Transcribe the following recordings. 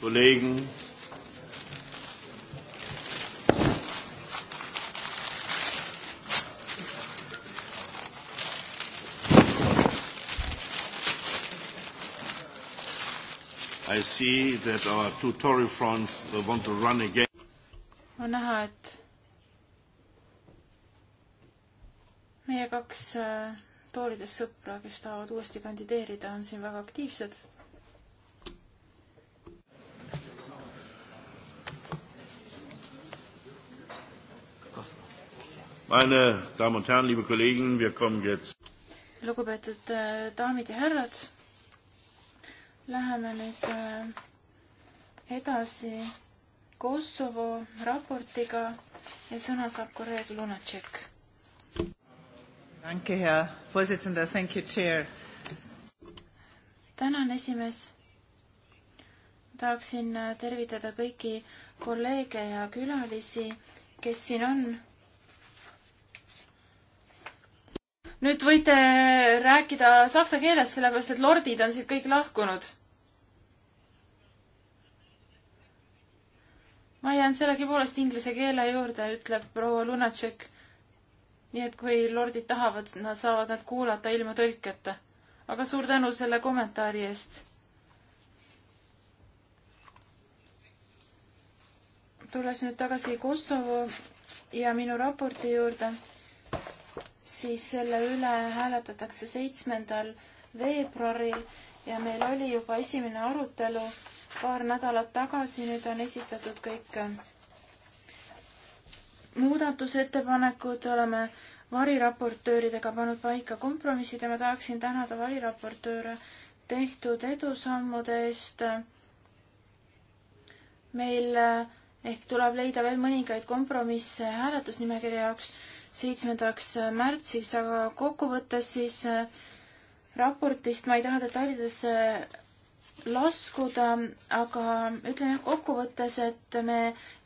Kollegen. I see that our two Tory fronts want to run again. on näha, et meie kaks äh, tooridest sõpra, kes tahavad uuesti kandideerida, on siin väga aktiivsed Meine Damen und Herren, liebe Kollegen, wir kommen jetzt. Lugupeetud äh, daamid ja härrad, läheme nüüd äh, edasi Kosovo raportiga ja sõna saab kolleeg Lunacek. Danke, Herr Vorsitzender. Thank you, Chair. Tänan, esimees. Tahaksin äh, tervitada kõiki kolleege ja külalisi, kes siin on nüüd võite rääkida saksa keeles, sellepärast et lordid on siit kõik lahkunud. ma jään sellegipoolest inglise keele juurde, ütleb proua Lunatšek. nii et kui lordid tahavad, nad saavad nad kuulata ilma tõlketa. aga suur tänu selle kommentaari eest. tulles nüüd tagasi Kosovo ja minu raporti juurde siis selle üle hääletatakse seitsmendal veebruaril ja meil oli juba esimene arutelu paar nädalat tagasi, nüüd on esitatud kõik äh, muudatusettepanekud, oleme variraportööridega pannud paika kompromissid ja ma tahaksin tänada variraportööre tehtud edusammude eest. meil äh, ehk tuleb leida veel mõningaid kompromisse hääletusnimekirja jaoks seitsmendaks märtsiks, aga kokkuvõttes siis äh, raportist ma ei taha detailidesse äh, laskuda, aga ütlen jah kokkuvõttes, et me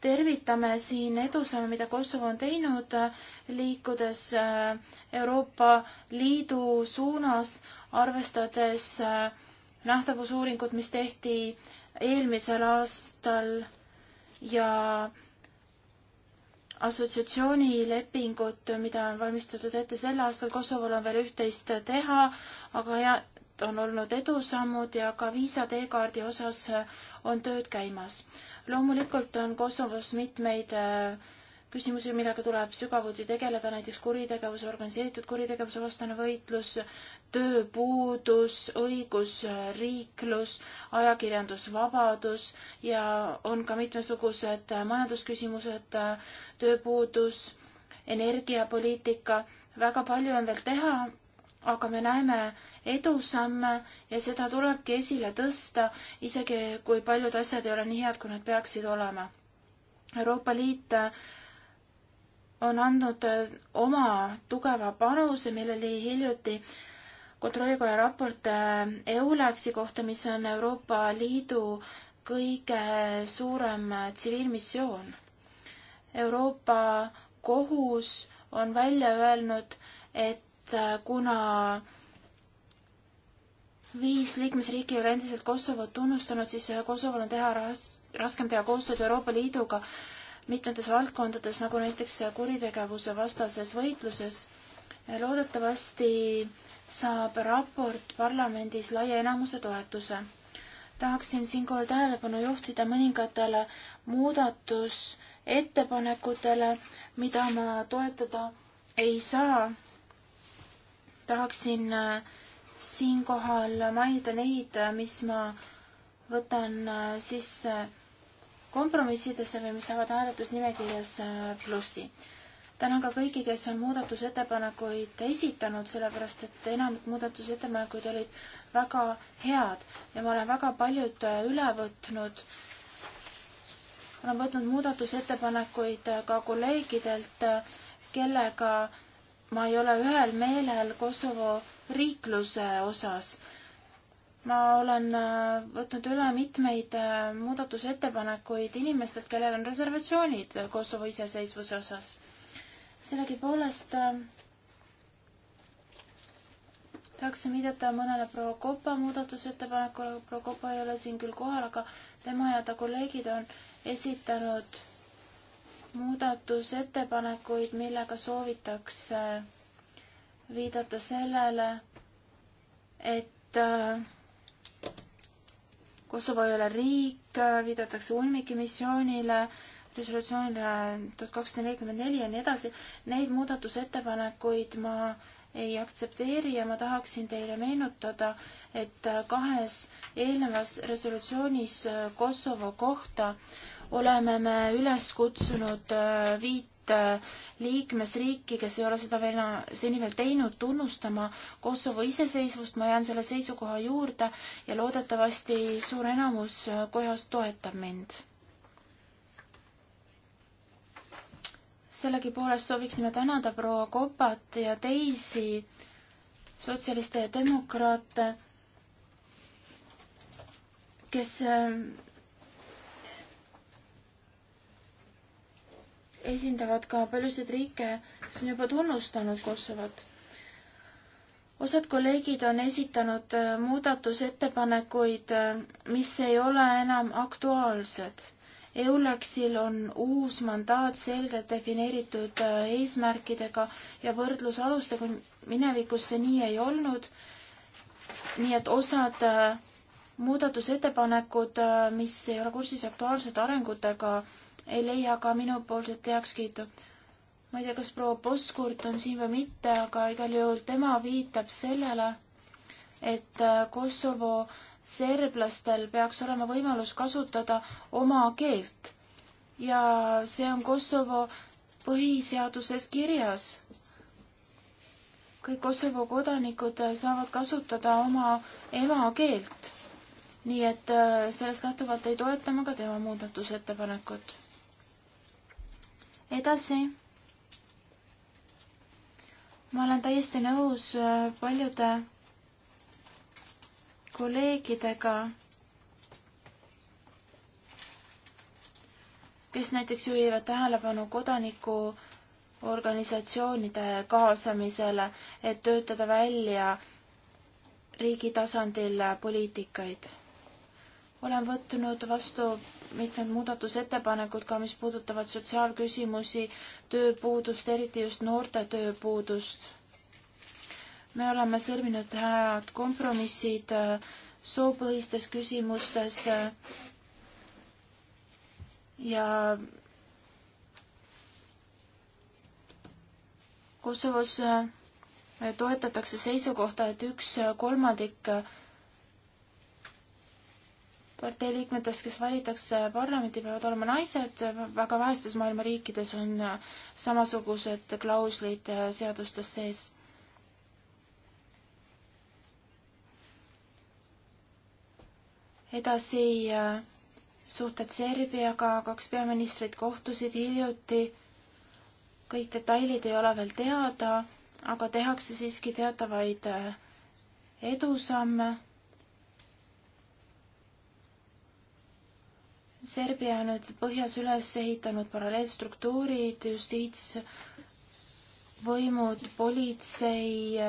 tervitame siin edusamme, mida Kosovo on teinud, äh, liikudes Euroopa Liidu suunas, arvestades nähtavusuuringut, mis tehti eelmisel aastal ja assotsiatsioonilepingut, mida on valmistatud ette sel aastal, Kosovol on veel üht-teist teha, aga ja on olnud edusammud ja ka viisa teekaardi osas on tööd käimas. loomulikult on Kosovos mitmeid äh, küsimusi, millega tuleb sügavuti tegeleda, näiteks kuritegevuse, organiseeritud kuritegevuse vastane võitlus, tööpuudus, õigusriiklus, ajakirjandusvabadus ja on ka mitmesugused majandusküsimused, tööpuudus, energiapoliitika, väga palju on veel teha, aga me näeme edusamme ja seda tulebki esile tõsta, isegi kui paljud asjad ei ole nii head, kui nad peaksid olema. Euroopa Liit on andnud äh, oma tugeva panuse, meil oli hiljuti kontrollikoja raport äh, EULEX-i kohta, mis on Euroopa Liidu kõige suurem äh, tsiviilmissioon. Euroopa kohus on välja öelnud, et kuna viis liikmesriiki ei ole endiselt Kosovot tunnustanud, siis Kosovol on teha ras-, raskem teha koostööd Euroopa Liiduga mitmetes valdkondades, nagu näiteks kuritegevuse vastases võitluses. loodetavasti saab raport parlamendis laia enamuse toetuse. tahaksin siinkohal tähelepanu juhtida mõningatele muudatusettepanekutele, mida ma toetada ei saa. tahaksin äh, siinkohal mainida neid, äh, mis ma võtan äh, sisse kompromissidesse või mis saavad hääletusnimekirjas äh, plussi. tänan ka kõiki, kes on muudatusettepanekuid esitanud, sellepärast et enamik muudatusettepanekuid olid väga head ja ma olen väga paljud äh, üle võtnud. olen võtnud muudatusettepanekuid äh, ka kolleegidelt, kellega ma ei ole ühel meelel Kosovo riikluse osas ma olen äh, võtnud üle mitmeid äh, muudatusettepanekuid inimestelt, kellel on reservatsioonid äh, Kosovo iseseisvuse osas. sellegipoolest tahaksin viidata mõnele proua Kopa muudatusettepanekule, proua Kopa ei ole siin küll kohal, aga tema ja ta kolleegid on esitanud muudatusettepanekuid, millega soovitakse viidata sellele, et äh, Kosovo ei ole riik, viidatakse UNMIK-i missioonile, resolutsioonile tuhat kakssada nelikümmend neli ja nii edasi. Neid muudatusettepanekuid ma ei aktsepteeri ja ma tahaksin teile meenutada, et kahes eelnevas resolutsioonis Kosovo kohta oleme me üles kutsunud viit Äh, liikmesriiki, kes ei ole seda veel seni veel teinud, tunnustama Kosovo iseseisvust, ma jään selle seisukoha juurde ja loodetavasti suur enamus äh, kojas toetab mind. sellegipoolest sooviksime tänada proua Kopat ja teisi sotsialiste ja demokraate, kes äh, esindavad ka paljusid riike, kes on juba tunnustanud Kosovot. osad kolleegid on esitanud äh, muudatusettepanekuid, äh, mis ei ole enam aktuaalsed. EULEX-il on uus mandaat selgelt defineeritud äh, eesmärkidega ja võrdlusalustega, minevikus see nii ei olnud. nii et osad muudatusettepanekud, mis ei ole kursis aktuaalsete arengutega, ei leia ka minupoolset heakskiitu. ma ei tea, kas proua Poskurt on siin või mitte, aga igal juhul tema viitab sellele, et äh, Kosovo serblastel peaks olema võimalus kasutada oma keelt. ja see on Kosovo põhiseaduses kirjas. kõik Kosovo kodanikud äh, saavad kasutada oma emakeelt nii et äh, sellest lähtuvalt ei toeta ma ka tema muudatusettepanekut edasi. ma olen täiesti nõus äh, paljude kolleegidega, kes näiteks juhivad tähelepanu kodaniku organisatsioonide kaasamisele, et töötada välja riigi tasandil poliitikaid. olen võtnud vastu mitmed muudatusettepanekud ka, mis puudutavad sotsiaalküsimusi, tööpuudust, eriti just noorte tööpuudust. me oleme sõlminud head kompromissid äh, soopõhistes küsimustes äh, ja Kosovos äh, toetatakse seisukohta, et üks kolmandik partei liikmetest, kes valitakse parlamenti, peavad olema naised, väga vähestes maailma riikides on samasugused klauslid seadustes sees. edasi äh, suhted Serbiaga, kaks peaministrit kohtusid hiljuti, kõik detailid ei ole veel teada, aga tehakse siiski teatavaid äh, edusamme Serbia on nüüd põhjas üles ehitanud paralleelstruktuurid, justiitsvõimud, politsei,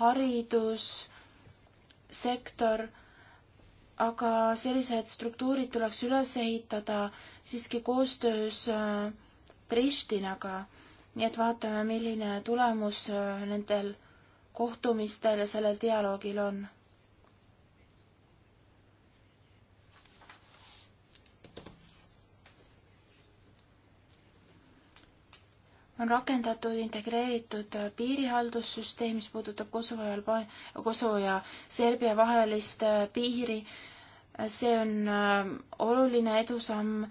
haridussektor, aga sellised struktuurid tuleks üles ehitada siiski koostöös äh, Pristinaga. nii et vaatame, milline tulemus äh, nendel kohtumistel ja sellel dialoogil on on rakendatud integreeritud piirihaldussüsteem, mis puudutab Kosovo ja Alba-, Kosovo ja Serbia vahelist äh, piiri. see on äh, oluline edusamm,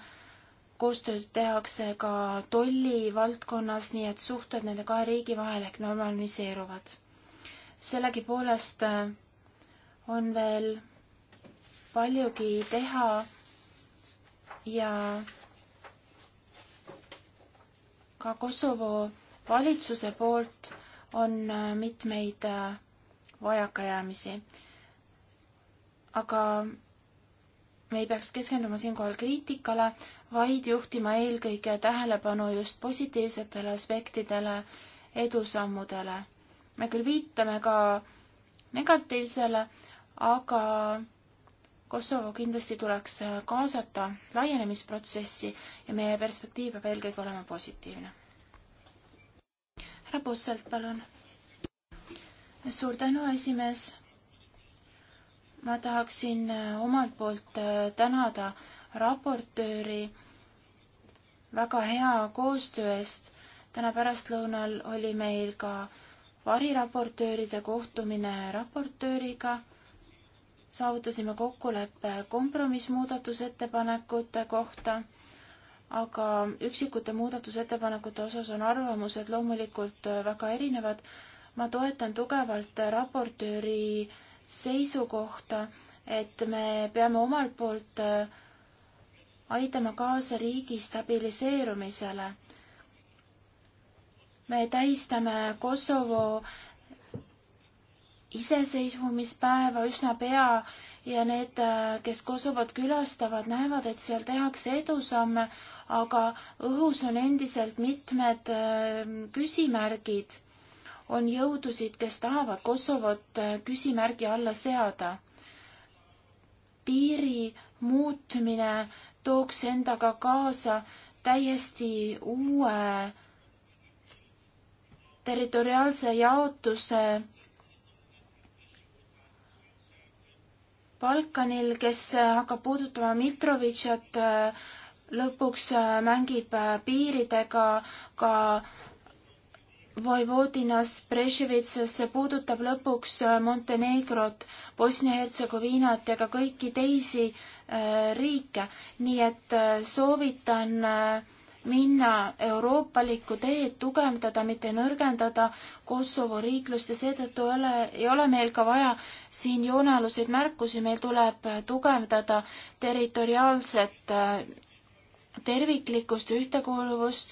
koostööd tehakse ka tollivaldkonnas, nii et suhted nende kahe riigi vahel ehk normaliseeruvad. sellegipoolest äh, on veel paljugi teha ja ka Kosovo valitsuse poolt on äh, mitmeid äh, vajakajäämisi. aga me ei peaks keskenduma siinkohal kriitikale, vaid juhtima eelkõige tähelepanu just positiivsetele aspektidele, edusammudele. me küll viitame ka negatiivsele, aga Kosovo kindlasti tuleks kaasata laienemisprotsessi ja meie perspektiiv peab eelkõige olema positiivne. härra Pusselt, palun. suur tänu, esimees. ma tahaksin äh, omalt poolt äh, tänada raportööri väga hea koostöö eest. täna pärastlõunal oli meil ka variraportööride kohtumine raportööriga saavutasime kokkuleppe kompromissmuudatusettepanekute kohta aga üksikute muudatusettepanekute osas on arvamused loomulikult äh, väga erinevad. ma toetan tugevalt äh, raportööri seisukohta, et me peame omalt poolt äh, aitama kaasa riigi stabiliseerumisele. me tähistame Kosovo iseseisvumispäeva üsna pea ja need, kes Kosovot külastavad, näevad, et seal tehakse edusamme, aga õhus on endiselt mitmed äh, küsimärgid. on jõudusid, kes tahavad Kosovot äh, küsimärgi alla seada. piiri muutmine tooks endaga kaasa täiesti uue territoriaalse jaotuse Balkanil, kes hakkab puudutama Mitrovitšat, äh, lõpuks äh, mängib äh, piiridega ka Vojvodinas, Brežnevitsas, see puudutab lõpuks äh, Montenegrot, Bosnia-Hertsegoviinat ja ka kõiki teisi riike, nii et soovitan minna euroopalikku teed, tugevdada, mitte nõrgendada Kosovo riiklust ja seetõttu ei ole, ei ole meil ka vaja siin joonealuseid märkusi, meil tuleb tugevdada territoriaalset terviklikkust, ühtekuuluvust.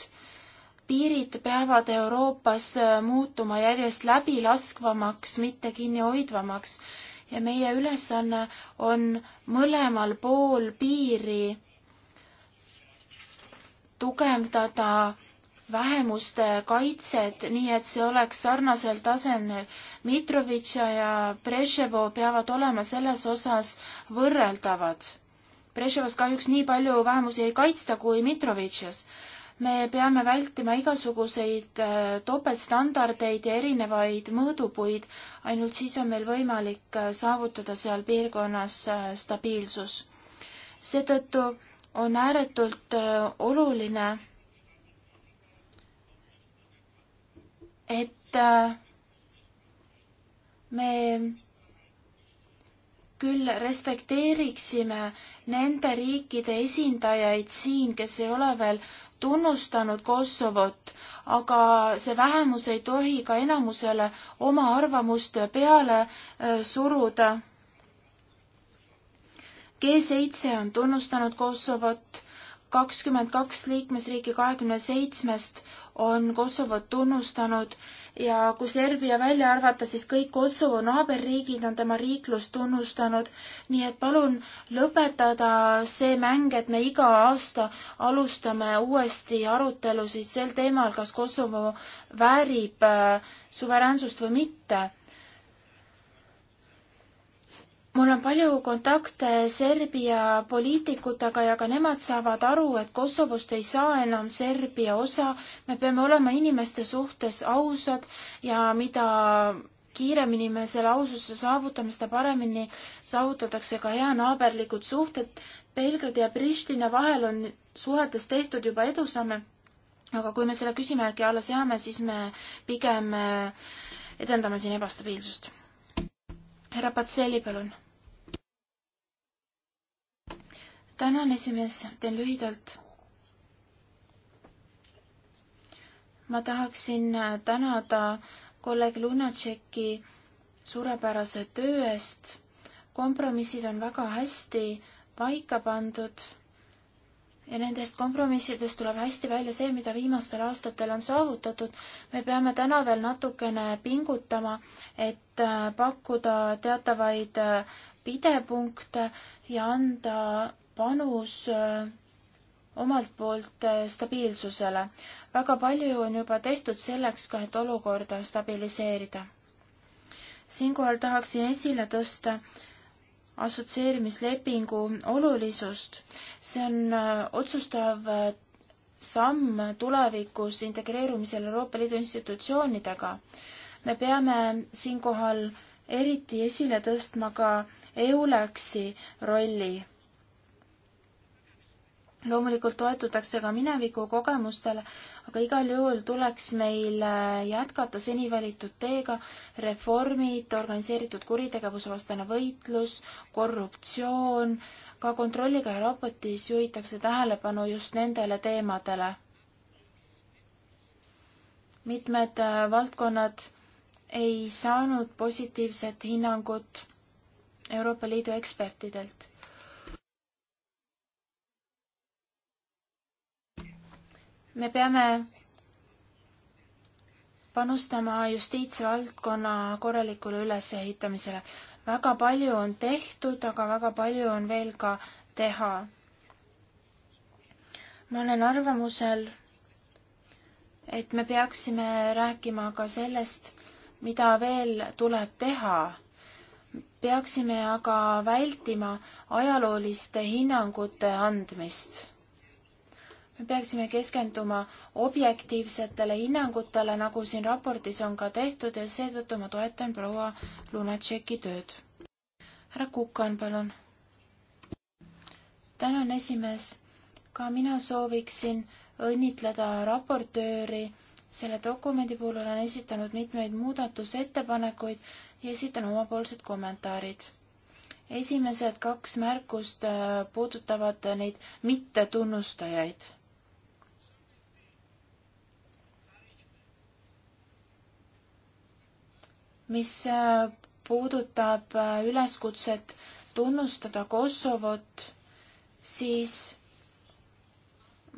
piirid peavad Euroopas äh, muutuma järjest läbilaskvamaks, mitte kinnihoidvamaks ja meie ülesanne on mõlemal pool piiri tugevdada vähemuste kaitset, nii et see oleks sarnasel tasemel. Mitrovitša ja Brežnevo peavad olema selles osas võrreldavad Brežnevas kahjuks nii palju vähemusi ei kaitsta kui Mitrovitšas. me peame vältima igasuguseid äh, topeltstandardeid ja erinevaid mõõdupuid, ainult siis on meil võimalik äh, saavutada seal piirkonnas äh, stabiilsus. seetõttu on ääretult oluline, et me küll respekteeriksime nende riikide esindajaid siin, kes ei ole veel tunnustanud Kosovot, aga see vähemus ei tohi ka enamusele oma arvamust peale äh, suruda. G7 on tunnustanud Kosovot, kakskümmend kaks liikmesriiki kahekümne seitsmest on Kosovot tunnustanud ja kui Serbia välja arvata, siis kõik Kosovo naaberriigid on tema riiklust tunnustanud. nii et palun lõpetada see mäng, et me iga aasta alustame uuesti arutelusid sel teemal, kas Kosovo väärib äh, suveräänsust või mitte mul on palju kontakte Serbia poliitikutega ja ka nemad saavad aru, et Kosovost ei saa enam Serbia osa. me peame olema inimeste suhtes ausad ja mida kiiremini me selle aususe saavutame, seda paremini saavutatakse ka heanaaberlikud suhted. Belgradi ja Pristina vahel on suhetes tehtud juba edusamme. aga kui me selle küsimärgi alla seame, siis me pigem eh, edendame siin ebastabiilsust härra Patseli, palun. tänan, esimees, teen lühidalt. ma tahaksin äh, tänada kolleeg Lunatšeki suurepärase töö eest. kompromissid on väga hästi paika pandud ja nendest kompromissidest tuleb hästi välja see, mida viimastel aastatel on saavutatud. me peame täna veel natukene pingutama, et äh, pakkuda teatavaid äh, pidepunkte ja anda panus äh, omalt poolt stabiilsusele. väga palju on juba tehtud selleks ka, et olukorda stabiliseerida. siinkohal tahaksin esile tõsta assotsieerimislepingu olulisust. see on äh, otsustav äh, samm tulevikus integreerumisel Euroopa Liidu institutsioonidega. me peame siinkohal eriti esile tõstma ka EULEX-i rolli loomulikult toetutakse ka mineviku kogemustele, aga igal juhul tuleks meil äh, jätkata seni valitud teega reformid, organiseeritud kuritegevuse vastane võitlus, korruptsioon, ka kontrolliga raportis juhitakse tähelepanu just nendele teemadele. mitmed äh, valdkonnad ei saanud positiivset hinnangut Euroopa Liidu ekspertidelt me peame panustama justiitsvaldkonna korralikule ülesehitamisele. väga palju on tehtud, aga väga palju on veel ka teha. ma olen arvamusel, et me peaksime rääkima ka sellest, mida veel tuleb teha. peaksime aga vältima ajalooliste hinnangute andmist me peaksime keskenduma objektiivsetele hinnangutele, nagu siin raportis on ka tehtud ja seetõttu ma toetan proua Lunatšeki tööd. härra Kukan, palun. tänan, esimees. ka mina sooviksin õnnitleda raportööri. selle dokumendi puhul olen esitanud mitmeid muudatusettepanekuid ja esitan omapoolsed kommentaarid esimesed kaks märkust äh, puudutavad neid mittetunnustajaid mis äh, puudutab äh, üleskutset tunnustada Kosovot, siis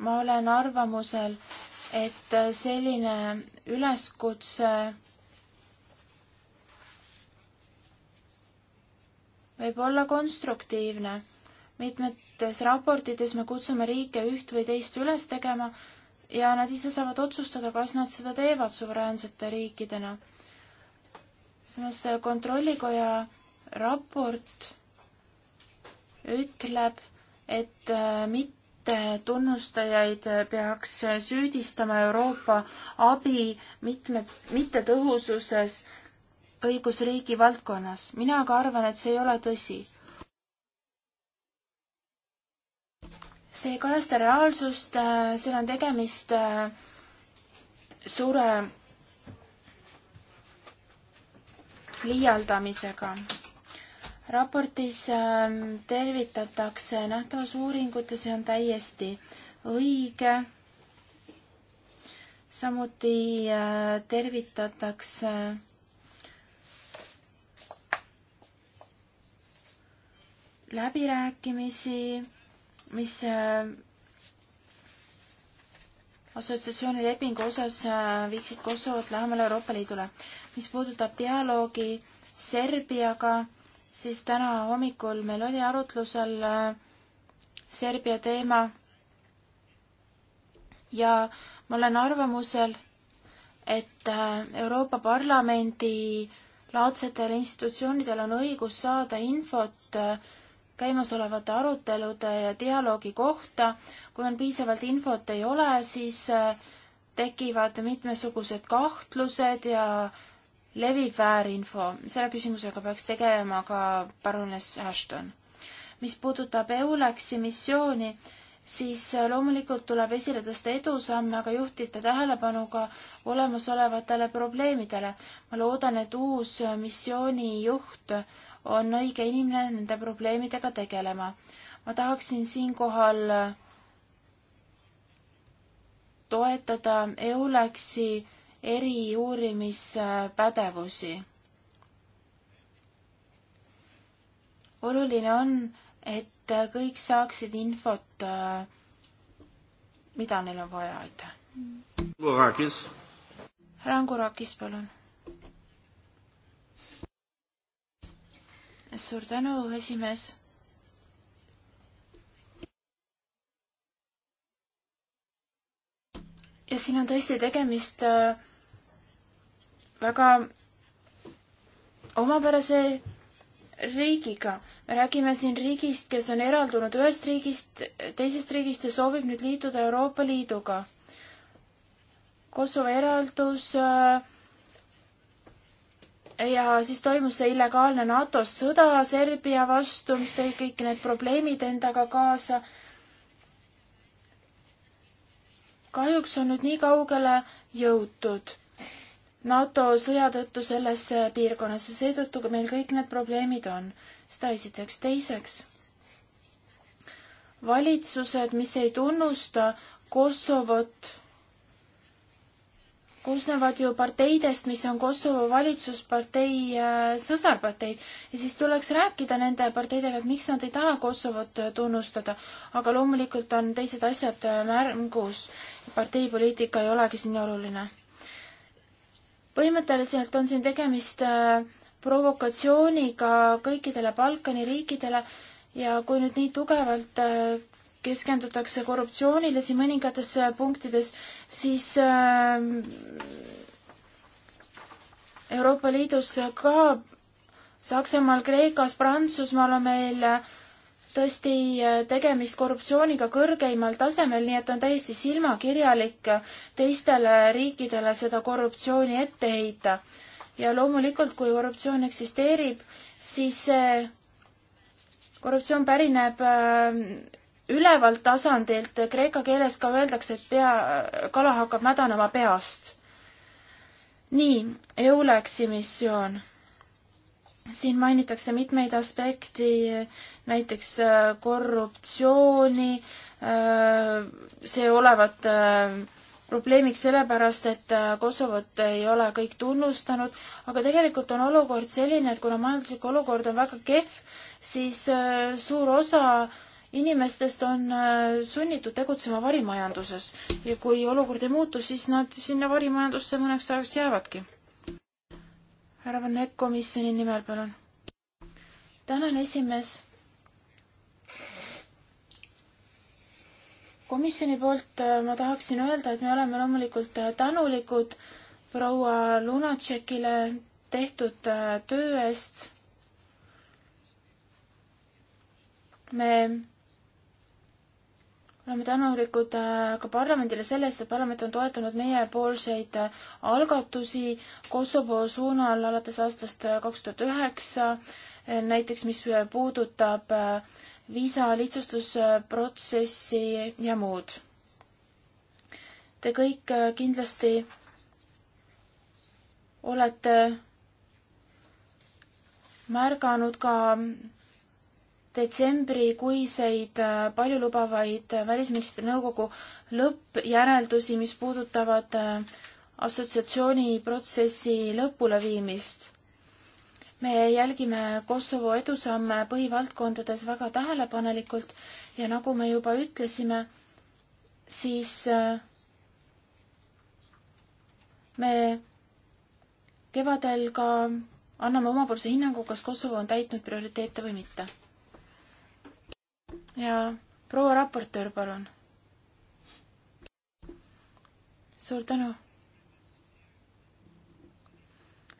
ma olen arvamusel, et äh, selline üleskutse võib olla konstruktiivne. mitmetes raportides me kutsume riike üht või teist üles tegema ja nad ise saavad otsustada, kas nad seda teevad suveräänsete riikidena samas äh, Kontrollikoja raport ütleb, et äh, mitte tunnustajaid äh, peaks süüdistama Euroopa abi mitme, mittetõhususes õigusriigi valdkonnas. mina aga arvan, et see ei ole tõsi see ei kajasta reaalsust, seal on tegemist suure liialdamisega. raportis ähm, tervitatakse nähtavusuuringut ja see on täiesti õige. samuti äh, tervitatakse läbirääkimisi, mis äh, assotsiatsiooni lepingu osas äh, viiksid Kosovot lähemale Euroopa Liidule mis puudutab dialoogi Serbiaga, siis täna hommikul meil oli arutlusel äh, Serbia teema ja ma olen arvamusel, et äh, Euroopa Parlamendi laadsetel institutsioonidel on õigus saada infot äh, käimasolevate arutelude ja dialoogi kohta. kui on piisavalt infot ei ole, siis tekivad mitmesugused kahtlused ja levib väärinfo, selle küsimusega peaks tegelema ka parunes Ashton. mis puudutab EULEX-i missiooni, siis loomulikult tuleb esile tõsta edusamme, aga juhtida tähelepanu ka olemasolevatele probleemidele. ma loodan, et uus missioonijuht on õige inimene nende probleemidega tegelema. ma tahaksin siinkohal toetada EULEX-i eriuurimispädevusi. oluline on, et kõik saaksid infot, mida neil on vaja, aitäh. Rangurakis. Rangurakis, palun. suur tänu, esimees ja siin on tõesti tegemist äh, väga omapärase riigiga. me räägime siin riigist, kes on eraldunud ühest riigist, teisest riigist ja soovib nüüd liituda Euroopa Liiduga. Kosovo eraldus äh, ja siis toimus see illegaalne NATO sõda Serbia vastu, mis tõi kõik need probleemid endaga kaasa. kahjuks on nüüd nii kaugele jõutud NATO sõja tõttu selles äh, piirkonnas ja seetõttu meil kõik need probleemid on. seda esiteks. teiseks, valitsused, mis ei tunnusta Kosovot, koosnevad ju parteidest, mis on Kosovo valitsuspartei äh, sõsarparteid ja siis tuleks rääkida nende parteidega, et miks nad ei taha Kosovot äh, tunnustada. aga loomulikult on teised asjad märgus, parteipoliitika ei olegi siin oluline põhimõtteliselt on siin tegemist äh, provokatsiooniga kõikidele Balkani riikidele ja kui nüüd nii tugevalt äh, keskendutakse korruptsioonile siin mõningates äh, punktides, siis Euroopa Liidus ka Saksamaal, Kreekas, Prantsusmaal on meil tõesti äh, tegemist korruptsiooniga kõrgeimal tasemel, nii et on täiesti silmakirjalik äh, teistele riikidele seda korruptsiooni ette heita. ja loomulikult, kui korruptsioon eksisteerib, siis see korruptsioon pärineb äh, ülevalt tasandilt, kreeka keeles ka öeldakse, et pea, kala hakkab mädanema peast. nii, EULEX-i missioon siin mainitakse mitmeid aspekti, näiteks äh, korruptsiooni, äh, see olevat äh, probleemiks sellepärast, et Kosovot ei ole kõik tunnustanud, aga tegelikult on olukord selline, et kuna majanduslik olukord on väga kehv, siis suur osa inimestest on sunnitud tegutsema varimajanduses ja kui olukord ei muutu, siis nad sinna varimajandusse mõneks ajaks jäävadki härra Vannek komisjoni nimel, palun. tänan, esimees. komisjoni poolt äh, ma tahaksin öelda, et me oleme loomulikult äh, tänulikud proua Lunatšekile tehtud äh, töö eest. me oleme tänulikud äh, ka parlamendile selle eest, et parlament on toetanud meiepoolseid äh, algatusi Kosovo suunal alates aastast äh, kaks tuhat üheksa, näiteks mis puudutab viisa lihtsustusprotsessi ja muud. Te kõik kindlasti olete märganud ka detsembrikuiseid äh, paljulubavaid äh, välisministri nõukogu lõppjäreldusi, mis puudutavad äh, assotsiatsiooni protsessi lõpuleviimist. me jälgime Kosovo edusamme põhivaldkondades väga tähelepanelikult ja nagu me juba ütlesime, siis me kevadel ka anname omapoolse hinnangu, kas Kosovo on täitnud prioriteete või mitte ja proua raportöör, palun. suur tänu.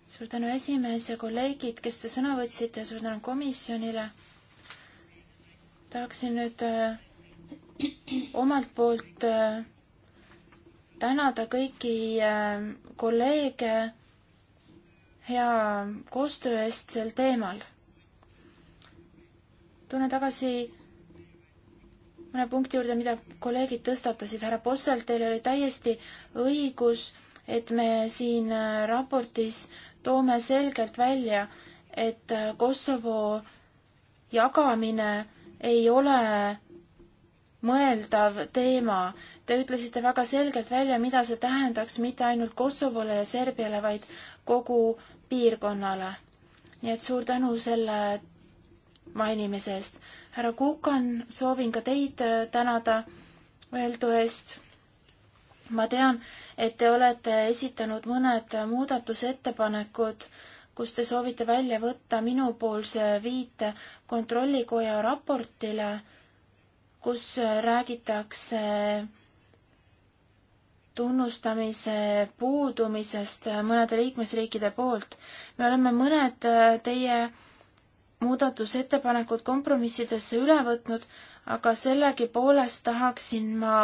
suur tänu esimees ja kolleegid, kes te sõna võtsite, suur tänu komisjonile. tahaksin nüüd äh, omalt poolt äh, tänada kõiki äh, kolleege hea koostöö eest sel teemal. tunnen tagasi mõne punkti juurde, mida kolleegid tõstatasid. härra Possel, teil oli täiesti õigus, et me siin äh, raportis toome selgelt välja, et äh, Kosovo jagamine ei ole mõeldav teema. Te ütlesite väga selgelt välja, mida see tähendaks mitte ainult Kosovole ja Serbiale, vaid kogu piirkonnale. nii et suur tänu selle mainimise eest härra Kukan, soovin ka teid äh, tänada öeldu eest. ma tean, et te olete esitanud mõned muudatusettepanekud, kus te soovite välja võtta minupoolse viite Kontrollikoja raportile, kus äh, räägitakse tunnustamise puudumisest äh, mõnede liikmesriikide poolt. me oleme mõned teie muudatusettepanekud kompromissidesse üle võtnud, aga sellegipoolest tahaksin ma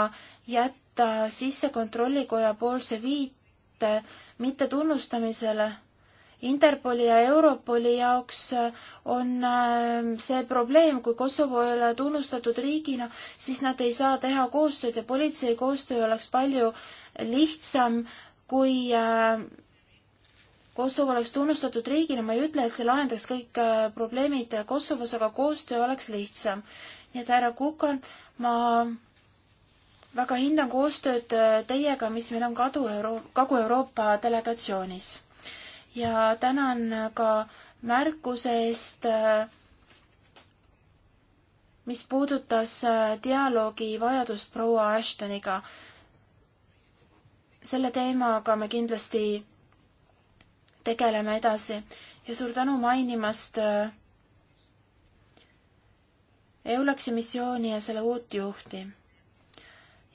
jätta sisse kontrollikoja poolse viite mittetunnustamisele. Interpoli ja Europoli jaoks äh, on äh, see probleem, kui Kosovo ei ole tunnustatud riigina, siis nad ei saa teha koostööd ja politsei koostöö oleks palju lihtsam, kui äh, Kosovo oleks tunnustatud riigina, ma ei ütle, et see lahendaks kõik äh, probleemid Kosovos, aga koostöö oleks lihtsam. nii et härra Kukan, ma väga hindan koostööd äh, teiega, mis meil on kadu Euro-, Kagu-Euroopa delegatsioonis. ja tänan ka märkuse eest, äh, mis puudutas dialoogi vajadust proua Ashtoniga. selle teemaga me kindlasti tegeleme edasi ja suur tänu mainimast äh, EULAX-i missiooni ja selle uut juhti.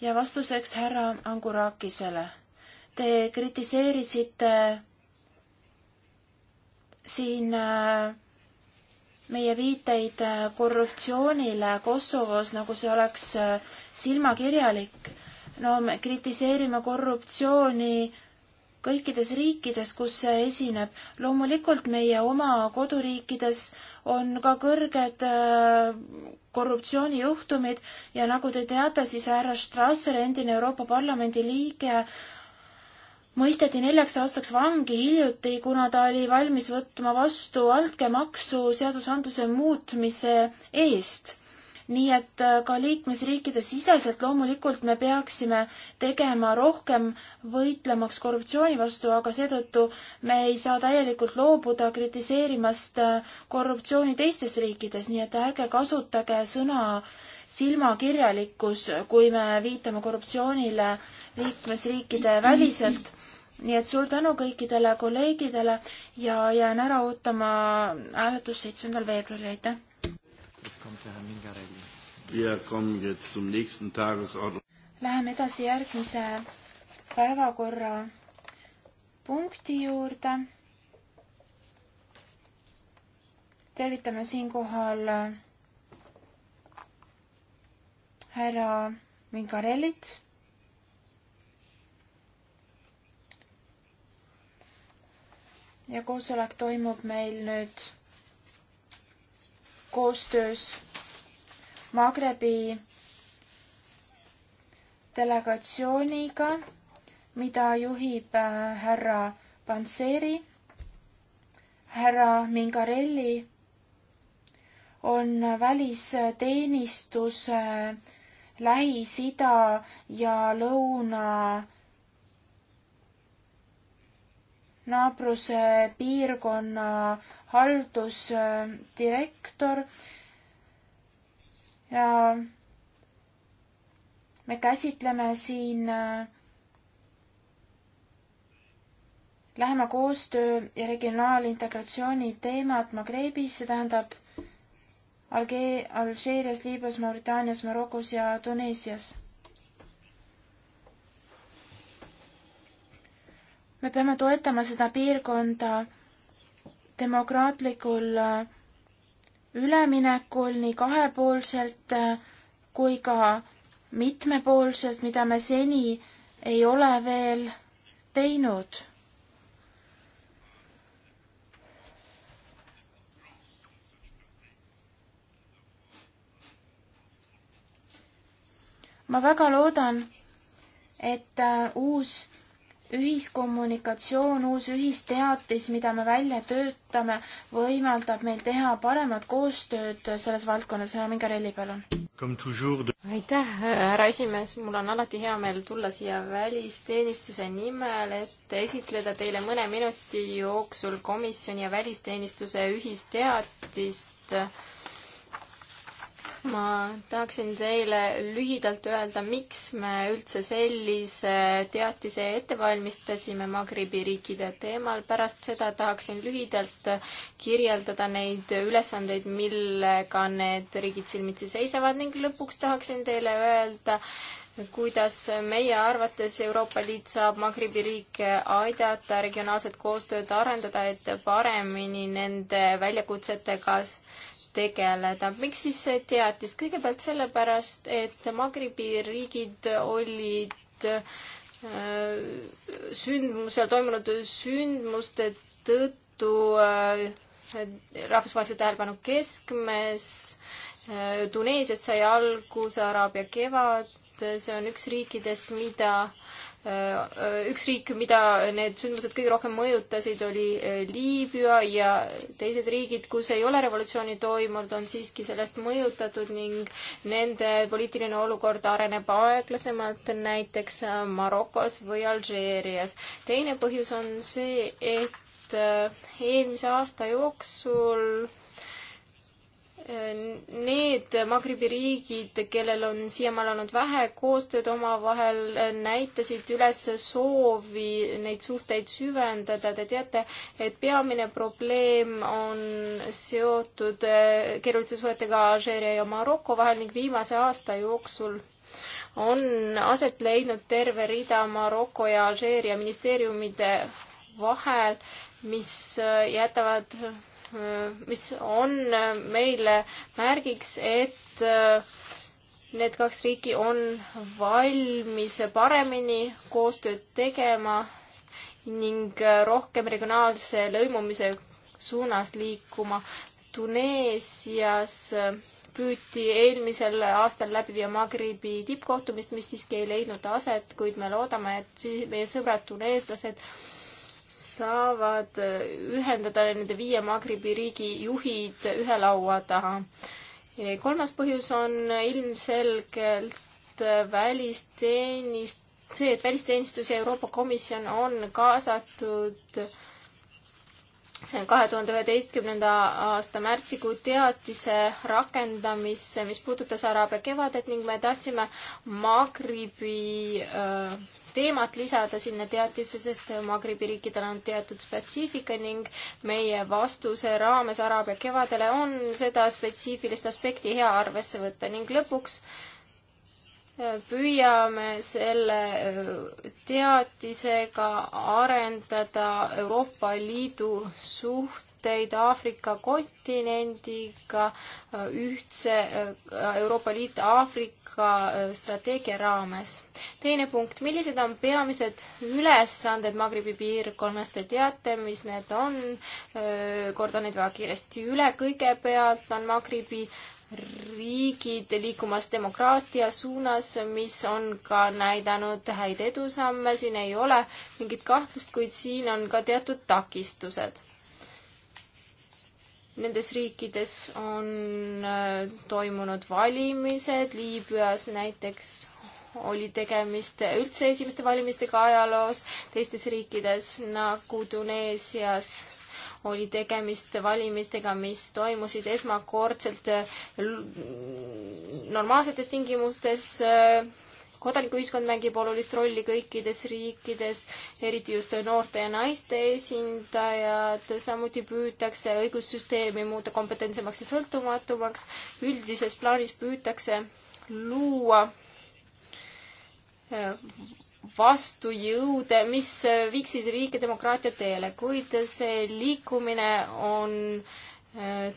ja vastuseks härra Angurakisele. Te kritiseerisite siin äh, meie viiteid äh, korruptsioonile Kosovos, nagu see oleks silmakirjalik. no me kritiseerime korruptsiooni kõikides riikides, kus see esineb. loomulikult meie oma koduriikides on ka kõrged äh, korruptsioonijuhtumid ja nagu te teate, siis härra Strasser, endine Euroopa Parlamendi liige, mõisteti neljaks aastaks vangi hiljuti, kuna ta oli valmis võtma vastu altkäemaksu seadusandluse muutmise eest nii et äh, ka liikmesriikide siseselt loomulikult me peaksime tegema rohkem võitlemaks korruptsiooni vastu, aga seetõttu me ei saa täielikult loobuda kritiseerimast äh, korruptsiooni teistes riikides, nii et ärge kasutage sõna silmakirjalikkus, kui me viitame korruptsioonile liikmesriikide väliselt. nii et suur tänu kõikidele kolleegidele ja jään ära ootama hääletust seitsmendal veebruaril, aitäh! kommt der Herr Mingarelli. Läheme edasi järgmise päevakorrapunkti juurde. tervitame siinkohal härra Mingarellit. ja koosolek toimub meil nüüd koostöös Magrebi delegatsiooniga, mida juhib äh, härra Panseri. härra Mingarelli on välisteenistuse äh, Lähis-Ida ja Lõuna naabruse piirkonna haldusdirektor ja me käsitleme siin äh, lähema koostöö ja regionaalintegratsiooni teemat Magrebis, see tähendab Alge-, Alžeerias, Liibüas, Mauritaanias, Marokos ja Tuneesias. me peame toetama seda piirkonda demokraatlikul äh, üleminekul nii kahepoolselt äh, kui ka mitmepoolselt, mida me seni ei ole veel teinud. ma väga loodan, et äh, uus ühiskommunikatsioon, uus ühisteatis, mida me välja töötame, võimaldab meil teha paremat koostööd selles valdkonnas. härra Mingarelli, palun. aitäh, härra esimees, mul on alati hea meel tulla siia välisteenistuse nimel, et esitleda teile mõne minuti jooksul komisjoni ja välisteenistuse ühisteatist ma tahaksin teile lühidalt öelda, miks me üldse sellise teatise ette valmistasime Magribi riikide teemal. pärast seda tahaksin lühidalt kirjeldada neid ülesandeid, millega need riigid silmitsi seisavad ning lõpuks tahaksin teile öelda, kuidas meie arvates Euroopa Liit saab Magribi riike aidata regionaalset koostööd arendada, et paremini nende väljakutsetega tegeleda. miks siis see teatis? kõigepealt sellepärast, et Magribi riigid olid äh, sündmusel toimunud sündmuste tõttu äh, rahvusvahelise tähelepanu keskmes. Äh, Tuneesiast sai alguse Araabia kevad, see on üks riikidest, mida Äh, üks riik, mida need sündmused kõige rohkem mõjutasid, oli äh, Liibüa ja teised riigid, kus ei ole revolutsiooni toimunud, on siiski sellest mõjutatud ning nende poliitiline olukord areneb aeglasemalt, näiteks äh, Marokos või Alžeerias. teine põhjus on see, et eelmise aasta jooksul Need Magribi riigid, kellel on siiamaani olnud vähe koostööd omavahel, näitasid üles soovi neid suhteid süvendada. Te teate, et peamine probleem on seotud eh, keeruliste suhetega Alžeeria ja Maroko vahel ning viimase aasta jooksul on aset leidnud terve rida Maroko ja Alžeeria ministeeriumide vahel, mis eh, jätavad Äh, mis on äh, meile märgiks, et äh, need kaks riiki on valmis paremini koostööd tegema ning rohkem regionaalse lõimumise suunas liikuma. Tuneesias püüti eelmisel aastal läbi viia Magribi tippkohtumist, mis siiski ei leidnud aset, kuid me loodame, et meie sõbrad tuneeslased saavad ühendada nende viie Magribi riigi juhid ühe laua taha. kolmas põhjus on ilmselgelt välisteenist-, see, et välisteenistus ja Euroopa Komisjon on kaasatud äh, kahe tuhande üheteistkümnenda aasta märtsikuu teatise rakendamisse, mis puudutas Araabia kevadet ning me tahtsime Magribi äh, teemat lisada sinna teatisse, sest Magribi riikidel on teatud spetsiifika ning meie vastuse raames Araabia kevadele on seda spetsiifilist aspekti hea arvesse võtta ning lõpuks äh, püüame selle äh, teatisega arendada Euroopa Liidu suhteid Aafrika kontinendiga, äh, ühtse äh, Euroopa Liit Aafrika strateegia raames. teine punkt, millised on peamised ülesanded Magribi piirkonnas, te teate, mis need on, kordan neid väga kiiresti üle, kõigepealt on Magribi äh, riigid liikumas demokraatia suunas, mis on ka näidanud häid edusamme, siin ei ole mingit kahtlust, kuid siin on ka teatud takistused. Nendes riikides on äh, toimunud valimised, Liibüas näiteks oli tegemist üldse esimeste valimistega ajaloos, teistes riikides nagu Tuneesias oli tegemist valimistega, mis toimusid esmakordselt äh, normaalsetes tingimustes äh, kodanikuühiskond mängib olulist rolli kõikides riikides, eriti just noorte ja naiste esindajad, samuti püütakse õigussüsteemi muuta kompetentsemaks ja sõltumatumaks. üldises plaanis püütakse luua äh, vastujõude, mis viiksid riike demokraatia teele, kuid see liikumine on äh,,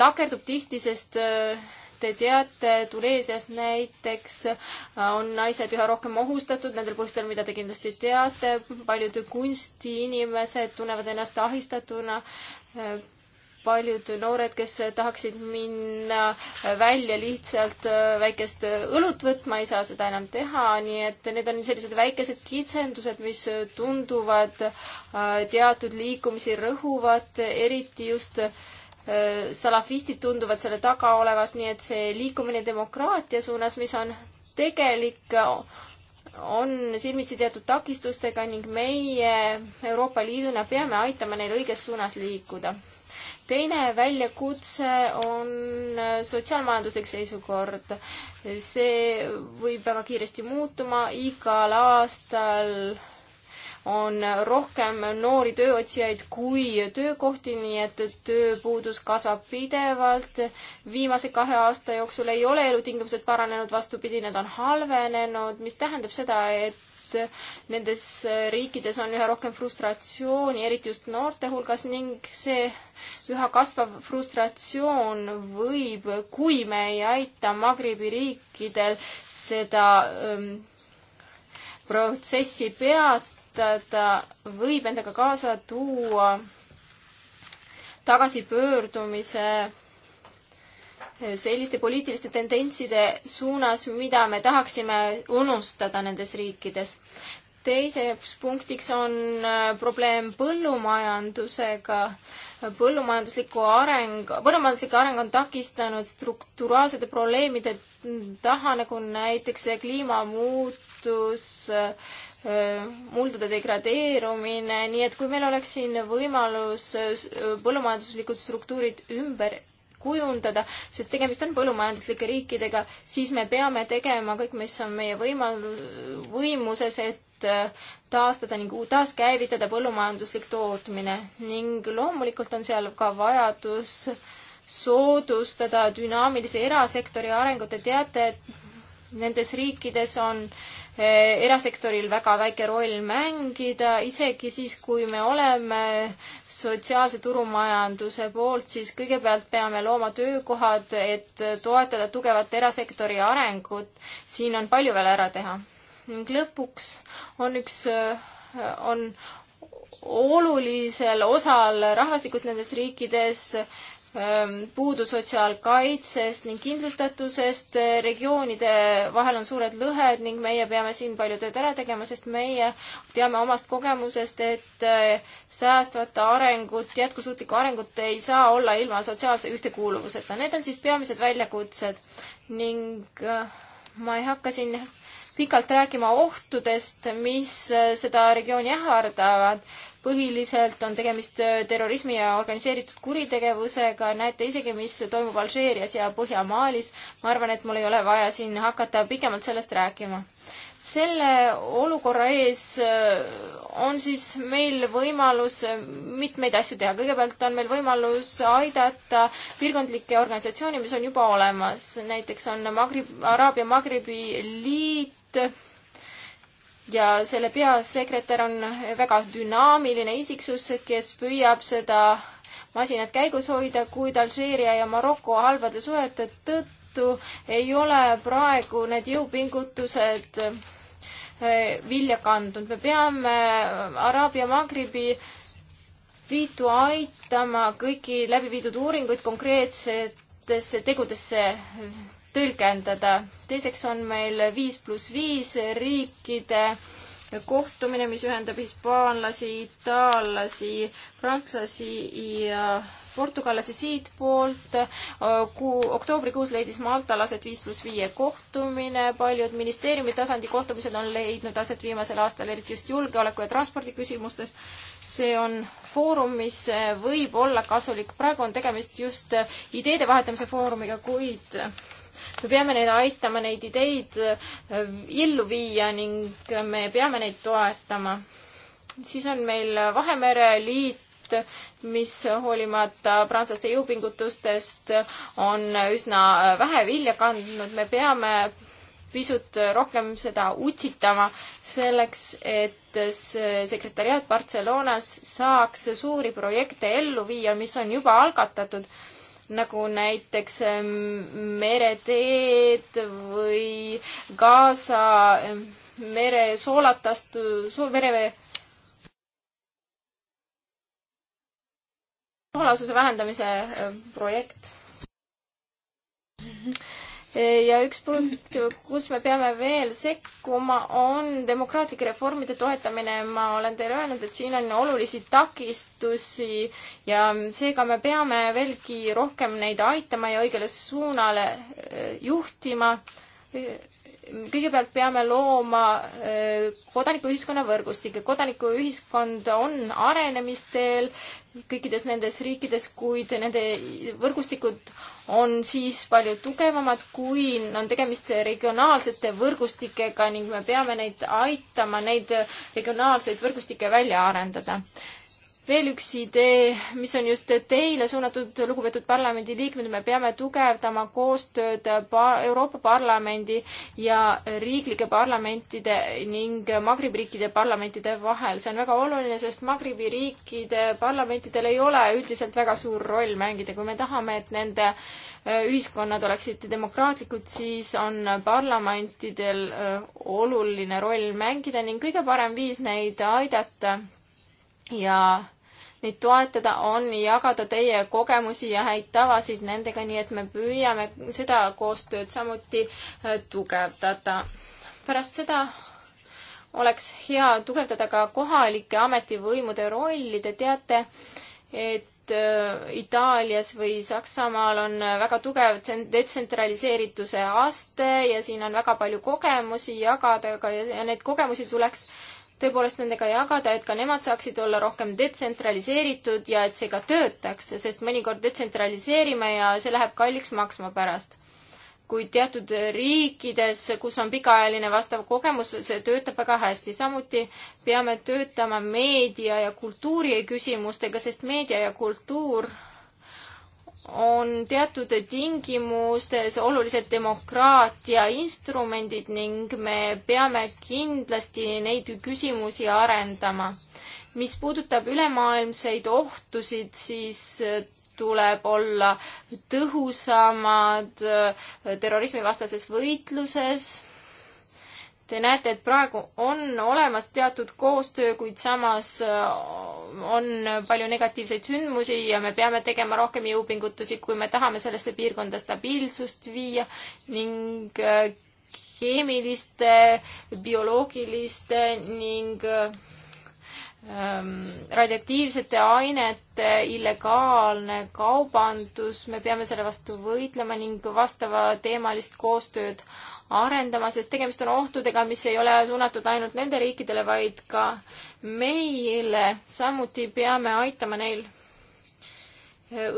takerdub tihti, sest äh, te teate, Tuneesias näiteks äh, on naised üha rohkem ohustatud nendel põhjustel, mida te kindlasti teate. paljud kunstiinimesed tunnevad ennast ahistatuna. Äh, paljud noored, kes tahaksid minna välja lihtsalt äh, väikest õlut võtma, ei saa seda enam teha, nii et need on sellised väikesed kitsendused, mis tunduvad, äh, teatud liikumisi rõhuvad, eriti just äh, salafistid tunduvad selle taga olevat, nii et see liikumine demokraatia suunas, mis on tegelik on silmitsi teatud takistustega ning meie Euroopa Liiduna peame aitama neil õiges suunas liikuda teine väljakutse on sotsiaalmajanduslik seisukord. see võib väga kiiresti muutuma, igal aastal on rohkem noori tööotsijaid kui töökohti, nii et tööpuudus kasvab pidevalt. viimase kahe aasta jooksul ei ole elutingimused paranenud, vastupidi, need on halvenenud, mis tähendab seda, et nendes riikides on üha rohkem frustratsiooni, eriti just noorte hulgas ning see üha kasvav frustratsioon võib, kui me ei aita Magribi riikidel seda ähm, protsessi peatada, võib endaga kaasa tuua tagasipöördumise selliste poliitiliste tendentside suunas, mida me tahaksime unustada nendes riikides. teiseks punktiks on äh, probleem põllumajandusega. põllumajandusliku areng, põllumajanduslik areng on takistanud strukturaalsete probleemide taha, nagu näiteks kliimamuutus, äh, muldade degradeerumine, nii et kui meil oleks siin võimalus äh, põllumajanduslikud struktuurid ümber kujundada, sest tegemist on põllumajanduslike riikidega, siis me peame tegema kõik, mis on meie võimal-, võimuses, et äh, taastada ning taaskäivitada põllumajanduslik tootmine ning loomulikult on seal ka vajadus soodustada dünaamilise erasektori arengut ja teate, et nendes riikides on äh, Eh, erasektoril väga väike roll mängida, isegi siis, kui me oleme sotsiaalse turumajanduse poolt, siis kõigepealt peame looma töökohad, et toetada tugevat erasektori arengut. siin on palju veel ära teha. ning lõpuks on üks, on olulisel osal rahvastikust nendes riikides äh, Ehm, puudu sotsiaalkaitsest ning kindlustatusest, regioonide vahel on suured lõhed ning meie peame siin palju tööd ära tegema, sest meie teame omast kogemusest, et eh, säästvat arengut, jätkusuutlikku arengut ei saa olla ilma sotsiaalse ühtekuuluvuseta. Need on siis peamised väljakutsed ning eh, ma ei hakka siin pikalt rääkima ohtudest, mis eh, seda regiooni ähvardavad põhiliselt on tegemist äh, terrorismi ja organiseeritud kuritegevusega, näete isegi, mis toimub Alžeerias ja Põhja-Maalis. ma arvan, et mul ei ole vaja siin hakata pikemalt sellest rääkima selle olukorra ees äh, on siis meil võimalus äh, mitmeid asju teha. kõigepealt on meil võimalus aidata piirkondlikke organisatsioone, mis on juba olemas. näiteks on Magrib, Araabia Magribi liit ja selle peasekretär on väga dünaamiline isiksus, kes püüab seda masinat käigus hoida, kuid Alžeeria ja Maroko halbade suhete tõttu ei ole praegu need jõupingutused eh, vilja kandnud. me peame Araabia Magribi liitu aitama kõiki läbi viidud uuringuid konkreetsetesse tegudesse tõlgendada. teiseks on meil viis pluss viis riikide kohtumine, mis ühendab hispaanlasi, itaallasi, prantslasi ja portugallasi siitpoolt. Kuu, oktoobrikuus leidis Maltal aset viis pluss viie kohtumine, paljud ministeeriumi tasandi kohtumised on leidnud aset viimasel aastal, eriti just julgeoleku ja transpordi küsimustes. see on foorum, mis võib olla kasulik, praegu on tegemist just ideede vahetamise foorumiga, kuid me peame neid aitama, neid ideid ellu äh, viia ning me peame neid toetama. siis on meil Vahemere Liit, mis hoolimata prantslaste jõupingutustest on üsna äh, vähe vilja kandnud, me peame pisut rohkem seda utsitama selleks, et see sekretäriaat Barcelonas saaks suuri projekte ellu viia, mis on juba algatatud nagu näiteks ähm, mereteed või Gaza ähm, mere soolatast, mere soolasuse vähendamise äh, projekt mhm ja üks punkt, kus me peame veel sekkuma, on demokraatlike reformide toetamine. ma olen teile öelnud, et siin on olulisi takistusi ja seega me peame veelgi rohkem neid aitama ja õigele suunale eh, juhtima kõigepealt peame looma eh, kodanikuühiskonna võrgustikke. kodanikuühiskond on arenemisteel kõikides nendes riikides, kuid nende võrgustikud on siis palju tugevamad, kui on tegemist regionaalsete võrgustikega ning me peame neid aitama, neid regionaalseid võrgustikke välja arendada veel üks idee, mis on just teile suunatud, lugupeetud parlamendiliikmed, me peame tugevdama koostööd pa-, Euroopa Parlamendi ja riiklike parlamentide ning Magribi riikide parlamentide vahel. see on väga oluline, sest Magribi riikide parlamentidel ei ole üldiselt väga suur roll mängida. kui me tahame, et nende äh, ühiskonnad oleksid demokraatlikud, siis on parlamentidel äh, oluline roll mängida ning kõige parem viis neid aidata ja neid toetada, on jagada teie kogemusi ja häid tavasid nendega, nii et me püüame seda koostööd samuti äh, tugevdada. pärast seda oleks hea tugevdada ka kohalike ametivõimude rolli, te teate, et äh, Itaalias või Saksamaal on äh, väga tugev detsentraliseerituse aste ja siin on väga palju kogemusi jagada, aga ja neid kogemusi tuleks äh, tõepoolest nendega jagada, et ka nemad saaksid olla rohkem detsentraliseeritud ja et see ka töötaks, sest mõnikord detsentraliseerime ja see läheb kalliks maksma pärast. kuid teatud riikides, kus on pikaajaline vastav kogemus, see töötab väga hästi. samuti peame töötama meedia ja kultuuri küsimustega, sest meedia ja kultuur on teatud tingimustes olulised demokraatia instrumendid ning me peame kindlasti neid küsimusi arendama. mis puudutab ülemaailmseid ohtusid, siis tuleb olla tõhusamad terrorismivastases võitluses Te näete, et praegu on olemas teatud koostöö, kuid samas äh, on palju negatiivseid sündmusi ja me peame tegema rohkem jõupingutusi, kui me tahame sellesse piirkonda stabiilsust viia ning äh, keemiliste, bioloogiliste ning äh, Ehm, radioaktiivsete ainete illegaalne kaubandus, me peame selle vastu võitlema ning vastavateemalist koostööd arendama, sest tegemist on ohtudega, mis ei ole suunatud ainult nende riikidele, vaid ka meile. samuti peame aitama neil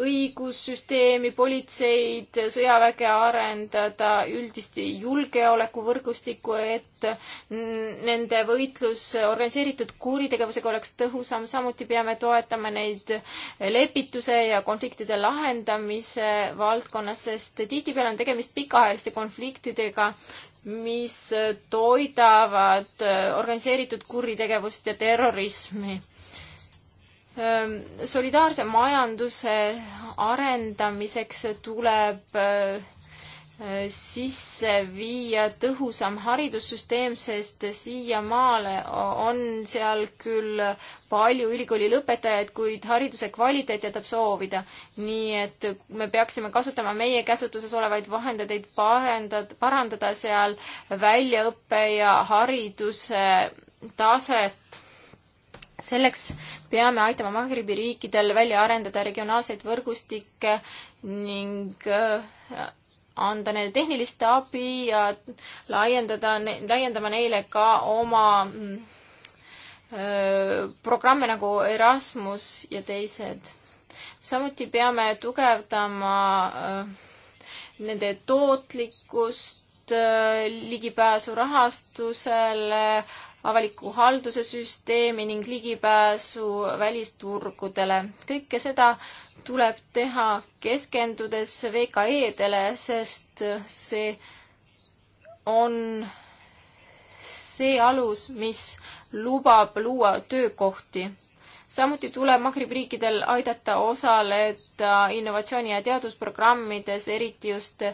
õigussüsteemi, politseid, sõjaväge arendada, üldist julgeolekuvõrgustikku, et nende võitlus organiseeritud kuritegevusega oleks tõhusam. samuti peame toetama neid lepituse ja konfliktide lahendamise valdkonnas, sest tihtipeale on tegemist pikaajaliste konfliktidega, mis toidavad organiseeritud kuritegevust ja terrorismi solidaarse majanduse arendamiseks tuleb sisse viia tõhusam haridussüsteem, sest siiamaale on seal küll palju ülikooli lõpetajaid, kuid hariduse kvaliteet jätab soovida. nii et me peaksime kasutama meie käsutuses olevaid vahendeid, parendada, parandada seal väljaõppe ja hariduse taset selleks peame aitama Magribi riikidel välja arendada regionaalseid võrgustikke ning äh, anda neile tehnilist abi ja laiendada, laiendama neile ka oma öö, mm, äh, programme nagu Erasmus ja teised. samuti peame tugevdama öö, äh, nende tootlikkust, ligipääsu rahastusele, avalikku halduse süsteemi ning ligipääsu välisturgudele. kõike seda tuleb teha keskendudes VKE-dele, sest see on see alus, mis lubab luua töökohti samuti tuleb Magribi riikidel aidata osaleda innovatsiooni- ja teadusprogrammides, eriti just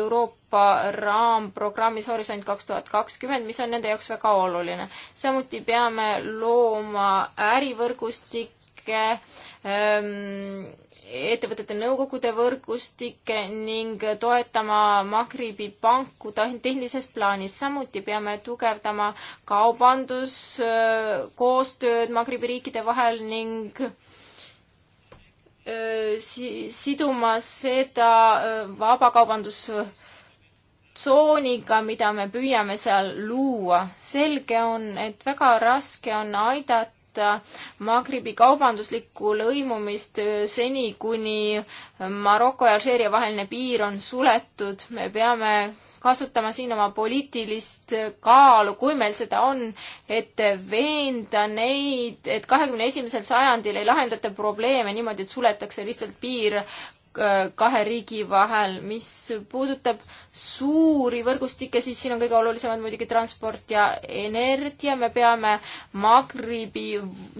Euroopa raamprogrammis Horisont kaks tuhat kakskümmend, mis on nende jaoks väga oluline. samuti peame looma ärivõrgustik, võrgustikke, ähm, ettevõtete nõukogude võrgustikke ning toetama Magribi panku tehnilises plaanis. samuti peame tugevdama kaubanduskoostööd äh, Magribi riikide vahel ning äh, si-, siduma seda äh, vabakaubandustsooniga, mida me püüame seal luua. selge on, et väga raske on aidata Äh, Magribi kaubanduslikku lõimumist äh, seni, kuni äh, Maroko ja Alžeeria vaheline piir on suletud. me peame kasutama siin oma poliitilist kaalu, kui meil seda on, et veenda neid, et kahekümne esimesel sajandil ei lahendata probleeme niimoodi, et suletakse lihtsalt piir Äh, kahe riigi vahel. mis puudutab suuri võrgustikke, siis siin on kõige olulisemad muidugi transport ja energia. me peame Magribi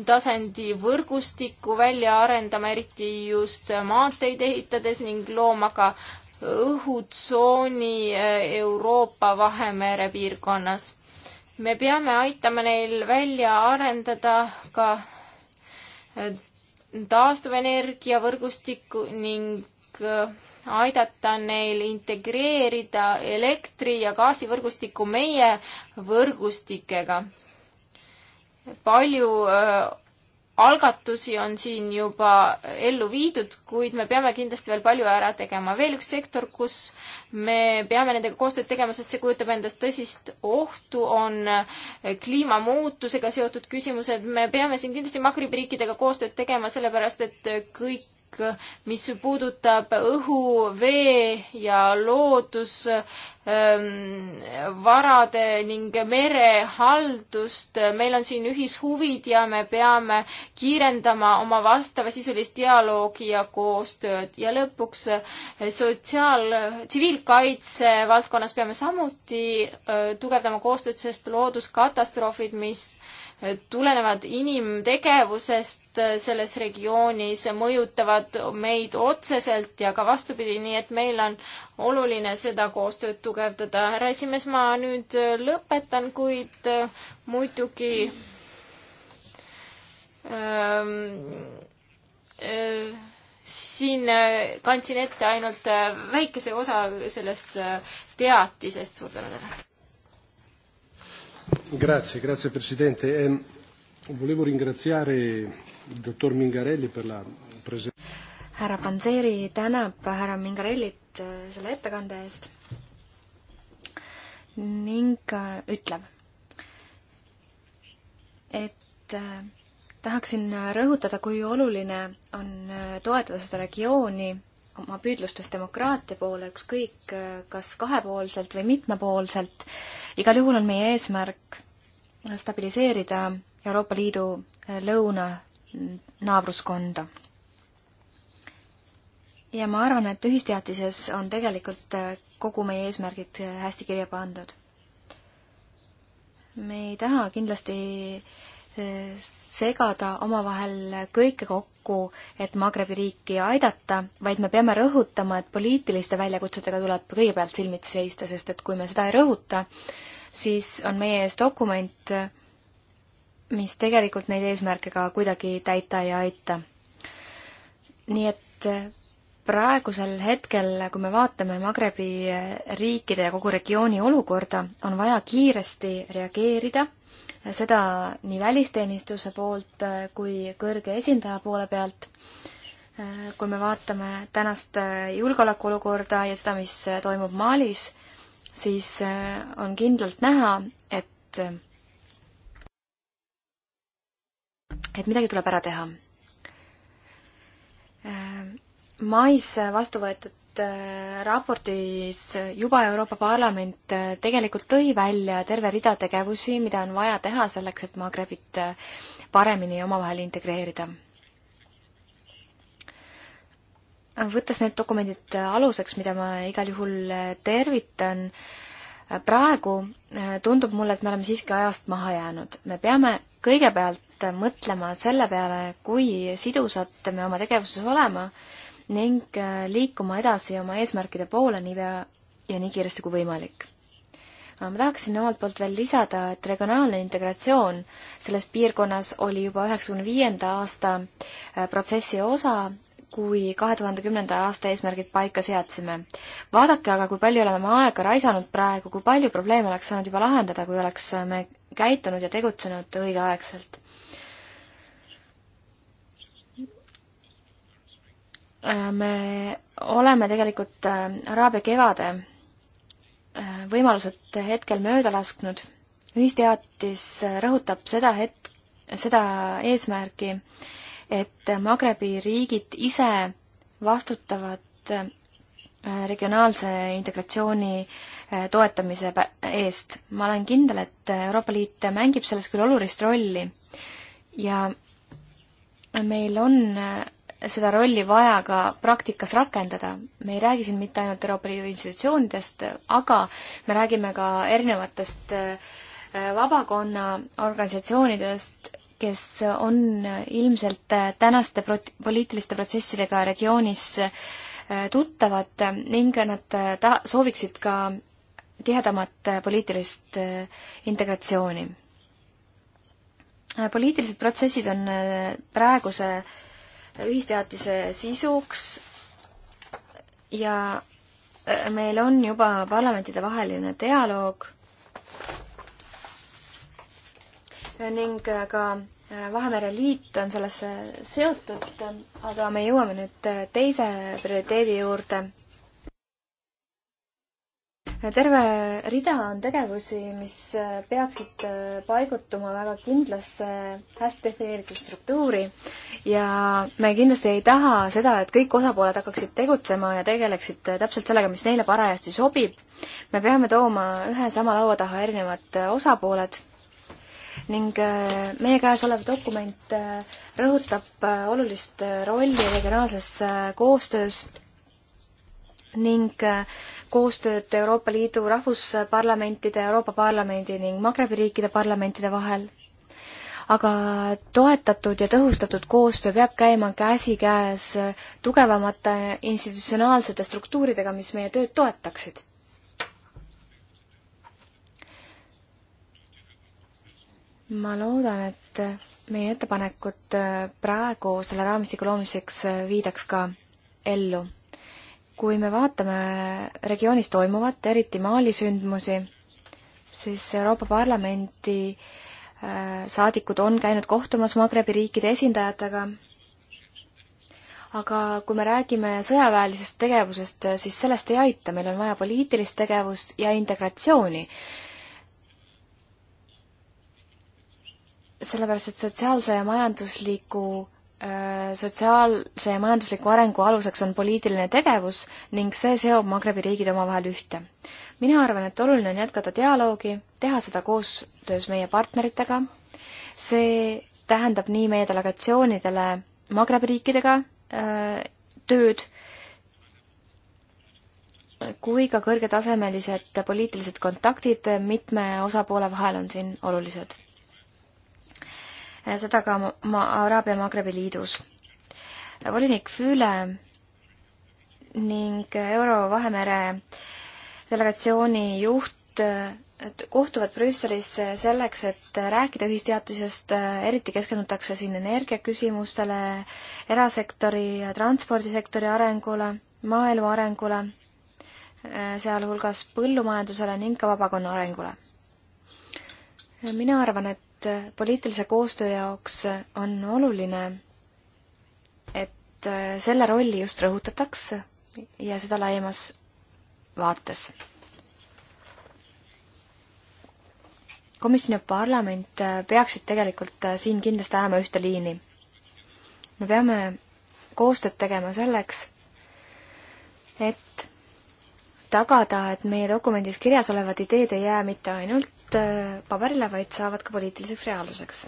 tasandi võrgustikku välja arendama, eriti just maanteid ehitades ning looma ka õhutsooni äh, Euroopa Vahemere piirkonnas. me peame aitama neil välja arendada ka äh, taastuvenergia võrgustikku ning äh, aidata neil integreerida elektri- ja gaasivõrgustikku meie võrgustikega. palju äh, algatusi on siin juba ellu viidud, kuid me peame kindlasti veel palju ära tegema. veel üks sektor, kus me peame nendega koostööd tegema, sest see kujutab endast tõsist ohtu, on kliimamuutusega seotud küsimused. me peame siin kindlasti Magribi riikidega koostööd tegema, sellepärast et kõik mis puudutab õhu, vee ja loodusvarade ähm, ning merehaldust. meil on siin ühishuvid ja me peame kiirendama oma vastavasisulist dialoogi ja koostööd ja lõpuks äh, sotsiaal, tsiviilkaitse valdkonnas peame samuti äh, tugevdama koostööd, sest looduskatastroofid, mis äh, tulenevad inimtegevusest selles regioonis, mõjutavad meid otseselt ja ka vastupidi, nii et meil on oluline seda koostööd tugevdada. härra esimees, ma nüüd lõpetan, kuid äh, muidugi ähm, äh, siin äh, kandsin ette ainult äh, väikese osa sellest teatisest. suur tänu teile! Grazie, grazie Presidente. Eh, volevo ringraziare il dottor Mingarelli per la presenza. härra Panseri tänab härra Mingarellit äh, selle ettekande eest ning äh, ütleb, et äh, tahaksin rõhutada, kui oluline on toetada seda regiooni oma püüdlustes demokraatia poole, ükskõik äh, kas kahepoolselt või mitmepoolselt, igal juhul on meie eesmärk stabiliseerida Euroopa Liidu äh, lõuna mm, naabruskonda. ja ma arvan, et ühisteatises on tegelikult äh, kogu meie eesmärgid hästi kirja pandud. me ei taha kindlasti äh, segada omavahel kõike kokku, et Magrebi riiki aidata, vaid me peame rõhutama, et poliitiliste väljakutsetega tuleb kõigepealt silmitsi seista, sest et kui me seda ei rõhuta, siis on meie ees dokument, mis tegelikult neid eesmärke ka kuidagi täita ei aita. nii et praegusel hetkel, kui me vaatame Magrebi riikide ja kogu regiooni olukorda, on vaja kiiresti reageerida seda nii välisteenistuse poolt äh, kui kõrge esindaja poole pealt. Äh, kui me vaatame tänast äh, julgeolekuolukorda ja seda, mis toimub Malis, siis on kindlalt näha, et et midagi tuleb ära teha. mais vastu võetud Äh, raportis juba Euroopa Parlament äh, tegelikult tõi välja terve rida tegevusi, mida on vaja teha selleks, et Magrebit äh, paremini omavahel integreerida. võttes need dokumendid aluseks, mida ma igal juhul tervitan, praegu tundub mulle, et me oleme siiski ajast maha jäänud. me peame kõigepealt mõtlema selle peale, kui sidusad me oma tegevuses olema ning äh, liikuma edasi oma eesmärkide poole niipea ja nii kiiresti kui võimalik ma tahaksin omalt poolt veel lisada, et regionaalne integratsioon selles piirkonnas oli juba üheksakümne viienda aasta äh, protsessi osa, kui kahe tuhande kümnenda aasta eesmärgid paika seadsime. vaadake aga, kui palju oleme aega raisanud praegu, kui palju probleeme oleks saanud juba lahendada, kui oleks äh, me käitunud ja tegutsenud õigeaegselt. Äh, me oleme tegelikult äh, Araabia kevade äh, võimalused hetkel mööda lasknud. ühisteatis rõhutab seda het-, seda eesmärki, et Magrebi riigid ise vastutavad regionaalse integratsiooni toetamise eest. ma olen kindel, et Euroopa Liit mängib selles küll olulist rolli ja meil on seda rolli vaja ka praktikas rakendada. me ei räägi siin mitte ainult Euroopa Liidu institutsioonidest, aga me räägime ka erinevatest äh, vabakonna organisatsioonidest, kes on ilmselt tänaste prot-, poliitiliste protsessidega regioonis äh, tuttavad ning nad äh, ta-, sooviksid ka tihedamat poliitilist integratsiooni. poliitilised protsessid on praeguse ühisteatise sisuks ja äh, meil on juba parlamentide vaheline dialoog ning äh, ka äh, Vahemere liit on sellesse seotud, aga me jõuame nüüd teise prioriteedi juurde. terve rida on tegevusi, mis peaksid paigutuma väga kindlasse hästi defineeritud struktuuri ja me kindlasti ei taha seda, et kõik osapooled hakkaksid tegutsema ja tegeleksid täpselt sellega, mis neile parajasti sobib. me peame tooma ühe sama laua taha erinevad osapooled ning äh, meie käes olev dokument äh, rõhutab äh, olulist rolli regionaalses koostöös ning koostööd Euroopa Liidu rahvusparlamentide, Euroopa Parlamendi ning Magrebi riikide parlamentide vahel aga toetatud ja tõhustatud koostöö peab käima käsikäes tugevamate institutsionaalsete struktuuridega, mis meie tööd toetaksid. ma loodan, et meie ettepanekud praegu selle raamistiku loomiseks viidaks ka ellu. kui me vaatame regioonis toimuvat, eriti Mali sündmusi, siis Euroopa Parlamenti äh, saadikud on käinud kohtumas Magrebi riikide esindajatega, aga kui me räägime sõjaväelisest tegevusest, siis sellest ei aita, meil on vaja poliitilist tegevust ja integratsiooni. sellepärast, et sotsiaalse ja majandusliku äh, sotsiaalse ja majandusliku arengu aluseks on poliitiline tegevus ning see seob Magrebi riigid omavahel ühte mina arvan, et oluline on jätkata dialoogi, teha seda koostöös meie partneritega, see tähendab nii meie delegatsioonidele Magrebi riikidega äh, tööd, kui ka kõrgetasemelised poliitilised kontaktid mitme osapoole vahel on siin olulised. Äh, seda ka ma Araabia Magrebi liidus. Äh, volinik Füüle ning Euro-Vahemere äh, delegatsiooni juht kohtuvad Brüsselis selleks, et rääkida ühisteatisest, eriti keskendutakse siin energiaküsimustele, erasektori ja transpordisektori arengule, maaelu arengule, sealhulgas põllumajandusele ning ka vabakonna arengule. mina arvan, et poliitilise koostöö jaoks on oluline, et selle rolli just rõhutatakse ja seda laiemas vaates. komisjon ja parlament äh, peaksid tegelikult äh, siin kindlasti ajama ühte liini. me peame koostööd tegema selleks, et tagada, et meie dokumendis kirjas olevad ideed ei jää mitte ainult äh, paberile, vaid saavad ka poliitiliseks reaalsuseks.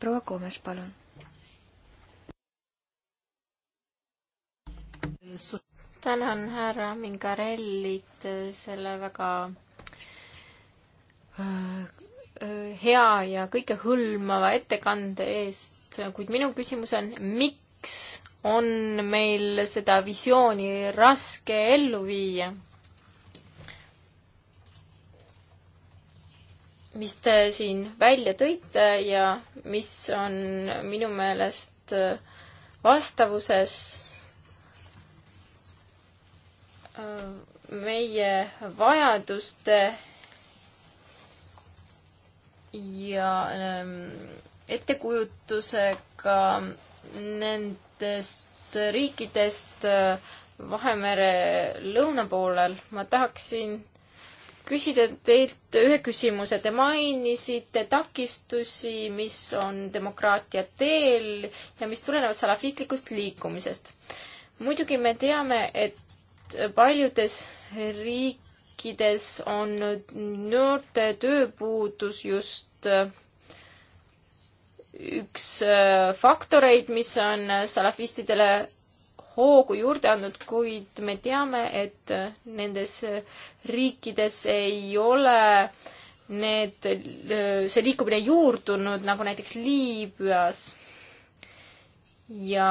proua Koomes, palun tänan härra Mingarellit äh, selle väga äh, äh, hea ja kõikehõlmava ettekande eest, kuid minu küsimus on, miks on meil seda visiooni raske ellu viia? mis te siin välja tõite ja mis on minu meelest vastavuses meie vajaduste ja ähm, ettekujutusega nendest riikidest äh, Vahemere lõuna poolel. ma tahaksin küsida teilt ühe küsimuse. Te mainisite takistusi, mis on demokraatia teel ja mis tulenevad salafistlikust liikumisest. muidugi me teame, et paljudes riikides on noorte tööpuudus just äh, üks äh, faktoreid, mis on äh, salafistidele hoogu juurde andnud, kuid me teame, et nendes riikides ei ole need, see liikumine juurdunud, nagu näiteks Liibüas. ja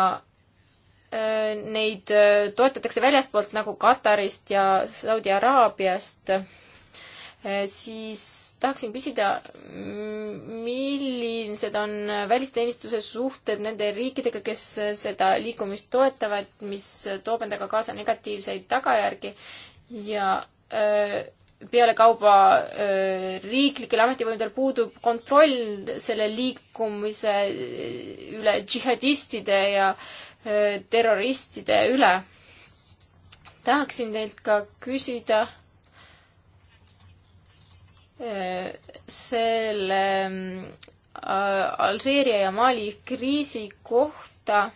Äh, neid äh, toetatakse väljastpoolt nagu Katarist ja Saudi Araabiast, äh, siis tahaksin küsida, millised on välisteenistuse suhted nende riikidega, kes seda liikumist toetavad, mis toob endaga kaasa negatiivseid tagajärgi ja öö, pealekauba riiklikel ametivõimudel puudub kontroll selle liikumise üle džihadistide ja terroristide üle. tahaksin teilt ka küsida äh, selle äh, Alžeeria ja Mali kriisi kohta.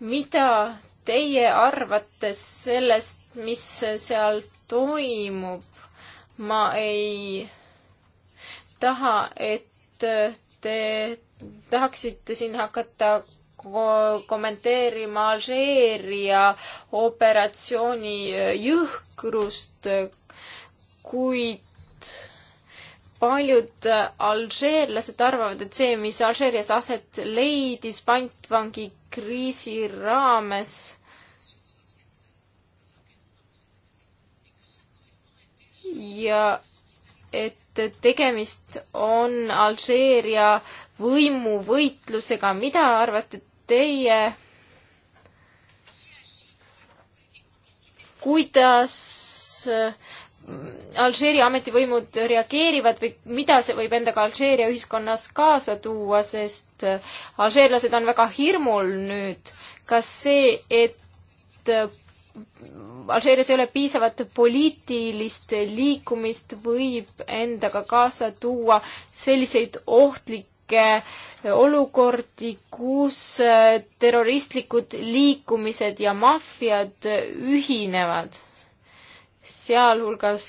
mida teie arvate sellest, mis seal toimub? ma ei taha, et te tahaksite siin hakata kommenteerima Alžeeria operatsiooni äh, jõhkrust, kuid paljud äh, alžeerlased arvavad, et see, mis Alžeerias aset leidis pantvangi kriisi raames, ja et tegemist on Alžeeria võimuvõitlusega, mida arvate teie, kuidas äh, Alžeeria ametivõimud reageerivad või mida see võib endaga Alžeeria ühiskonnas kaasa tuua, sest äh, alžeerlased on väga hirmul nüüd. kas see, et äh, Alžeerias ei ole piisavat poliitilist liikumist, võib endaga kaasa tuua selliseid ohtlikke kõike olukordi, kus äh, terroristlikud liikumised ja maffiad ühinevad, sealhulgas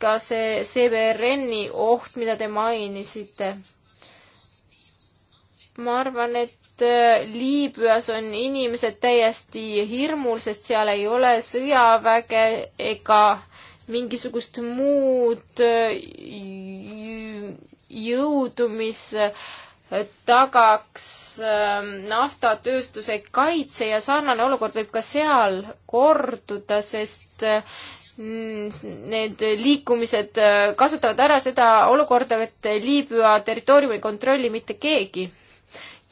ka see CBRN-i oht, mida te mainisite. ma arvan, et äh, Liibüas on inimesed täiesti hirmul, sest seal ei ole sõjaväge ega mingisugust muud äh, jõudu, mis äh, tagaks äh, naftatööstuse kaitse ja sarnane olukord võib ka seal korduda, sest need liikumised kasutavad ära seda olukorda, et Liibüa territooriumi ei kontrolli mitte keegi.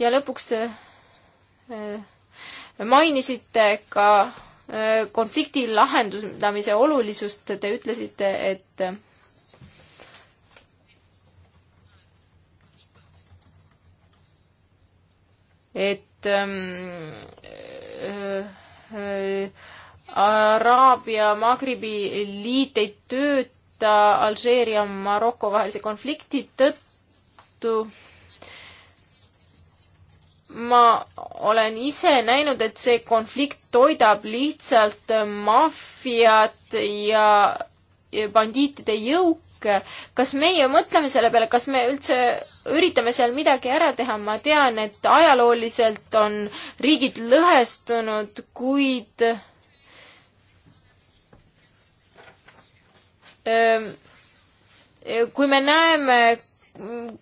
ja lõpuks mainisite ka konflikti lahendamise olulisust te ütlesite, et et ähm, äh, äh, Araabia Magribi liit ei tööta Alžeeria Maroko vahelise konflikti tõttu ma olen ise näinud, et see konflikt toidab lihtsalt maffiat ja bandiitide jõuke. kas meie mõtleme selle peale, kas me üldse üritame seal midagi ära teha, ma tean, et ajalooliselt on riigid lõhestunud, kuid ähm, kui me näeme,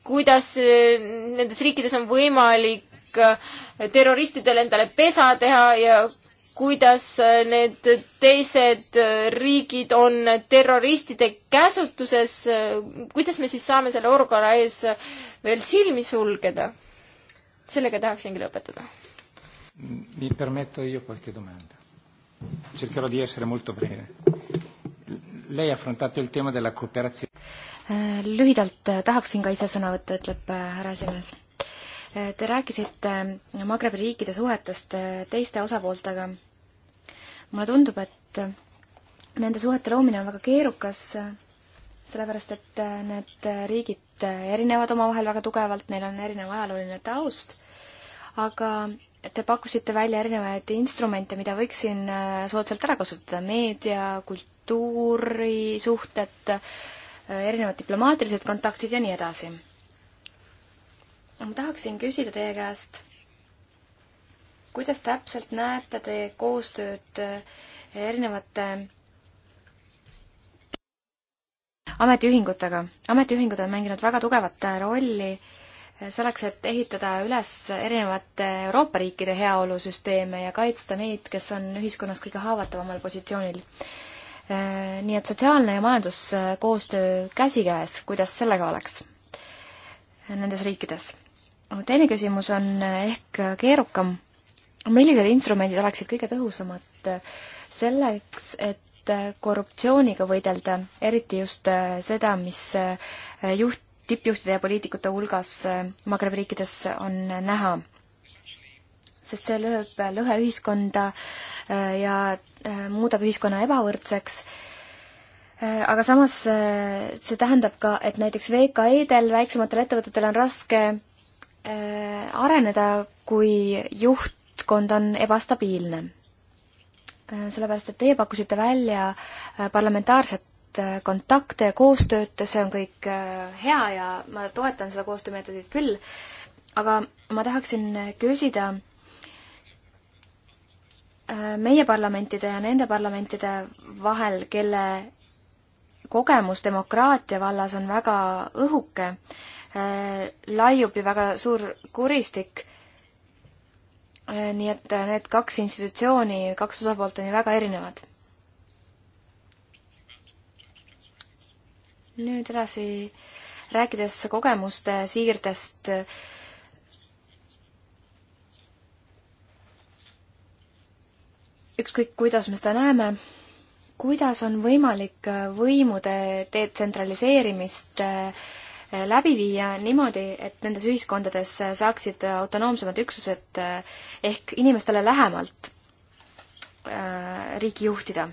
kuidas nendes riikides on võimalik võimalik äh, terroristidel endale pesa teha ja kuidas äh, need teised äh, riigid on terroristide käsutuses, kuidas me siis saame selle olukorra ees veel silmi sulgeda? sellega tahaksingi lõpetada. Mi permetto io qualche domanda. Cercherò di essere molto breve. Lei ha affrontato il tema della cooperazione. lühidalt tahaksin ka ise sõna võtta, ütleb härra esimees Te rääkisite Magrebi riikide suhetest eh, teiste osapooltega. mulle tundub, et eh, nende suhete loomine on väga keerukas, eh, sellepärast et need riigid erinevad omavahel väga tugevalt, neil on erinev ajalooline taust, aga te pakkusite välja erinevaid instrumente, mida võiks siin soodsalt ära kasutada, meedia, kultuurisuhted, erinevad diplomaatilised kontaktid ja nii edasi ma tahaksin küsida teie käest, kuidas täpselt näete teie koostööd äh, erinevate ametiühingutega. ametiühingud on mänginud väga tugevat äh, rolli äh, selleks, et ehitada üles erinevate Euroopa riikide heaolusüsteeme ja kaitsta neid, kes on ühiskonnas kõige haavatavamal positsioonil. Nii et sotsiaalne ja majanduskoostöö käsikäes, kuidas sellega oleks nendes riikides? teine küsimus on eh, ehk keerukam. millised instrumendid oleksid kõige tõhusamad eh, selleks, et eh, korruptsiooniga võidelda, eriti just seda, mis juht, tippjuhtide ja poliitikute hulgas Magrebi riikides on näha? sest see lööb lõhe ühiskonda ja muudab ühiskonna ebavõrdseks aga samas see tähendab ka, et näiteks VKI-del, väiksematel ettevõtetel on raske Äh, areneda, kui juhtkond on ebastabiilne. Äh, sellepärast, et teie pakkusite välja äh, parlamentaarset kontakte ja koostööd, see on kõik hea ja ma toetan seda koostöömeetodit küll, aga ma tahaksin küsida meie parlamentide ja nende parlamentide vahel, kelle kogemus demokraatia vallas on väga õhuke, Äh, laiub ju väga suur kuristik. Äh, nii et äh, need kaks institutsiooni, kaks osapoolt on ju väga erinevad. nüüd edasi, rääkides kogemuste siirdest ükskõik, kuidas me seda näeme, kuidas on võimalik võimude detsentraliseerimist läbi viia niimoodi, et nendes ühiskondades saaksid autonoomsemad üksused eh, ehk inimestele lähemalt eh, riiki juhtida.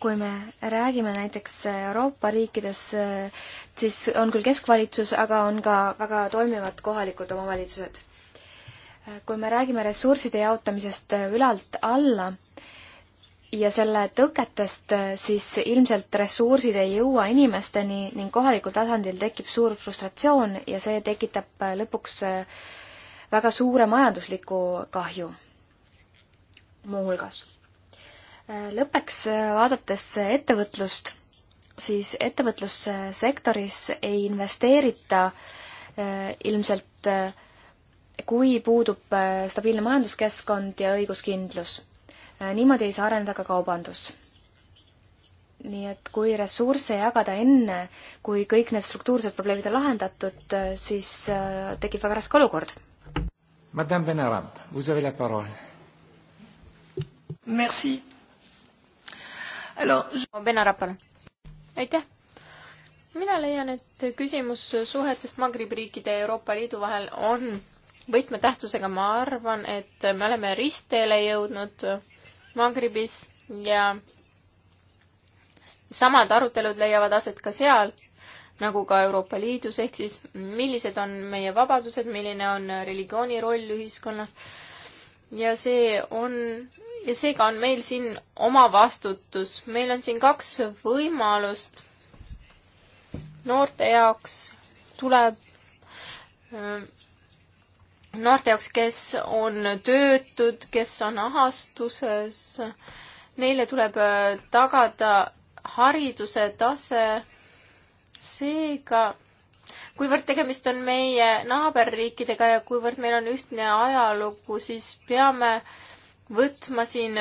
kui me räägime näiteks Euroopa riikides, eh, siis on küll keskvalitsus, aga on ka väga toimivad kohalikud omavalitsused. kui me räägime ressursside jaotamisest ülalt alla, ja selle tõketest äh, siis ilmselt ressursid ei jõua inimesteni ning kohalikul tasandil tekib suur frustratsioon ja see tekitab äh, lõpuks äh, väga suure majandusliku kahju muuhulgas. lõppeks, vaadates ettevõtlust, siis ettevõtlussektoris ei investeerita ilmselt, kui puudub stabiilne majanduskeskkond ja õiguskindlus Äh, niimoodi ei saa areneda ka kaubandus. nii et kui ressursse jagada enne, kui kõik need struktuursed probleemid on lahendatud, äh, siis äh, tekib väga raske olukord. Madame Benarab, vous avez la parole. Merci. Alors, je... Benarab, palun. aitäh mina leian, et küsimus suhetest Magribi riikide ja Euroopa Liidu vahel on võtmetähtsusega, ma arvan, et me oleme ristteele jõudnud Magribis ja samad arutelud leiavad aset ka seal, nagu ka Euroopa Liidus, ehk siis millised on meie vabadused, milline on religiooni roll ühiskonnas ja see on, ja seega on meil siin oma vastutus, meil on siin kaks võimalust. noorte jaoks tuleb noorte jaoks, kes on töötud, kes on ahastuses, neile tuleb äh, tagada hariduse tase. seega, kuivõrd tegemist on meie naaberriikidega ja kuivõrd meil on ühtne ajalugu, siis peame võtma siin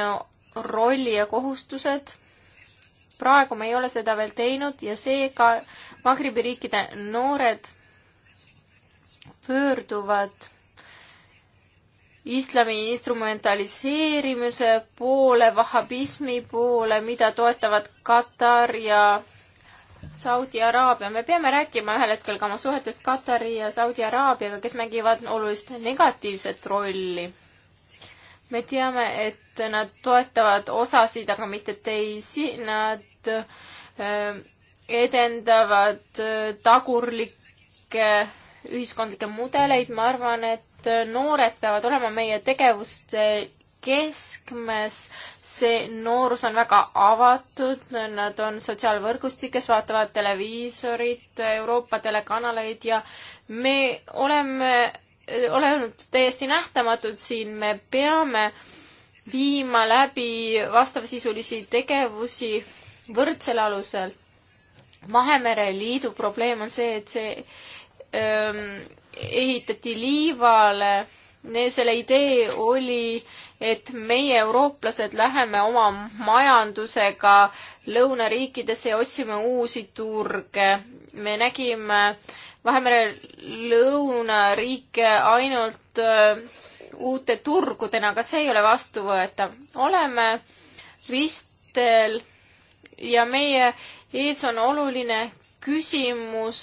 rolli ja kohustused. praegu me ei ole seda veel teinud ja seega Magribi riikide noored pöörduvad islami instrumentaliseerimise poole, vahhabismi poole, mida toetavad Katar ja Saudi Araabia. me peame rääkima ühel hetkel ka oma suhetest Katari ja Saudi Araabiaga, kes mängivad olulist negatiivset rolli. me teame, et nad toetavad osasid, aga mitte teisi. Nad äh, edendavad äh, tagurlikke ühiskondlikke mudeleid. ma arvan, et et noored peavad olema meie tegevuste keskmes, see noorus on väga avatud, nad on sotsiaalvõrgustikes, vaatavad televiisorit, Euroopa telekanaleid ja me oleme, oleme olnud täiesti nähtamatud siin, me peame viima läbi vastavasisulisi tegevusi võrdsel alusel. Vahemere Liidu probleem on see, et see öö, ähm, ehitati liivale. selle idee oli, et meie, eurooplased, läheme oma majandusega lõunariikidesse ja otsime uusi turge. me nägime Vahemere lõunariike ainult äh, uute turgudena, aga see ei ole vastuvõetav. oleme ristel ja meie ees on oluline küsimus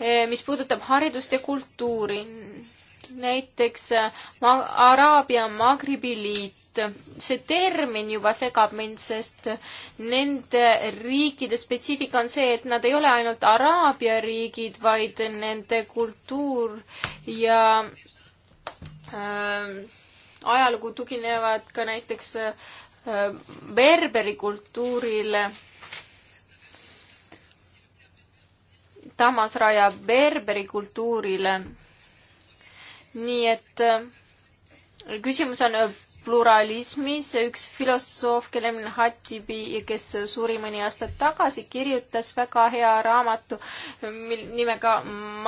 Eh, mis puudutab haridust ja kultuuri. näiteks äh, ma Araabia Magribi liit, see termin juba segab mind, sest nende riikide spetsiifika on see, et nad ei ole ainult Araabia riigid, vaid nende kultuur ja äh, ajalugu tuginevad ka näiteks äh, äh berberi kultuurile tamas raja berberi kultuurile. nii et äh, küsimus on äh, pluralismis, üks filosoof, Kelemin Hattibi, kes suri mõni aasta tagasi, kirjutas väga hea raamatu äh, nimega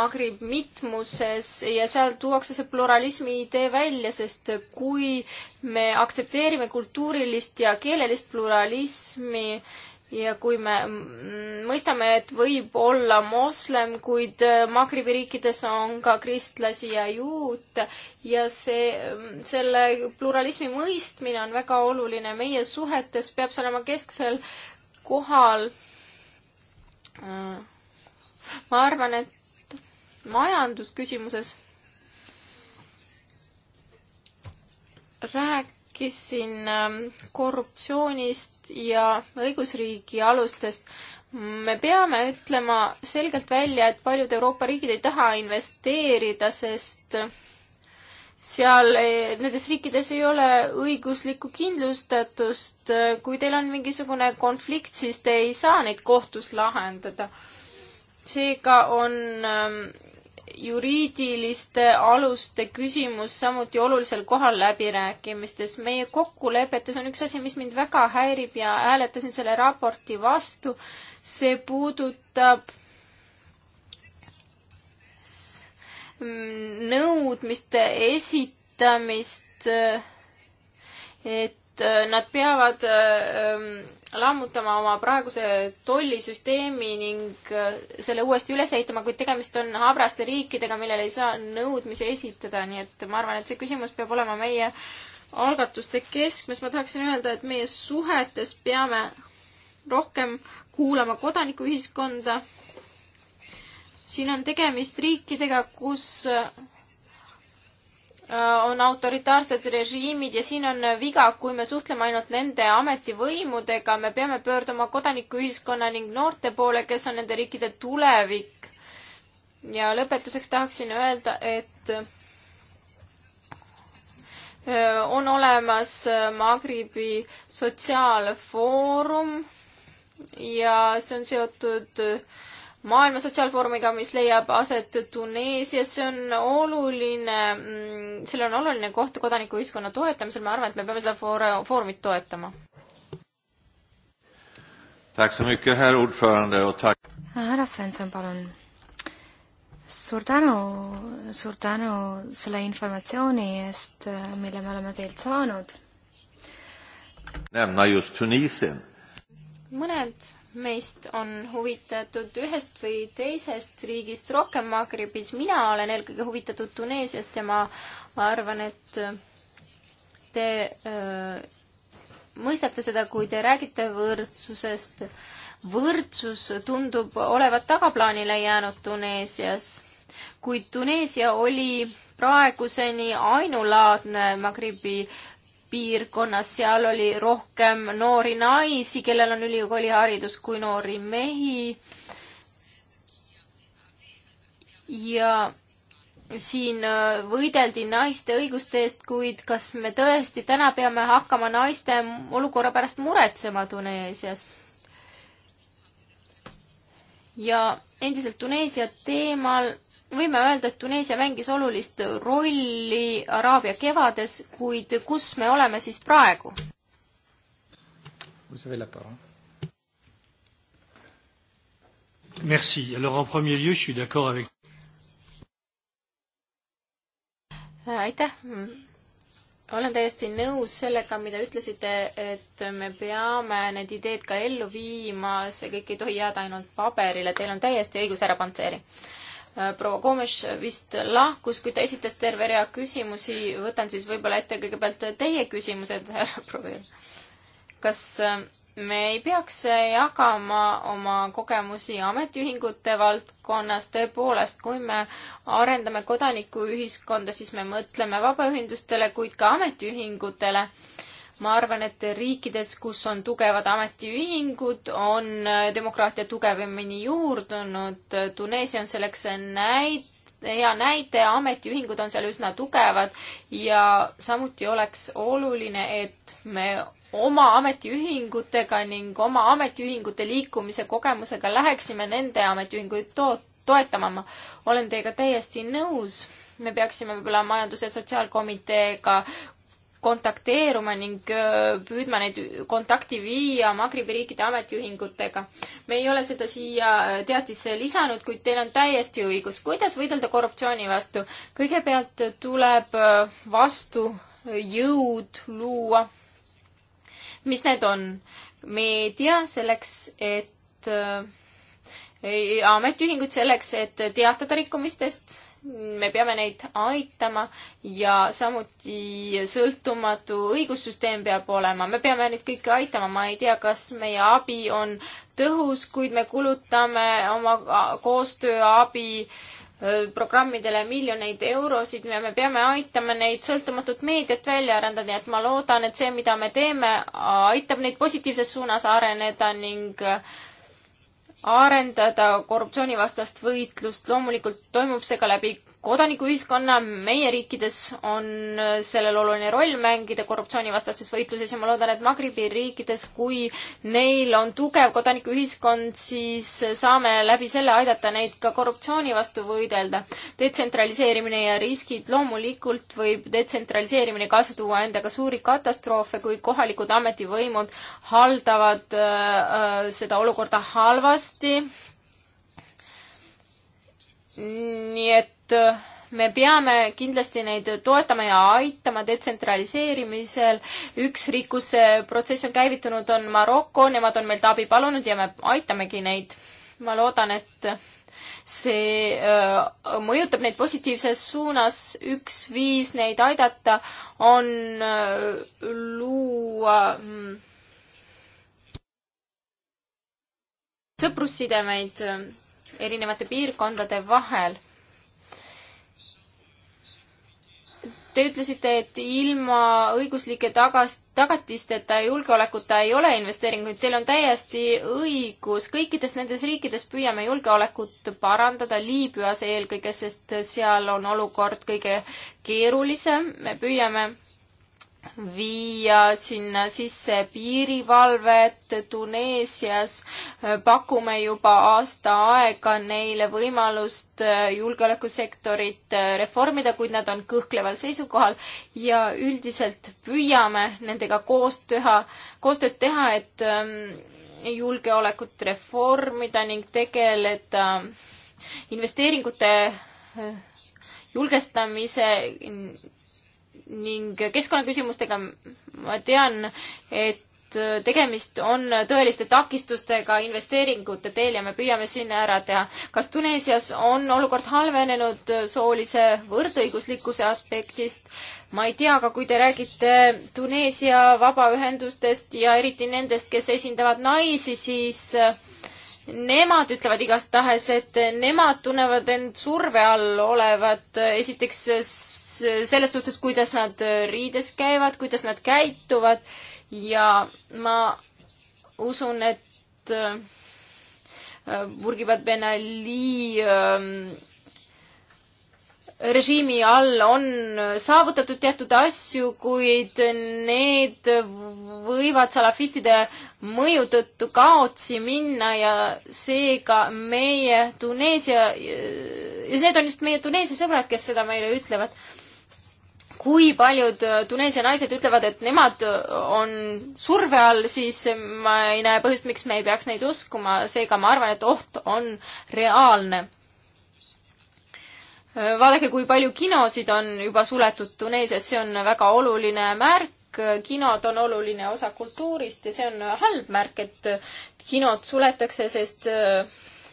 Magrib mitmuses ja seal tuuakse see pluralismi idee välja, sest kui me aktsepteerime kultuurilist ja keelelist pluralismi, ja kui me mõistame, et võib olla moslem, kuid äh, Magribi riikides on ka kristlasi ja juute ja see, selle pluralismi mõistmine on väga oluline meie suhetes, peab see olema kesksel kohal. Äh, ma arvan, et majandusküsimuses rääkisin ähm, korruptsioonist õigusest ja õigusriigi alustest. me peame ütlema selgelt välja, et paljud Euroopa riigid ei taha investeerida, sest seal nendes riikides ei ole õiguslikku kindlustatust. kui teil on mingisugune konflikt, siis te ei saa neid kohtus lahendada. seega on ähm, juriidiliste aluste küsimus samuti olulisel kohal läbirääkimistes. meie kokkulepetes on üks asi, mis mind väga häirib ja hääletasin selle raporti vastu. see puudutab nõudmiste esitamist, et Äh, nad peavad äh, ähm, lammutama oma praeguse tollisüsteemi ning äh, selle uuesti üles ehitama, kuid tegemist on habraste riikidega, millele ei saa nõudmisi esitada, nii et ma arvan, et see küsimus peab olema meie algatuste keskmes. ma tahaksin öelda, et meie suhetes peame rohkem kuulama kodanikuühiskonda. siin on tegemist riikidega, kus Äh, on autoritaarsed režiimid ja siin on viga, kui me suhtleme ainult nende ametivõimudega, me peame pöörduma kodanikuühiskonna ning noorte poole, kes on nende riikide tulevik. ja lõpetuseks tahaksin öelda, et äh, on olemas äh, Magribi sotsiaalfoorum ja see on seotud äh, maailma sotsiaalfoorumiga, mis leiab aset Tuneesias, see on oluline, mm, seal on oluline koht kodanikuühiskonna toetamisel, ma arvan, et me peame seda foor-, foorumit toetama. härra Svensson, palun. suur tänu, suur tänu selle informatsiooni eest, mille me oleme teilt saanud. mõned meist on huvitatud ühest või teisest riigist rohkem Magribis. mina olen eelkõige huvitatud Tuneesiast ja ma, ma arvan, et äh, te öö, äh, mõistate seda, kui te räägite võrdsusest. võrdsus tundub olevat tagaplaanile jäänud Tuneesias. kuid Tuneesia oli praeguseni ainulaadne Magribi piirkonnas, seal oli rohkem noori naisi, kellel on ülikooliharidus, kui noori mehi. ja siin äh, võideldi naiste õiguste eest, kuid kas me tõesti täna peame hakkama naiste olukorra pärast muretsema Tuneesias? ja endiselt Tuneesia teemal võime öelda, et Tuneesia mängis olulist rolli Araabia kevades, kuid kus me oleme siis praegu? Merci. Alors en premier lieu, je suis d'accord avec. Äh, aitäh. olen täiesti nõus sellega, mida ütlesite, et me peame need ideed ka ellu viima, see kõik ei tohi jääda ainult paberile, teil on täiesti õigus, härra Pantseri Äh, proua Gomes vist lahkus, kui ta esitas terve rea küsimusi, võtan siis võib-olla ette kõigepealt teie küsimused, härra Provir. kas äh, me ei peaks jagama oma kogemusi ametiühingute valdkonnas, tõepoolest, kui me arendame kodanikuühiskonda, siis me mõtleme vabaühendustele, kuid ka ametiühingutele ma arvan, et riikides, kus on tugevad ametiühingud, on äh, demokraatia tugevamini juurdunud. Tuneesia on selleks näite hea näide, ametiühingud on seal üsna tugevad ja samuti oleks oluline, et me oma ametiühingutega ning oma ametiühingute liikumise kogemusega läheksime nende ametiühinguid to-, toetama. ma olen teiega täiesti nõus me peaksime võib-olla Majandus- ja Sotsiaalkomiteega kontakteeruma ning püüdma neid kontakti viia Magribi riikide ametiühingutega. me ei ole seda siia teatisse lisanud, kuid teil on täiesti õigus. kuidas võidelda korruptsiooni vastu? kõigepealt tuleb vastujõud luua. mis need on? meedia selleks, et ametiühingud selleks, et teatada rikkumistest me peame neid aitama ja samuti sõltumatu õigussüsteem peab olema, me peame neid kõiki aitama, ma ei tea, kas meie abi on tõhus, kuid me kulutame oma koostööabi äh, programmidele miljoneid eurosid ja me peame aitama neid sõltumatut meediat välja arendada, nii et ma loodan, et see, mida me teeme, aitab neid positiivses suunas areneda ning äh, arendada korruptsioonivastast võitlust, loomulikult toimub see ka läbi kodanikuühiskonna meie riikides on sellel oluline roll mängida korruptsioonivastases võitluses ja ma loodan, et Magribi riikides, kui neil on tugev kodanikuühiskond, siis saame läbi selle aidata neid ka korruptsiooni vastu võidelda. detsentraliseerimine ja riskid loomulikult võib detsentraliseerimine kaasa tuua endaga suuri katastroofe, kui kohalikud ametivõimud haldavad äh, äh, seda olukorda halvasti. nii et et äh, me peame kindlasti neid toetama ja aitama detsentraliseerimisel. üks riik, kus see protsess on käivitunud, on Maroko, nemad on meilt abi palunud ja me aitamegi neid. ma loodan, et see öö, äh, mõjutab neid positiivses suunas. üks viis neid aidata on öö, äh, luua mm, sõprussidemeid erinevate piirkondade vahel Te ütlesite, et ilma õiguslike tagas, tagatisteta, julgeolekuta ei ole investeeringuid. Teil on täiesti õigus. kõikides nendes riikides püüame julgeolekut parandada, Liibüas eelkõige, sest seal on olukord kõige keerulisem. me püüame viia sinna sisse piirivalvet Tuneesias, pakume juba aasta aega neile võimalust äh, julgeolekusektorit äh, reformida, kuid nad on kõhkleval seisukohal ja üldiselt püüame nendega koos teha, koostööd teha, et ähm, julgeolekut reformida ning tegeleda äh, investeeringute julgestamise ning keskkonnaküsimustega ma tean, et tegemist on tõeliste takistustega investeeringute teel ja me püüame sinna ära teha. kas Tuneesias on olukord halvenenud soolise võrdõiguslikkuse aspektist? ma ei tea, aga kui te räägite Tuneesia vabaühendustest ja eriti nendest, kes esindavad naisi, siis Nemad ütlevad igastahes, et nemad tunnevad end surve all olevat esiteks selles suhtes, kuidas nad äh, riides käivad, kuidas nad käituvad ja ma usun, et äh, äh, Burgibat Ben Ali ähm, režiimi all on saavutatud teatud asju, kuid need võivad salafistide mõju tõttu kaotsi minna ja seega meie Tuneesia, ja need on just meie Tuneesia sõbrad, kes seda meile ütlevad kui paljud äh, Tuneesia naised ütlevad, et nemad äh, on surve all, siis ma ei näe põhjust, miks me ei peaks neid uskuma, seega ma arvan, et oht on reaalne. Äh, vaadake, kui palju kinosid on juba suletud Tuneesias, see on väga oluline märk, kinod on oluline osa kultuurist ja see on halb märk, et kinod suletakse, sest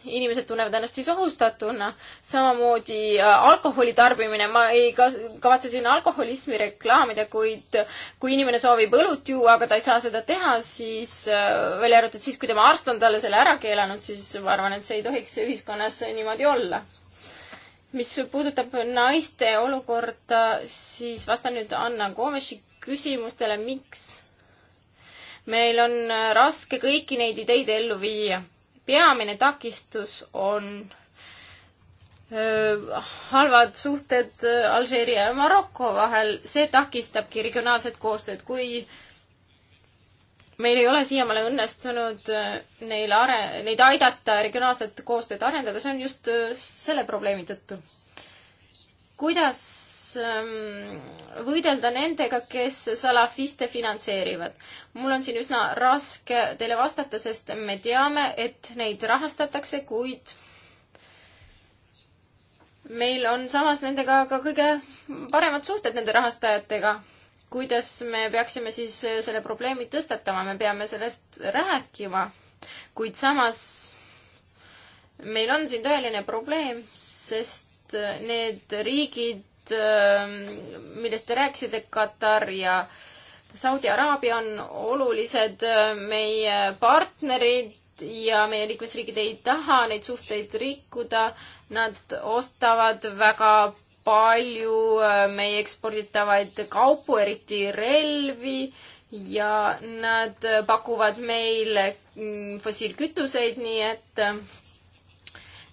inimesed tunnevad ennast siis ohustatuna. samamoodi äh, alkoholi tarbimine, ma ei kavatse siin alkoholismi reklaamida, kuid kui inimene soovib õlut juua, aga ta ei saa seda teha, siis äh, välja arvatud siis, kui tema arst on talle selle ära keelanud, siis ma arvan, et see ei tohiks ühiskonnas niimoodi olla mis puudutab naiste olukorda, siis vastan nüüd Anna Komeši küsimustele, miks meil on äh, raske kõiki neid ideid ellu viia peamine takistus on halvad suhted Alžeeria ja Maroko vahel, see takistabki regionaalset koostööd, kui meil ei ole siiamaale õnnestunud neile are-, neid aidata regionaalset koostööd arendada, see on just selle probleemi tõttu kuidas ähm, võidelda nendega, kes salafiste finantseerivad. mul on siin üsna raske teile vastata, sest me teame, et neid rahastatakse, kuid meil on samas nendega ka kõige paremad suhted nende rahastajatega. kuidas me peaksime siis äh, selle probleemi tõstatama, me peame sellest rääkima, kuid samas meil on siin tõeline probleem, sest Äh, need riigid, ähm, millest te rääkisite, Katar ja Saudi Araabia on olulised äh, meie partnerid ja meie liikmesriigid ei taha neid suhteid rikkuda. Nad ostavad väga palju äh, meie eksporditavaid kaupu, eriti relvi ja nad pakuvad meile mm, fossiilkütuseid, nii et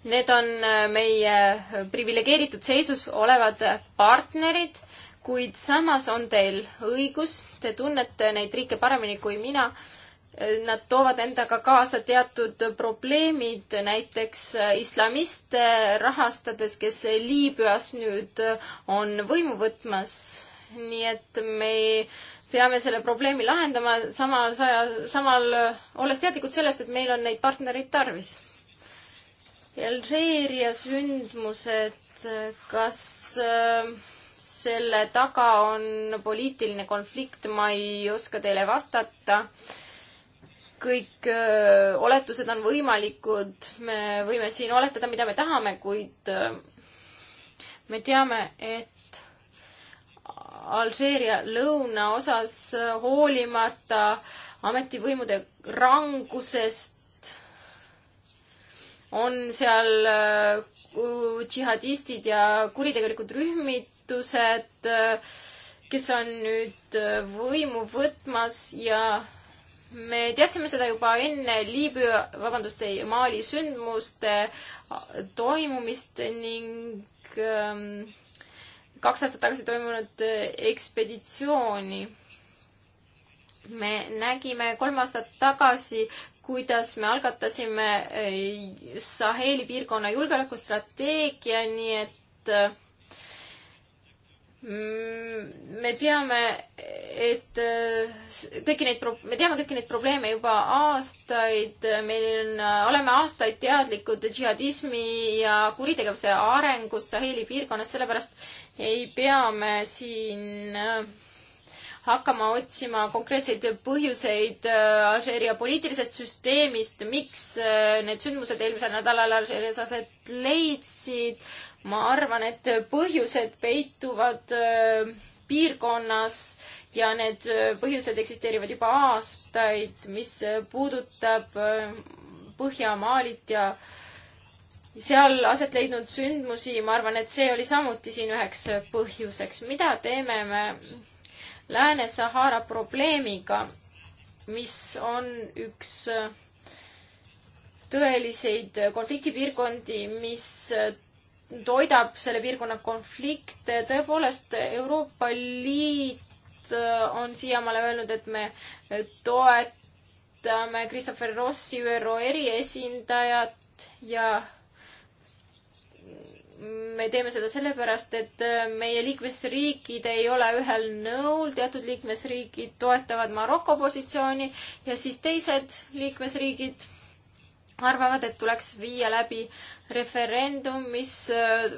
Need on äh, meie äh, priviligeeritud seisus olevad partnerid, kuid samas on teil õigus, te tunnete neid riike paremini kui mina. Äh, nad toovad endaga kaasa teatud probleemid, näiteks islamiste rahastades, kes Liibüas nüüd on võimu võtmas. nii et me peame selle probleemi lahendama samal, samal, olles teadlikud sellest, et meil on neid partnereid tarvis Alžeeria sündmused, kas äh, selle taga on poliitiline konflikt, ma ei oska teile vastata. kõik äh, oletused on võimalikud, me võime siin oletada, mida me tahame, kuid äh, me teame, et Alžeeria lõunaosas hoolimata ametivõimude rangusest on seal äh, džihadistid ja kuritegelikud rühmitused, äh, kes on nüüd äh, võimu võtmas ja me teadsime seda juba enne Liibüa, vabandust, ei, Mali sündmuste toimumist ning ähm, kaks aastat tagasi toimunud ekspeditsiooni. me nägime kolm aastat tagasi, kuidas me algatasime eh, Saheli piirkonna julgeolekustrateegia, nii et eh, mm, me teame, et eh, kõiki neid, me teame kõiki neid probleeme juba aastaid, meil on, oleme aastaid teadlikud džihadismi ja kuritegevuse arengust Saheli piirkonnas, sellepärast ei pea me siin äh, hakkama otsima konkreetseid põhjuseid äh, Alžeeria poliitilisest süsteemist, miks äh, need sündmused eelmisel nädalal Alžeerias aset leidsid. ma arvan, et põhjused peituvad äh, piirkonnas ja need põhjused eksisteerivad juba aastaid, mis puudutab Põhjamaalit ja seal aset leidnud sündmusi, ma arvan, et see oli samuti siin üheks põhjuseks. mida teeme me Lääne-Sahara probleemiga, mis on üks äh, tõeliseid konfliktipiirkondi, mis äh, toidab selle piirkonna konflikte. tõepoolest, Euroopa Liit äh, on siiamaale öelnud, et me toetame Christopher Rossi ÜRO eriesindajat ja me teeme seda sellepärast, et äh, meie liikmesriigid ei ole ühel nõul, teatud liikmesriigid toetavad Maroko positsiooni ja siis teised liikmesriigid arvavad, et tuleks viia läbi referendum, mis äh,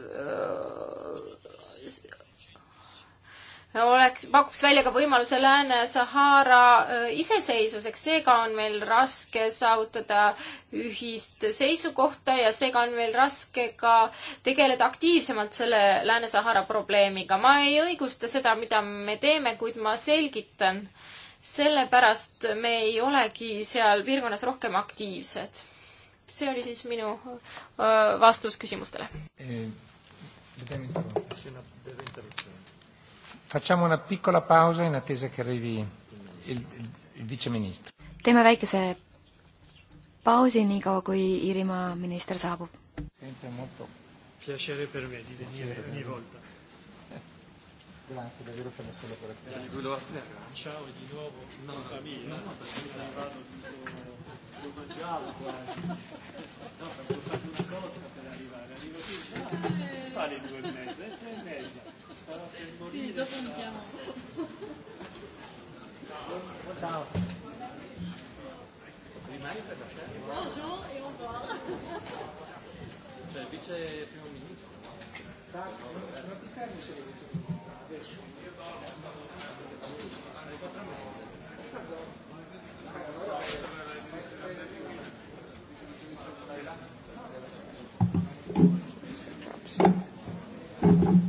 oleks, pakuks välja ka võimaluse Lääne-Sahara äh, iseseisvuseks, seega on meil raske saavutada ühist seisukohta ja seega on meil raske ka tegeleda aktiivsemalt selle Lääne-Sahara probleemiga. ma ei õigusta seda, mida me teeme, kuid ma selgitan. sellepärast me ei olegi seal piirkonnas rohkem aktiivsed. see oli siis minu äh, vastus küsimustele. Eh, Facciamo una piccola pausa in attesa che arrivi il, il viceministro. teeme väikese pausi niikaua, kui Iirimaa minister saabub. Piacere per me di venire ogni volta. Grazie davvero per la collaborazione. Ciao di nuovo, no, no, famiglia. No, perché mi arrivato tutto, lo mangiavo quasi. No, perché ho fatto una corsa per arrivare. Arrivo qui, ciao, eh. fare due e mezza, e tre e mezza. Sì, dopo mi chiamo. Ciao. Rimani per la serie? Bonjour e bonsoir. Cioè, il vice primo ministro. Non ti fermi se devi adesso. Thank you.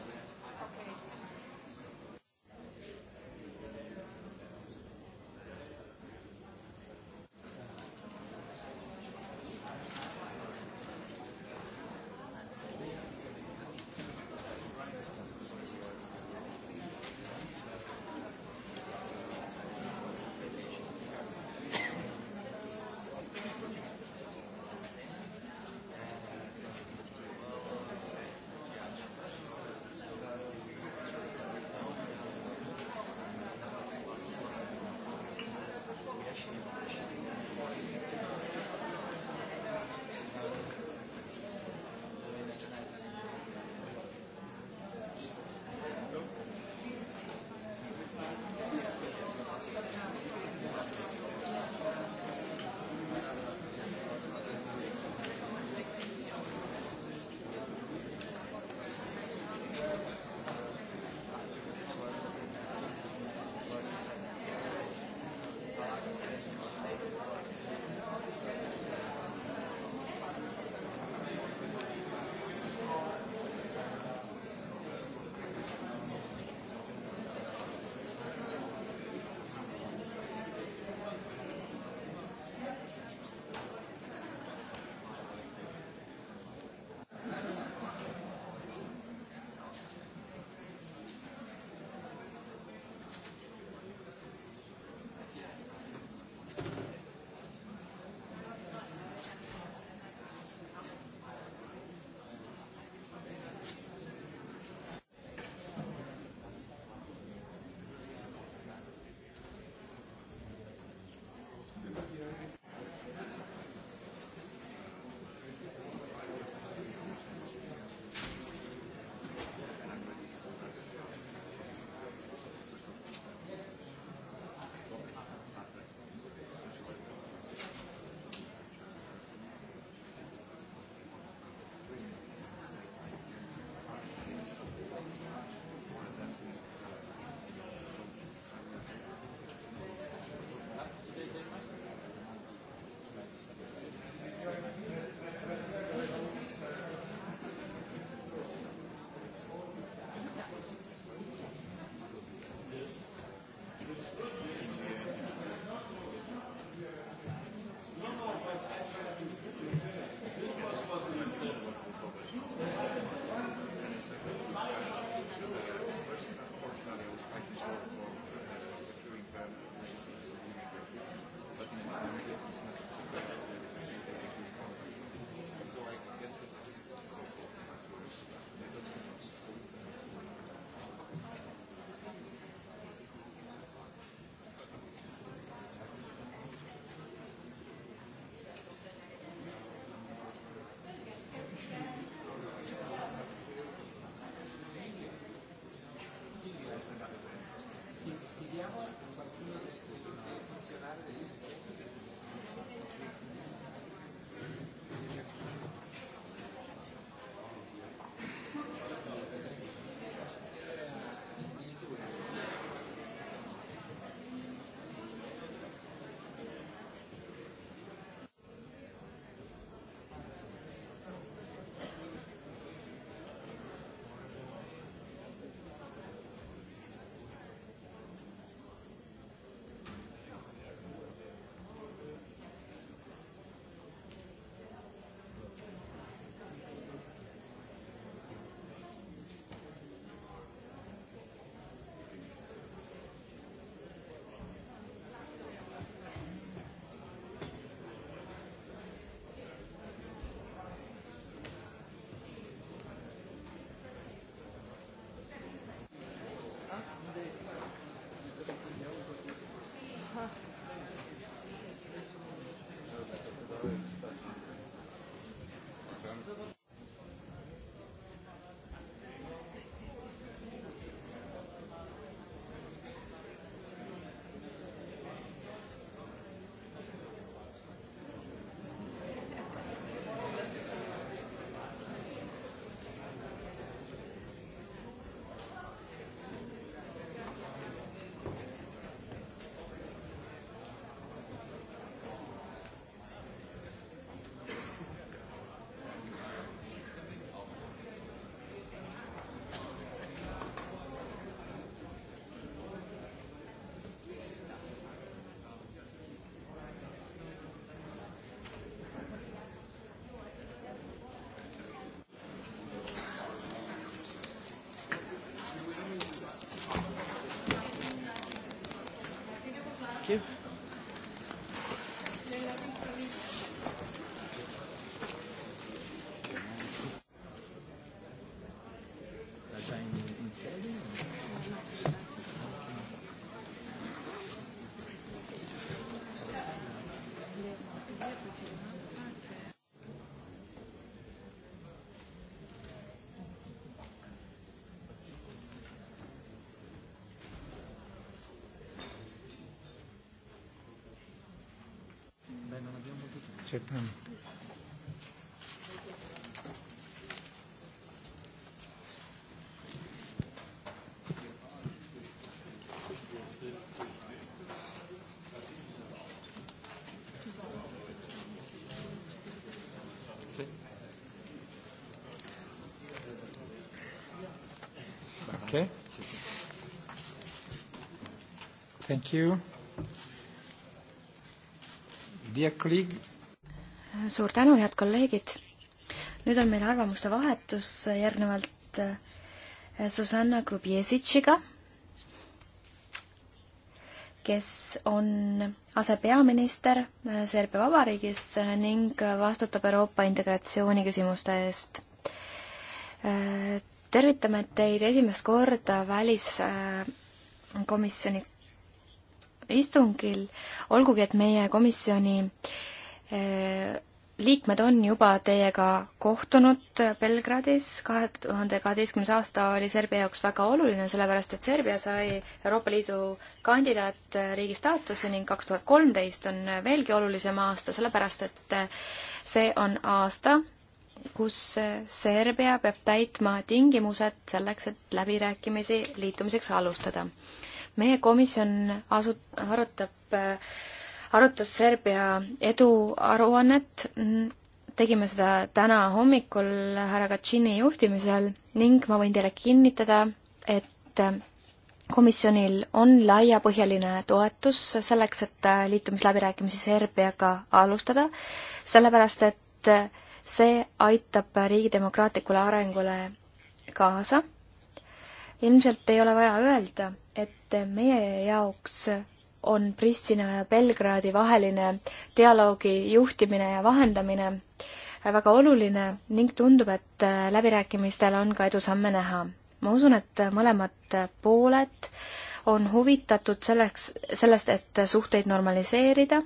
Vietnam. Okay. Thank you. Dear colleague, suur tänu, head kolleegid. nüüd on meil arvamuste vahetus järgnevalt äh, Susanna Grubiesitšiga, kes on asepeaminister äh, Serbia Vabariigis ning vastutab Euroopa integratsiooni küsimuste eest. Äh, tervitame teid esimest korda väliskomisjoni istungil, olgugi et meie komisjoni liikmed on juba teiega kohtunud Belgradis, kahe tuhande kaheteistkümnes aasta oli Serbia jaoks väga oluline, sellepärast et Serbia sai Euroopa Liidu kandidaatriigi staatuse ning kaks tuhat kolmteist on veelgi olulisem aasta, sellepärast et see on aasta, kus Serbia peab täitma tingimused selleks, et läbirääkimisi liitumiseks alustada. meie komisjon asu-, arutab äh, arutas Serbia eduaruannet, tegime seda täna hommikul härra Kaczini juhtimisel ning ma võin teile kinnitada, et komisjonil on laiapõhjaline toetus selleks, et liitumisläbirääkimisi Serbiaga alustada, sellepärast et see aitab riigi demokraatlikule arengule kaasa. ilmselt ei ole vaja öelda, et meie jaoks on Pristina ja Belgradi vaheline dialoogi juhtimine ja vahendamine väga oluline ning tundub, et äh, läbirääkimistel on ka edusamme näha. ma usun, et mõlemad pooled on huvitatud selleks, sellest, et suhteid normaliseerida,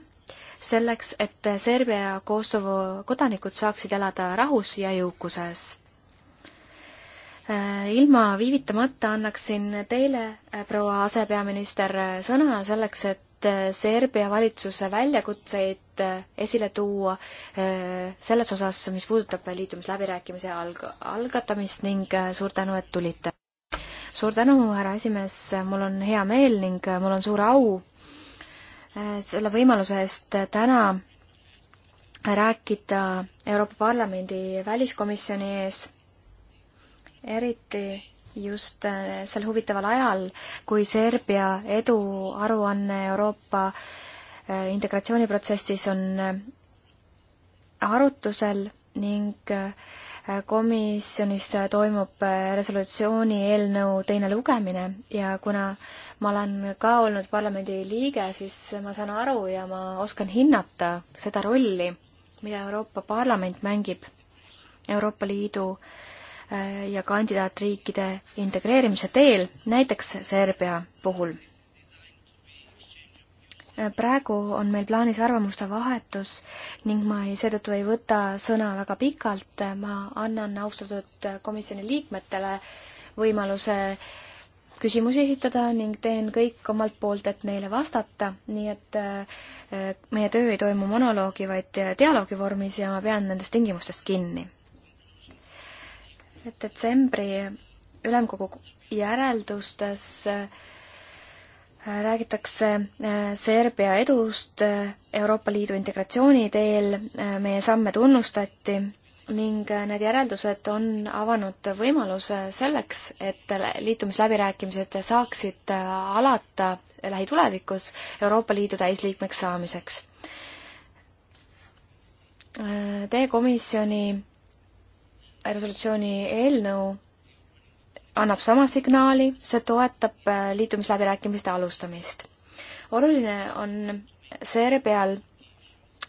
selleks, et Serbia ja Kosovo kodanikud saaksid elada rahus ja jõukuses Äh, ilma viivitamata annaksin teile, äh, proua asepeaminister, äh, sõna selleks, et Serbia valitsuse väljakutseid esile tuua selles osas, mis puudutab liitumisläbirääkimise alg-, algatamist ning suur tänu, et tulite. suur tänu, härra esimees, mul on hea meel ning mul on suur au selle võimaluse eest täna rääkida Euroopa Parlamendi väliskomisjoni ees eriti just äh, sel huvitaval ajal, kui Serbia eduaruanne Euroopa äh, integratsiooniprotsessis on äh, arutusel ning komisjonis toimub resolutsiooni eelnõu teine lugemine ja kuna ma olen ka olnud parlamendi liige, siis ma saan aru ja ma oskan hinnata seda rolli, mida Euroopa Parlament mängib Euroopa Liidu äh, Äh, ja kandidaatriikide integreerimise teel, näiteks Serbia puhul. Äh, praegu on meil plaanis arvamuste vahetus ning ma ei, seetõttu ei võta sõna väga pikalt, ma annan austatud komisjoni liikmetele võimaluse küsimusi esitada ning teen kõik omalt poolt, et neile vastata, nii et äh, meie töö ei toimu monoloogi, vaid dialoogi vormis ja ma pean nendest tingimustest kinni detsembri ülemkogu järeldustes äh, räägitakse äh, Serbia edust äh, Euroopa Liidu integratsiooni teel, meie samme tunnustati ning need järeldused on avanud võimaluse selleks, et liitumisläbirääkimised saaksid alata lähitulevikus Euroopa Liidu täisliikmeks saamiseks. Teie komisjoni resolutsiooni eelnõu annab sama signaali, see toetab äh, liitumisläbirääkimiste alustamist. oluline on Serbial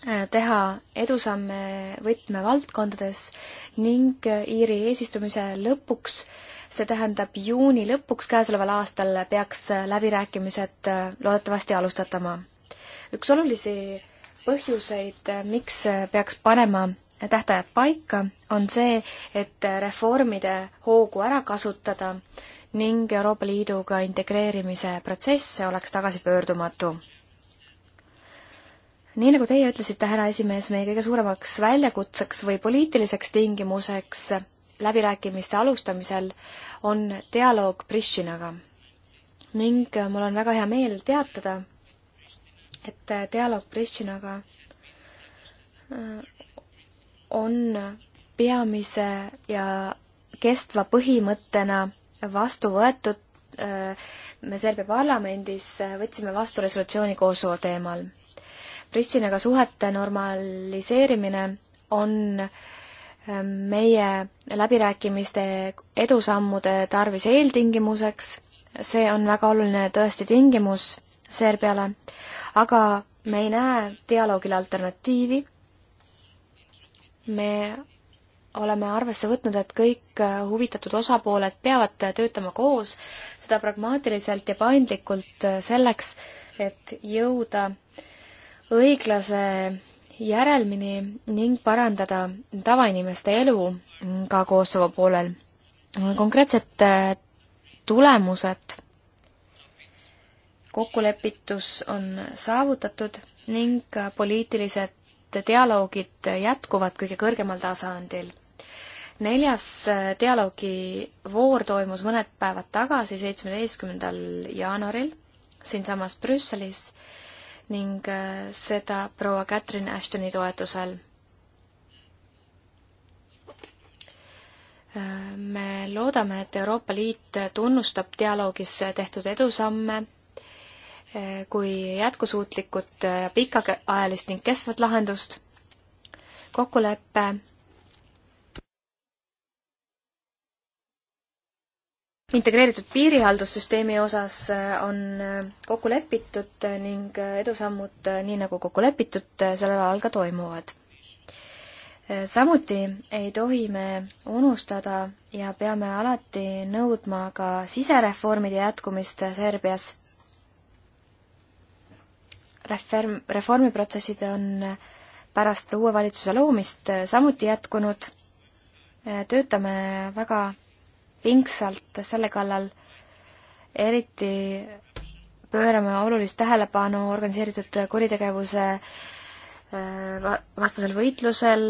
äh, teha edusamme võtmevaldkondades ning äh, Iiri eesistumise lõpuks, see tähendab juuni lõpuks käesoleval aastal peaks läbirääkimised loodetavasti alustatama. üks olulisi põhjuseid, miks peaks panema tähtajad paika, on see, et reformide hoogu ära kasutada ning Euroopa Liiduga integreerimise protsess oleks tagasipöördumatu. nii nagu teie ütlesite, härra esimees, meie kõige suuremaks väljakutseks või poliitiliseks tingimuseks läbirääkimiste alustamisel on dialoog Prishinaga. ning mul on väga hea meel teatada, et dialoog Prishinaga äh, on peamise ja kestva põhimõttena vastu võetud. Äh, me Serbia parlamendis äh, võtsime vastu resolutsiooni Kosovo teemal. Pristinaga suhete normaliseerimine on äh, meie läbirääkimiste edusammude tarvis eeltingimuseks, see on väga oluline tõesti tingimus Serbiale, aga me ei näe dialoogile alternatiivi me oleme arvesse võtnud, et kõik äh, huvitatud osapooled peavad äh, töötama koos, seda pragmaatiliselt ja paindlikult äh, selleks, et jõuda õiglase järelmini ning parandada tavainimeste elu mm, ka Kosovo poolel. konkreetsed tulemused kokkulepitus on saavutatud ning poliitilised et dialoogid jätkuvad kõige kõrgemal tasandil. neljas äh, dialoogi voor toimus mõned päevad tagasi, seitsmeteistkümnendal jaanuaril siinsamas Brüsselis ning äh, seda proua Catherine Ashtoni toetusel. Äh, me loodame, et Euroopa Liit tunnustab dialoogis tehtud edusamme kui jätkusuutlikut pikaajalist ning kestvat lahendust. kokkulepe integreeritud piirihaldussüsteemi osas äh, on äh, kokku lepitud äh, ning edusammud, nii nagu kokku lepitud, sellel alal ka toimuvad. samuti ei tohi me unustada ja peame alati nõudma ka sisereformide jätkumist Serbias reform, reformiprotsessid on pärast uue valitsuse loomist samuti jätkunud. töötame väga pingsalt selle kallal, eriti pöörame olulist tähelepanu organiseeritud kuritegevuse äh, vastasel võitlusel,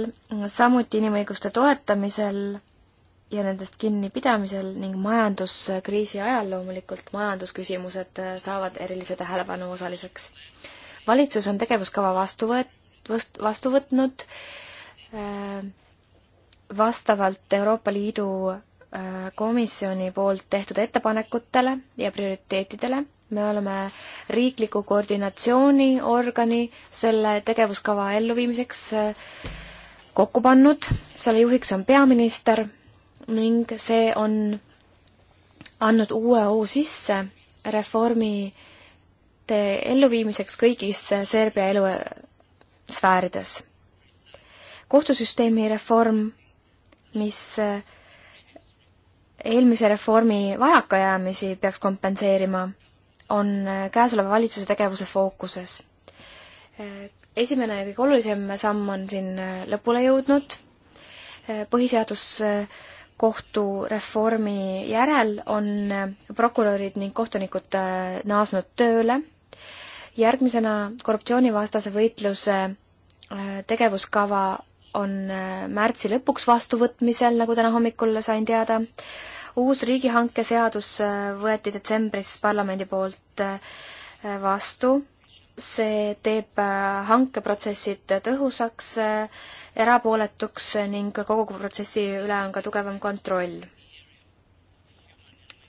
samuti inimõiguste toetamisel ja nendest kinnipidamisel ning majanduskriisi ajal loomulikult majandusküsimused äh, saavad erilise tähelepanu osaliseks valitsus on tegevuskava vastu võet-, vast-, vastu võtnud äh, vastavalt Euroopa Liidu äh, komisjoni poolt tehtud ettepanekutele ja prioriteetidele. me oleme riikliku koordinatsiooniorgani selle tegevuskava elluviimiseks äh, kokku pannud, selle juhiks on peaminister ning see on andnud uue hoo sisse reformi äh, elluviimiseks kõigis Serbia elusfäärides. kohtusüsteemi reform, mis eh, eelmise reformi vajakajäämisi peaks kompenseerima, on eh, käesoleva valitsuse tegevuse fookuses. Eh, esimene ja kõige olulisem samm on siin lõpule jõudnud, põhiseaduskohtu reformi järel on prokurörid ning kohtunikud naasnud tööle järgmisena korruptsioonivastase võitluse äh, tegevuskava on äh, märtsi lõpuks vastuvõtmisel, nagu täna hommikul sain teada. uus riigihanke seadus äh, võeti detsembris parlamendi poolt vastu. see teeb hankeprotsessid tõhusaks, erapooletuks ning kogu protsessi üle on ka tugevam kontroll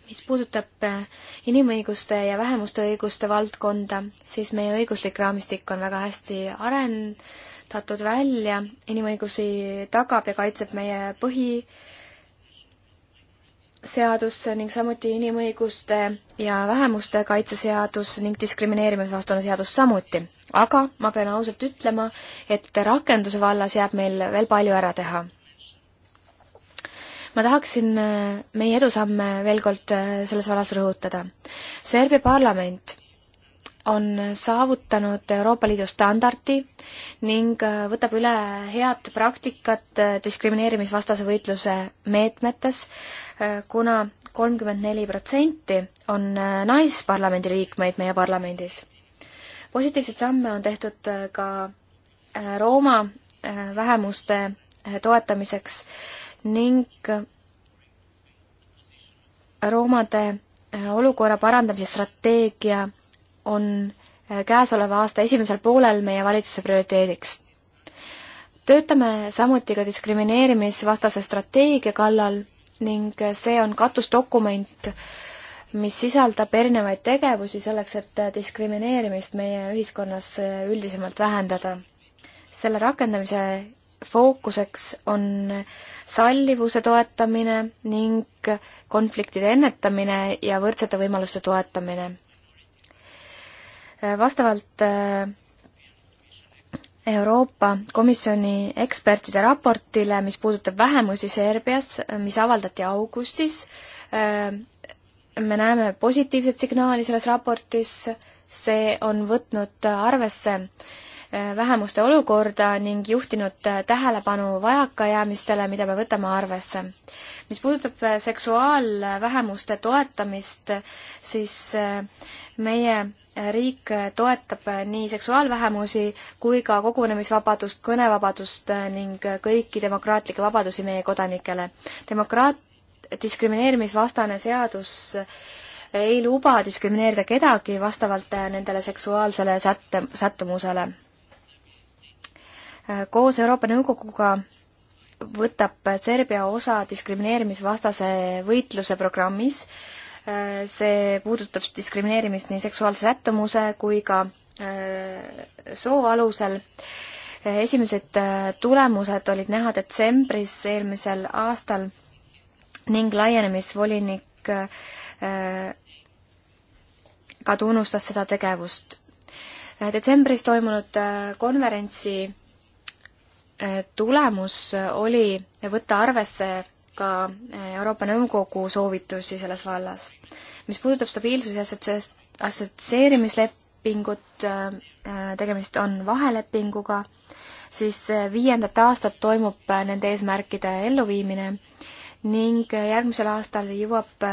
mis puudutab äh, inimõiguste ja vähemuste õiguste valdkonda, siis meie õiguslik raamistik on väga hästi arendatud välja, inimõigusi tagab ja kaitseb meie põhiseadus ning samuti inimõiguste ja vähemuste kaitseseadus ning diskrimineerimisvastane seadus samuti. aga ma pean ausalt ütlema, et rakenduse vallas jääb meil veel palju ära teha ma tahaksin äh, meie edusamme veel kord äh, selles vallas rõhutada. Serbia parlament on saavutanud Euroopa Liidu standardi ning äh, võtab üle head praktikat diskrimineerimisvastase võitluse meetmetes, kuna kolmkümmend neli protsenti on naisparlamendi liikmeid meie parlamendis. positiivseid samme on tehtud ka Rooma vähemuste toetamiseks ning roomade äh, olukorra parandamise strateegia on äh, käesoleva aasta esimesel poolel meie valitsuse prioriteediks. töötame samuti ka diskrimineerimisvastase strateegia kallal ning äh, see on katusdokument, mis sisaldab erinevaid tegevusi selleks, et diskrimineerimist meie ühiskonnas üldisemalt vähendada. selle rakendamise fookuseks on sallivuse toetamine ning konfliktide ennetamine ja võrdsete võimaluste toetamine. vastavalt äh, Euroopa Komisjoni ekspertide raportile, mis puudutab vähemusi Serbias, mis avaldati augustis, äh, me näeme positiivset signaali selles raportis, see on võtnud arvesse äh, Äh, vähemuste olukorda ning juhtinud äh, tähelepanu vajakajäämistele, mida me võtame arvesse. mis puudutab äh, seksuaalvähemuste toetamist, siis meie riik toetab nii seksuaalvähemusi kui ka kogunemisvabadust, kõnevabadust ning kõiki demokraatlikke vabadusi meie kodanikele. demokraat-, diskrimineerimisvastane seadus ei luba diskrimineerida kedagi vastavalt nendele seksuaalsele sätte, sättumusele. Äh, koos Euroopa Nõukoguga võtab Serbia osa diskrimineerimisvastase võitluse programmis. Äh, see puudutab diskrimineerimist nii seksuaalse sättumuse kui ka äh, soo alusel. esimesed tulemused olid näha detsembris eelmisel aastal ning laienemisvolinik ka tunnustas seda tegevust. detsembris toimunud konverentsi tulemus oli võtta arvesse ka Euroopa Nõukogu soovitusi selles vallas. mis puudutab stabiilsuse assotsieerimislepingut, äh, tegemist on vahelepinguga, siis äh, viiendat aastat toimub äh, nende eesmärkide elluviimine ning järgmisel aastal jõuab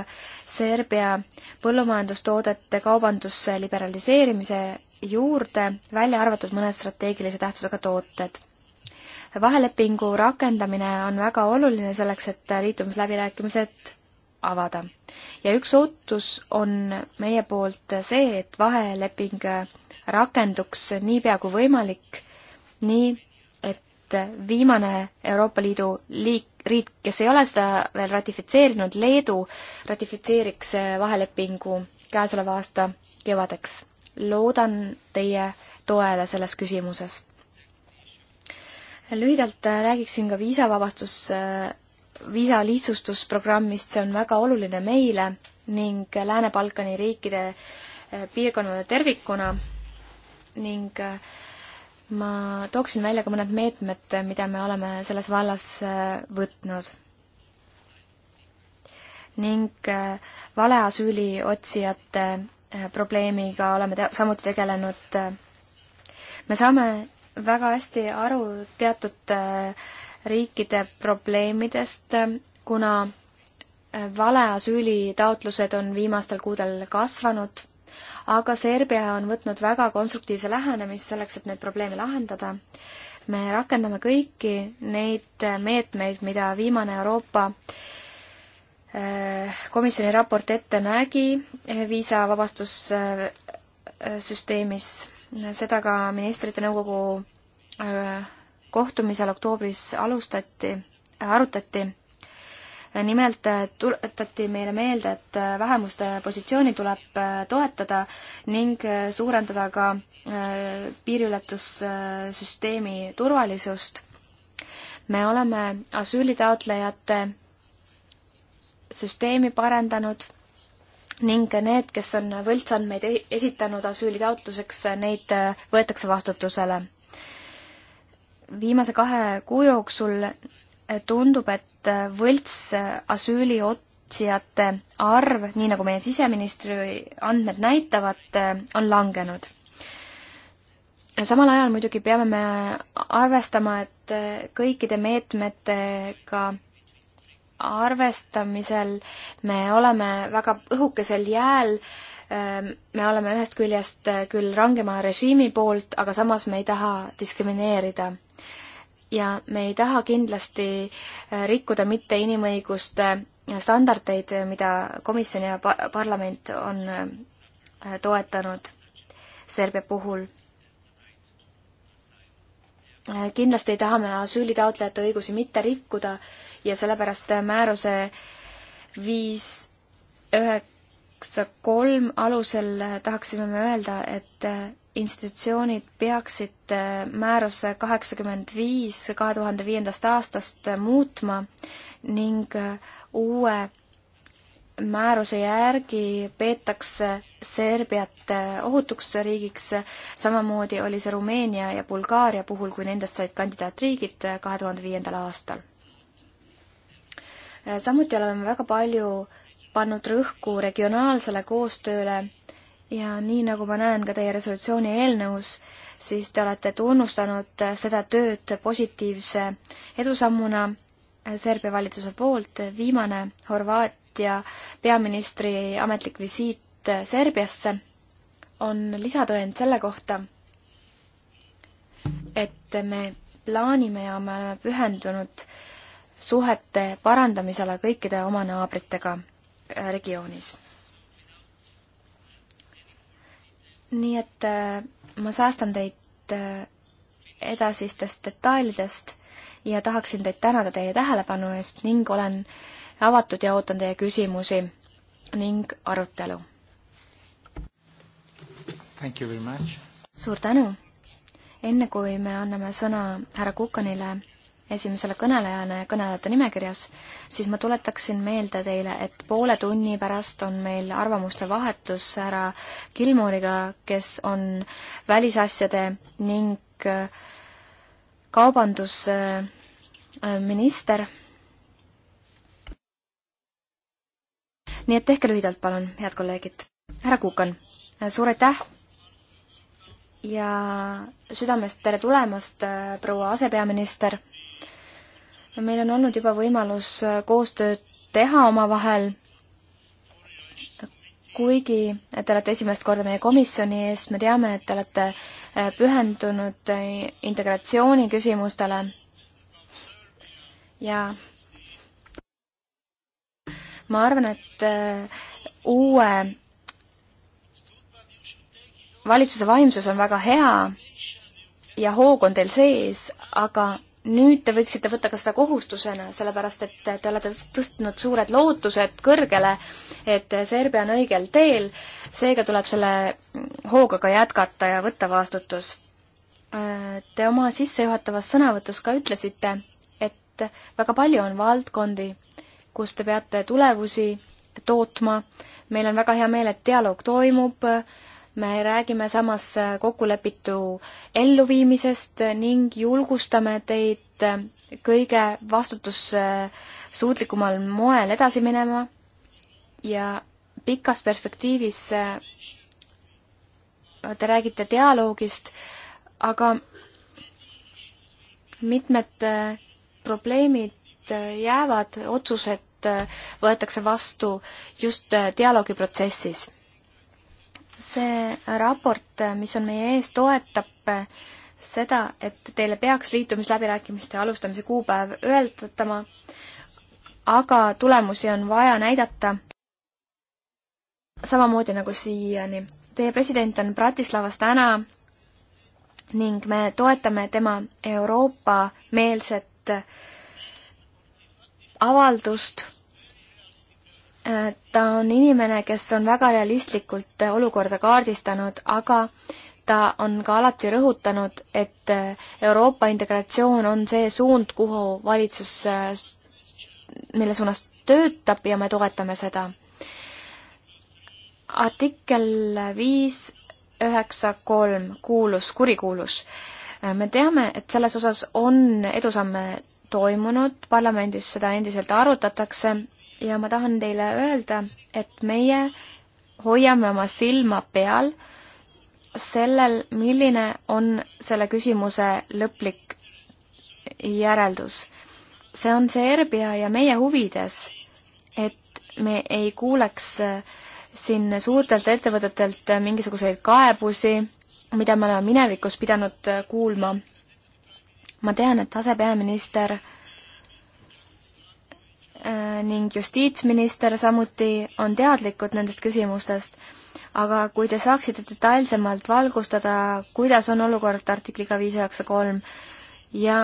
Serbia põllumajandustoodete kaubandusse liberaliseerimise juurde, välja arvatud mõned strateegilise tähtsusega tooted vahelepingu rakendamine on väga oluline selleks, et liitumisläbirääkimised avada. ja üks ootus on meie poolt see, et vaheleping rakenduks niipea kui võimalik, nii et viimane Euroopa Liidu liik-, riik, kes ei ole seda veel ratifitseerinud, Leedu, ratifitseeriks vahelepingu käesoleva aasta kevadeks. loodan teie toele selles küsimuses lühidalt äh, räägiksin ka viisavabastus, äh, viisa lihtsustusprogrammist, see on väga oluline meile ning Lääne-Balkani riikide äh, piirkonnale tervikuna ning ma tooksin välja ka mõned meetmed, mida me oleme selles vallas võtnud. ning valeasüüli otsijate probleemiga oleme te samuti tegelenud. me saame väga hästi aru teatud äh, riikide probleemidest, kuna äh, valeasüülitaotlused on viimastel kuudel kasvanud, aga Serbia on võtnud väga konstruktiivse lähenemise selleks, et neid probleeme lahendada. me rakendame kõiki neid äh, meetmeid, mida viimane Euroopa komisjoni raport ette nägi viisavabastussüsteemis seda ka ministrite nõukogu äh, kohtumisel oktoobris alustati, äh, arutati. nimelt äh, tuletati meile meelde, et vähemuste positsiooni tuleb toetada ning suurendada ka piiriületussüsteemi turvalisust. me oleme asüülitaotlejate süsteemi parendanud ning need, kes on võltsandmeid e-, esitanud asüülitaotluseks, neid äh, võetakse vastutusele. viimase kahe kuu jooksul äh, tundub, et äh, võltsasüüli otsijate arv, nii nagu meie siseministri andmed näitavad, on langenud. samal ajal muidugi peame me arvestama, et kõikide meetmetega arvestamisel me oleme väga õhukesel jääl, ehm, me oleme ühest küljest eh, küll rangema režiimi poolt, aga samas me ei taha diskrimineerida. ja me ei taha kindlasti eh, rikkuda mitte inimõiguste standardeid, mida komisjon ja par parlament on eh, toetanud Serbia puhul kindlasti ei taha me asüülitaotlejate õigusi mitte rikkuda ja sellepärast määruse viis üheksa kolm alusel tahaksime me öelda, et institutsioonid peaksid määruse kaheksakümmend viis kahe tuhande viiendast aastast muutma ning uue määruse järgi peetakse Serbiat ohutuks riigiks, samamoodi oli see Rumeenia ja Bulgaaria puhul, kui nendest said kandidaatriigid kahe tuhande viiendal aastal samuti oleme väga palju pannud rõhku regionaalsele koostööle ja nii, nagu ma näen ka teie resolutsiooni eelnõus, siis te olete tunnustanud seda tööd positiivse edusammuna Serbia valitsuse poolt. viimane Horvaatia peaministri ametlik visiit Serbiasse on lisatõend selle kohta, et me plaanime ja me oleme pühendunud äh, suhete parandamisele kõikide oma naabritega äh, regioonis. nii et äh, ma säästan teid äh, edasistest detailidest ja tahaksin teid tänada teie tähelepanu eest ning olen avatud ja ootan teie küsimusi ning arutelu. suur tänu! enne kui me anname sõna härra Kukanile esimesele kõnelejana ja kõnelejate nimekirjas, siis ma tuletaksin meelde teile, et poole tunni pärast on meil arvamuste vahetus härra Kilmuriga, kes on välisasjade ning äh, kaubandusminister. nii et tehke lühidalt, palun, head kolleegid. härra Kuukan, äh, suur aitäh ja südamest tere tulemast, äh, proua asepeaminister meil on olnud juba võimalus äh, koostööd teha omavahel, kuigi te olete esimest korda meie komisjoni ees, me teame, et te olete äh, pühendunud äh, integratsiooni küsimustele ja ma arvan, et uue valitsuse vaimsus on väga hea ja hoog on teil sees, aga nüüd te võiksite võtta ka seda kohustusena, sellepärast et te olete tõstnud suured lootused kõrgele, et Serbia on õigel teel, seega tuleb selle hooga ka jätkata ja võtta vastutus. Te oma sissejuhatavas sõnavõtus ka ütlesite, et väga palju on valdkondi, kus te peate tulevusi tootma, meil on väga hea meel, et dialoog toimub, me räägime samas kokkulepitu elluviimisest ning julgustame teid kõige vastutussuutlikumal moel edasi minema ja pikas perspektiivis te räägite dialoogist, aga mitmed probleemid jäävad, otsused võetakse vastu just dialoogiprotsessis see raport, mis on meie ees, toetab seda, et teile peaks liitumisläbirääkimiste alustamise kuupäev öeldatama, aga tulemusi on vaja näidata samamoodi nagu siiani. Teie president on Bratislavas täna ning me toetame tema Euroopa-meelset avaldust ta on inimene, kes on väga realistlikult olukorda kaardistanud, aga ta on ka alati rõhutanud, et Euroopa integratsioon on see suund, kuhu valitsus, mille suunas töötab ja me toetame seda. artikkel viis üheksa kolm kuulus, kurikuulus. me teame, et selles osas on edusamme toimunud, parlamendis seda endiselt arutatakse ja ma tahan teile öelda, et meie hoiame oma silma peal sellel, milline on selle küsimuse lõplik järeldus. see on Serbia ja meie huvides, et me ei kuuleks siin suurtelt ettevõtetelt mingisuguseid kaebusi, mida me oleme minevikus pidanud kuulma. ma tean, et asepeaminister Äh, ning justiitsminister samuti on teadlikud nendest küsimustest, aga kui te saaksite detailsemalt valgustada, kuidas on olukord artikliga viis üheksa kolm ja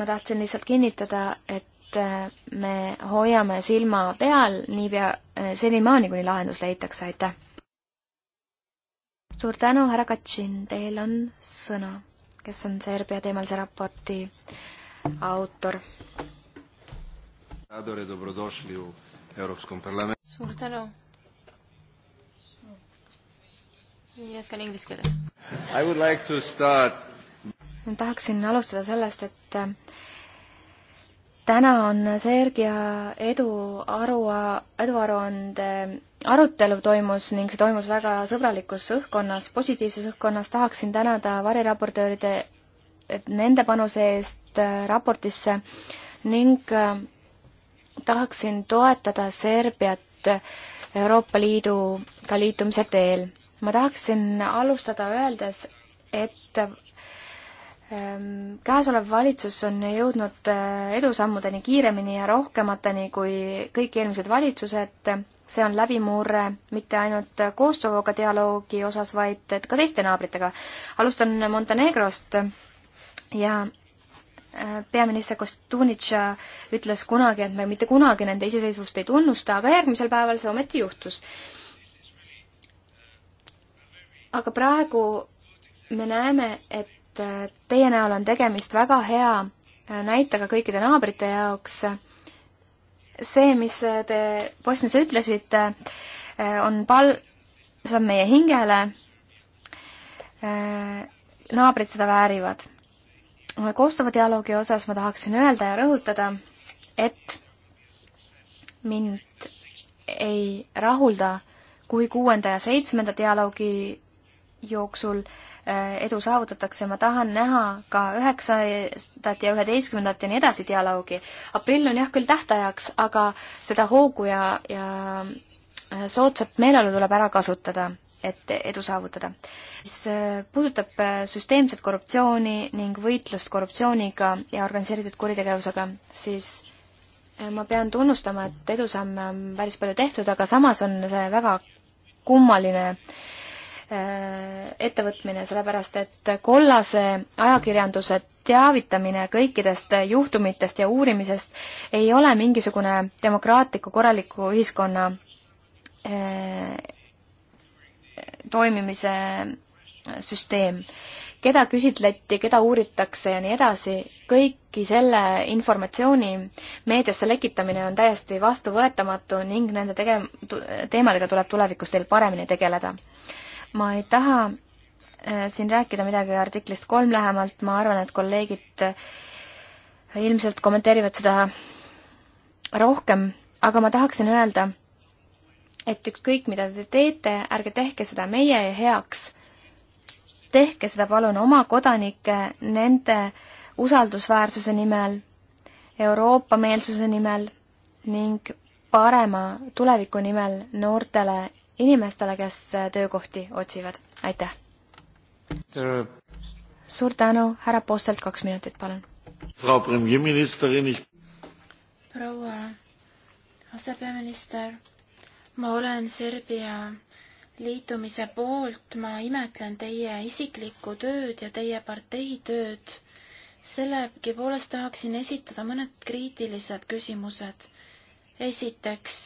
ma tahtsin lihtsalt kinnitada, et äh, me hoiame silma peal niipea, äh, senimaani, kuni lahendus leitakse, aitäh! suur tänu, härra Katšin, teil on sõna, kes on Serbia teemalise raporti autor suur tänu. jätkan inglise keeles. I would like to start. tahaksin alustada sellest, et äh, täna on Sergia edu arua, eduaruande arutelu toimus ning see toimus väga sõbralikus õhkkonnas, positiivses õhkkonnas, tahaksin tänada variraportööride, et nende panuse eest äh, raportisse ning äh, tahaksin toetada Serbiat Euroopa Liiduga liitumise teel. ma tahaksin alustada öeldes, et ähm, käesolev valitsus on jõudnud äh, edusammudeni kiiremini ja rohkemateni kui kõik eelmised valitsused. see on läbimurre mitte ainult Kosovoga dialoogi osas, vaid ka teiste naabritega. alustan Montenegrost ja peaminister Kostunitša ütles kunagi, et me mitte kunagi nende iseseisvust ei tunnusta, aga järgmisel päeval see ometi juhtus. aga praegu me näeme, et teie näol on tegemist väga hea näitega kõikide naabrite jaoks. see, mis te Bosnias ütlesite, on pal-, see on meie hingele, naabrid seda väärivad Kosovo dialoogi osas ma tahaksin öelda ja rõhutada, et mind ei rahulda, kui kuuenda ja seitsmenda dialoogi jooksul äh, edu saavutatakse, ma tahan näha ka üheksandat ja üheteistkümnendat ja nii edasi dialoogi. aprill on jah küll tähtajaks, aga seda hoogu ja, ja äh, soodsat meeleolu tuleb ära kasutada et edu saavutada. mis äh, puudutab äh, süsteemset korruptsiooni ning võitlust korruptsiooniga ja organiseeritud kuritegevusega, siis äh, ma pean tunnustama, et edusamme on päris palju tehtud, aga samas on see väga kummaline ettevõtmine, sellepärast et kollase ajakirjanduse teavitamine kõikidest juhtumitest ja uurimisest ei ole mingisugune demokraatliku korraliku ühiskonna toimimise süsteem, keda küsitleti, keda uuritakse ja nii edasi, kõiki selle informatsiooni meediasse lekitamine on täiesti vastuvõetamatu ning nende tege-, teemadega tuleb tulevikus teil paremini tegeleda. ma ei taha äh, siin rääkida midagi artiklist kolm lähemalt, ma arvan, et kolleegid äh, ilmselt kommenteerivad seda rohkem, aga ma tahaksin öelda, et ükskõik, mida te teete, ärge tehke seda meie heaks. tehke seda palun oma kodanike, nende usaldusväärsuse nimel, Euroopa meelsuse nimel ning parema tuleviku nimel noortele inimestele, kes töökohti otsivad. aitäh! suur tänu, härra Postelt kaks minutit, palun. proua asepeaminister ma olen Serbia liitumise poolt, ma imetlen teie isiklikku tööd ja teie partei tööd. sellegipoolest tahaksin esitada mõned kriitilised küsimused. esiteks,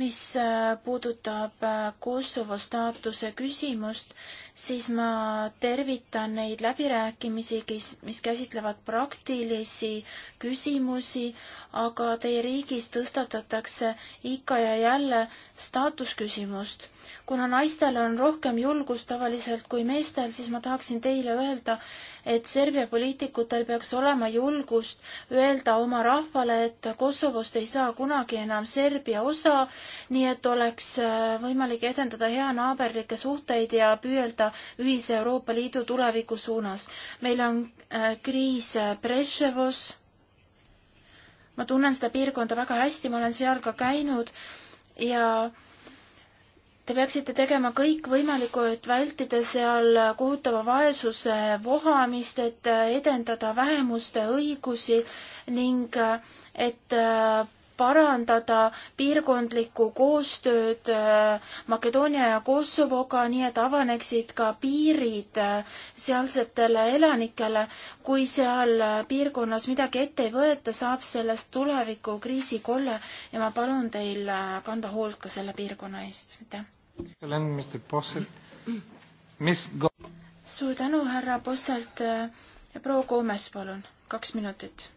mis äh, puudutab äh, Kosovo staatuse küsimust, siis ma tervitan neid läbirääkimisi, kes, mis käsitlevad praktilisi küsimusi, aga teie riigis tõstatatakse ikka ja jälle staatusküsimust. kuna naistel on rohkem julgust tavaliselt kui meestel, siis ma tahaksin teile öelda, et Serbia poliitikutel peaks olema julgust öelda oma rahvale, et Kosovost ei saa kunagi enam Serbia osa, nii et oleks äh, võimalik edendada heanaaberlikke suhteid ja püüelda liikuda ühise Euroopa Liidu tuleviku suunas. meil on äh, kriis Brežnevos, äh, ma tunnen seda piirkonda väga hästi, ma olen seal ka käinud ja Te peaksite tegema kõik võimalikku, et vältida seal kohutava vaesuse vohamist, et äh, edendada vähemuste õigusi ning et parandada piirkondlikku koostööd äh, Makedoonia ja Kosovoga, nii et avaneksid ka piirid äh, sealsetele elanikele. kui seal äh, piirkonnas midagi ette ei võeta, saab sellest tuleviku kriisikolle ja ma palun teil kanda hoolt ka selle piirkonna eest, aitäh. Mm. suur tänu, härra Posselt. proua Koomes, palun, kaks minutit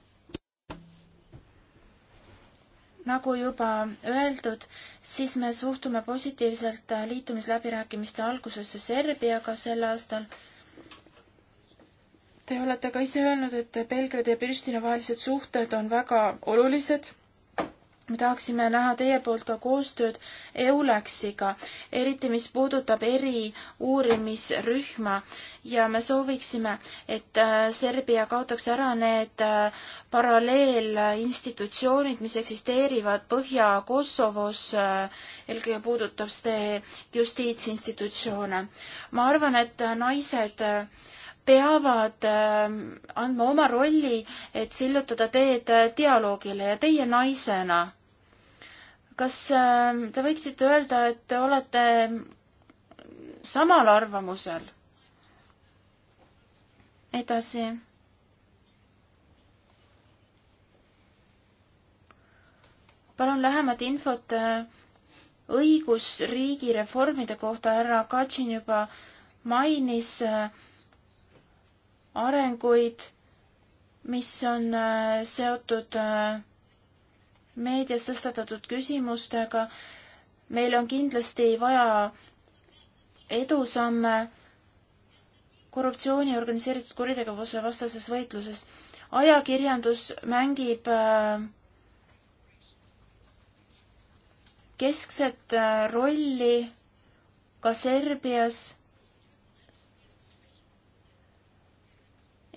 nagu juba öeldud, siis me suhtume positiivselt liitumisläbirääkimiste algusesse Serbiaga sel aastal. Te olete ka ise öelnud, et Belgradi ja Pristina vahelised suhted on väga olulised me tahaksime näha teie poolt ka koostööd EULEX-iga, eriti mis puudutab eri uurimisrühma ja me sooviksime, et äh, Serbia kaotaks ära need äh, paralleelinstitutsioonid, mis eksisteerivad Põhja-Kosovos, äh, eelkõige puudutab see justiitsinstitutsioone. ma arvan, et naised peavad andma oma rolli, et sillutada teed dialoogile ja teie naisena kas ähm, te võiksite öelda, et te olete samal arvamusel? edasi. palun lähemat infot äh, õigusriigi reformide kohta, härra Katšin juba mainis äh, arenguid, mis on äh, seotud äh, meedias tõstatatud küsimustega. meil on kindlasti vaja edusamme korruptsiooni ja organiseeritud kuritegevuse vastases võitluses. ajakirjandus mängib äh, keskset äh, rolli ka Serbias.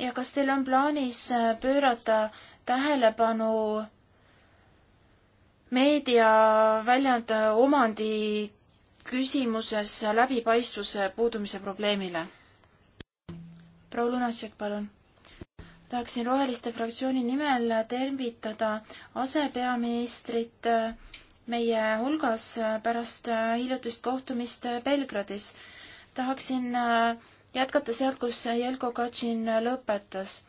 ja kas teil on plaanis äh, pöörata tähelepanu meediaväljaande äh, omandi küsimuses läbipaistvuse puudumise probleemile. proua Lunatšek, palun. tahaksin Roheliste fraktsiooni nimel tervitada asepeaministrit äh, meie hulgas äh, pärast hiljutist kohtumist Belgradis. tahaksin jätkata sealt, kus Jelko Katšin lõpetas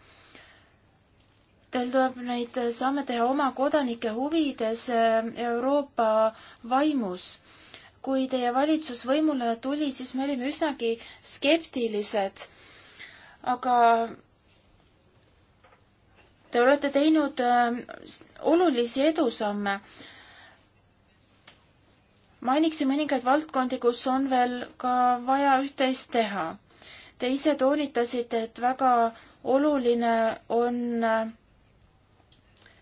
Teil tuleb neid äh, samme teha oma kodanike huvides äh, Euroopa vaimus. kui teie valitsus võimule tuli, siis me olime üsnagi skeptilised. aga te olete teinud äh, olulisi edusamme. mainiksin mõningaid valdkondi, kus on veel ka vaja üht-teist teha. Te ise toonitasite, et väga oluline on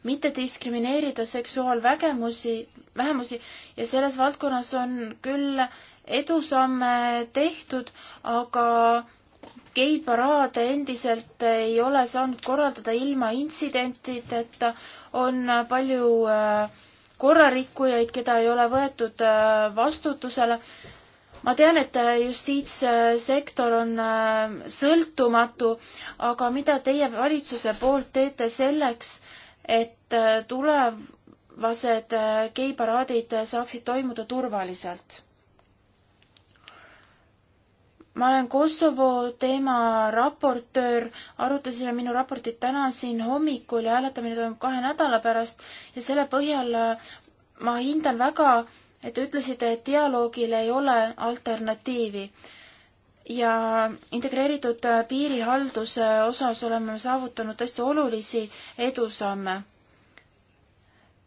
mitte diskrimineerida seksuaalvägemusi, vähemusi ja selles valdkonnas on küll edusamme tehtud, aga geiparaade endiselt ei ole saanud korraldada ilma intsidentideta, on palju äh, korrarikkujaid, keda ei ole võetud äh, vastutusele. ma tean, et äh, justiitssektor on sõltumatu, aga mida teie valitsuse poolt teete selleks, et äh, tulevased äh, geiparaadid saaksid toimuda turvaliselt. ma olen Kosovo teema raportöör, arutasime minu raportit täna siin hommikul ja hääletamine toimub kahe nädala pärast ja selle põhjal äh, ma hindan väga, et te ütlesite, et dialoogil ei ole alternatiivi ja integreeritud piirihalduse osas oleme saavutanud tõesti olulisi edusamme.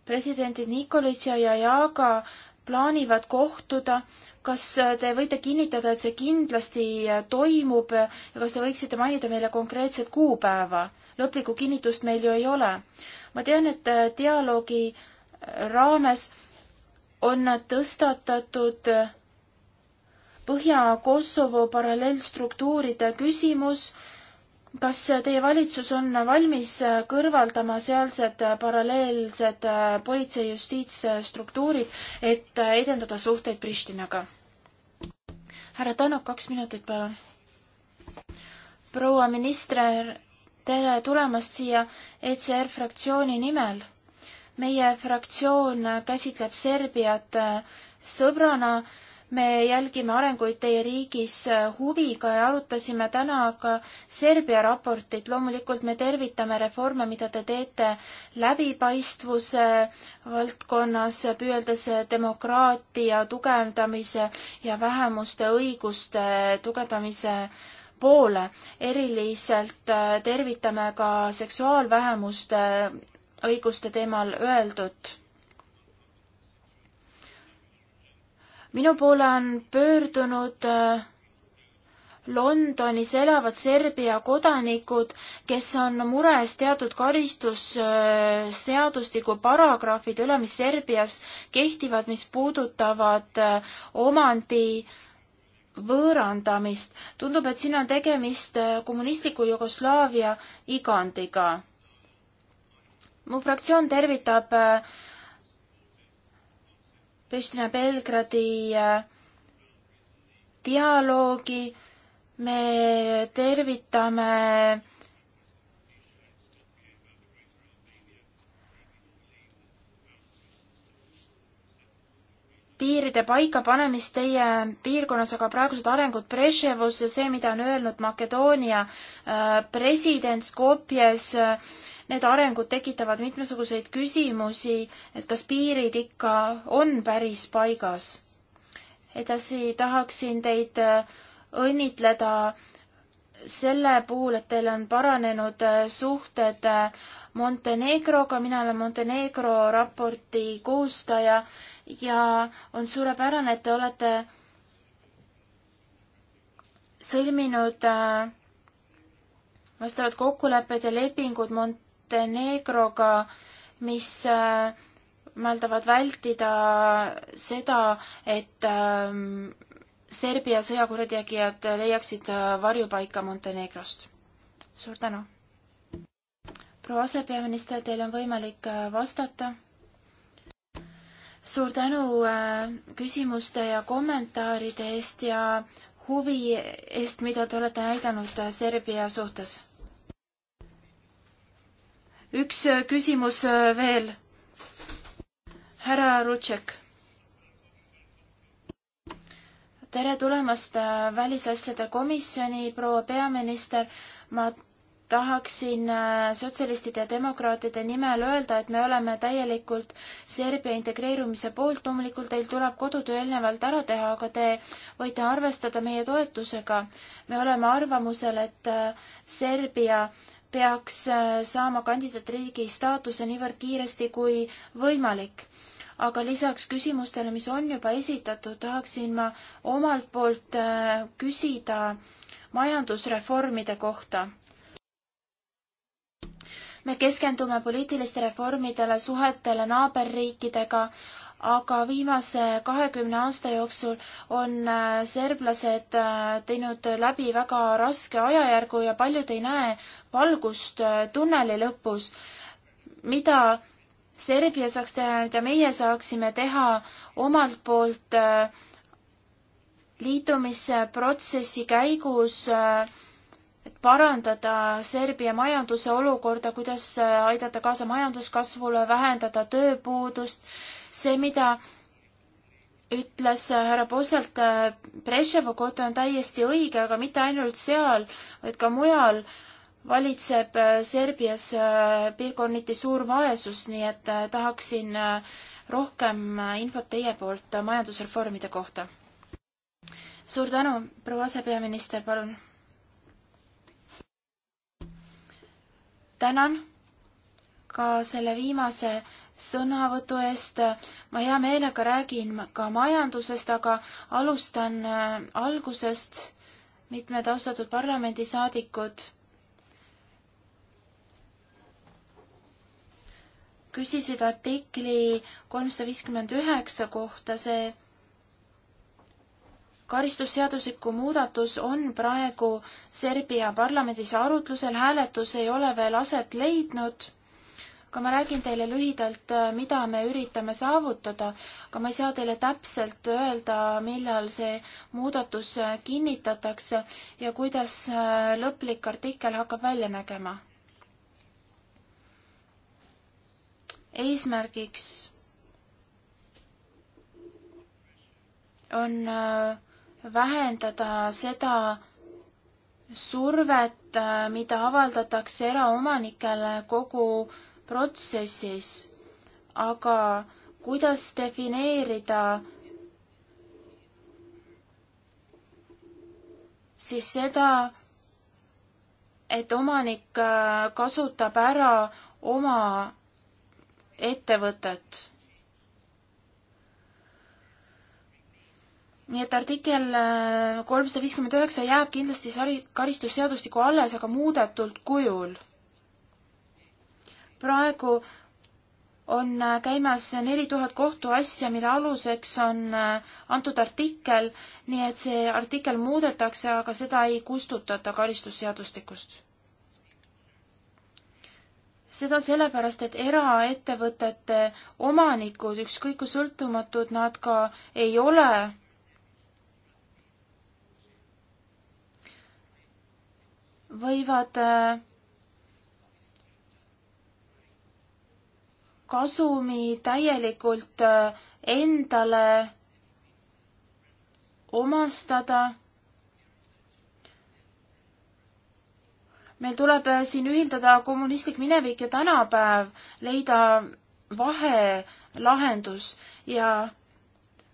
presidendid Nikolitša ja Jaaga plaanivad kohtuda. kas te võite kinnitada, et see kindlasti toimub ja kas te võiksite mainida meile konkreetset kuupäeva? lõplikku kinnitust meil ju ei ole. ma tean, et dialoogi raames on tõstatatud Põhja-Kosovo paralleelstruktuuride küsimus. kas teie valitsus on valmis kõrvaldama sealsed paralleelsed äh, politsei- ja justiitsstruktuurid, et äh, edendada suhteid Pristinaga? härra Tanok, kaks minutit, palun. proua minister, tere tulemast siia ECR fraktsiooni nimel meie fraktsioon käsitleb Serbiat äh, sõbrana me jälgime arenguid teie riigis äh, huviga ja arutasime täna ka Serbia raportit. loomulikult me tervitame reforme, mida te teete läbipaistvuse valdkonnas, püüeldes demokraatia tugevdamise ja vähemuste õiguste tugevdamise poole. eriliselt äh, tervitame ka seksuaalvähemuste õiguste teemal öeldut minu poole on pöördunud äh, Londonis elavad Serbia kodanikud, kes on mures teatud karistusseadustiku äh, paragrahvide üle, mis Serbias kehtivad, mis puudutavad äh, omandi võõrandamist. tundub, et siin on tegemist kommunistliku Jugoslaavia igandiga. mu fraktsioon tervitab Pristina Belgradi äh, dialoogi. me tervitame piiride paikapanemist teie piirkonnas, aga praegused arengud Brežnevus ja see, mida on öelnud Makedoonia äh, president Skopjes, äh, Need arengud tekitavad mitmesuguseid küsimusi, et kas piirid ikka on päris paigas. edasi tahaksin teid äh, õnnitleda selle puhul, et teil on paranenud äh, suhted äh, Montenegroga, mina olen Montenegro raporti koostaja ja on suurepärane, et te olete sõlminud vastavad kokkulepped ja lepingud Mont-, Montenegroga, mis äh, mõeldavad vältida seda, et ähm, Serbia sõjakurjategijad leiaksid äh, varjupaika Montenegrost. suur tänu! proua asepeaminister, teil on võimalik äh, vastata. suur tänu küsimuste ja kommentaaride eest ja huvi eest, mida te olete näidanud Serbia suhtes üks äh, küsimus äh, veel. härra Rutšek. tere tulemast äh, Välisasjade komisjoni, proua peaminister. ma tahaksin sotsialistide ja demokraatide nimel öelda, et me oleme täielikult Serbia integreerumise poolt, loomulikult teil tuleb kodutöö eelnevalt ära teha, aga te võite arvestada meie toetusega. me oleme arvamusel, et Serbia äh, peaks äh, saama kandidaatriigi staatuse niivõrd kiiresti kui võimalik. aga lisaks küsimustele, mis on juba esitatud, tahaksin ma omalt poolt äh, küsida majandusreformide kohta. me keskendume poliitiliste reformidele, suhetele naaberriikidega, aga viimase kahekümne aasta jooksul on äh, serblased äh, teinud läbi väga raske ajajärgu ja paljud ei näe valgust äh, tunneli lõpus. mida Serbia saaks teha, mida meie saaksime teha omalt poolt liitumisprotsessi käigus, et parandada Serbia majanduse olukorda, kuidas aidata kaasa majanduskasvule, vähendada tööpuudust see, mida ütles äh, härra Posselt Brežnevi äh, kohta on täiesti õige, aga mitte ainult seal, vaid ka mujal valitseb äh, Serbias piirkonniti suur vaesus, nii et tahaksin rohkem infot teie poolt majandusreformide kohta. suur tänu, proua asepeaminister, palun. tänan ka selle viimase sõnavõtu eest. ma hea meelega räägin ka majandusest, aga alustan äh, algusest. mitmed austatud parlamendisaadikud küsisid artikli kolmsada viiskümmend üheksa kohta, see karistusseadusliku muudatus on praegu Serbia parlamendis arutlusel, hääletus ei ole veel aset leidnud aga ma räägin teile lühidalt, äh, mida me üritame saavutada, aga ma ei saa teile täpselt öelda, millal see muudatus äh, kinnitatakse ja kuidas äh, lõplik artikkel hakkab välja nägema. eesmärgiks on vähendada seda, survet, mida avaldatakse eraomanikele kogu protsessis, aga kuidas defineerida siis seda, et omanik äh, kasutab ära oma ettevõtet. nii et artikkel äh, kolmsada viiskümmend üheksa jääb kindlasti sari, karistusseadustiku alles, aga muudetult kujul praegu on äh, käimas neli tuhat kohtuasja, mille aluseks on äh, antud artikkel, nii et see artikkel muudetakse, aga seda ei kustutata karistusseadustikust. seda sellepärast, et eraettevõtete omanikud, ükskõik kui sõltumatud nad ka ei ole, võivad äh, kasumi täielikult äh, endale omastada. meil tuleb äh, siin ühildada kommunistlik minevik ja tänapäev, leida vahelahendus ja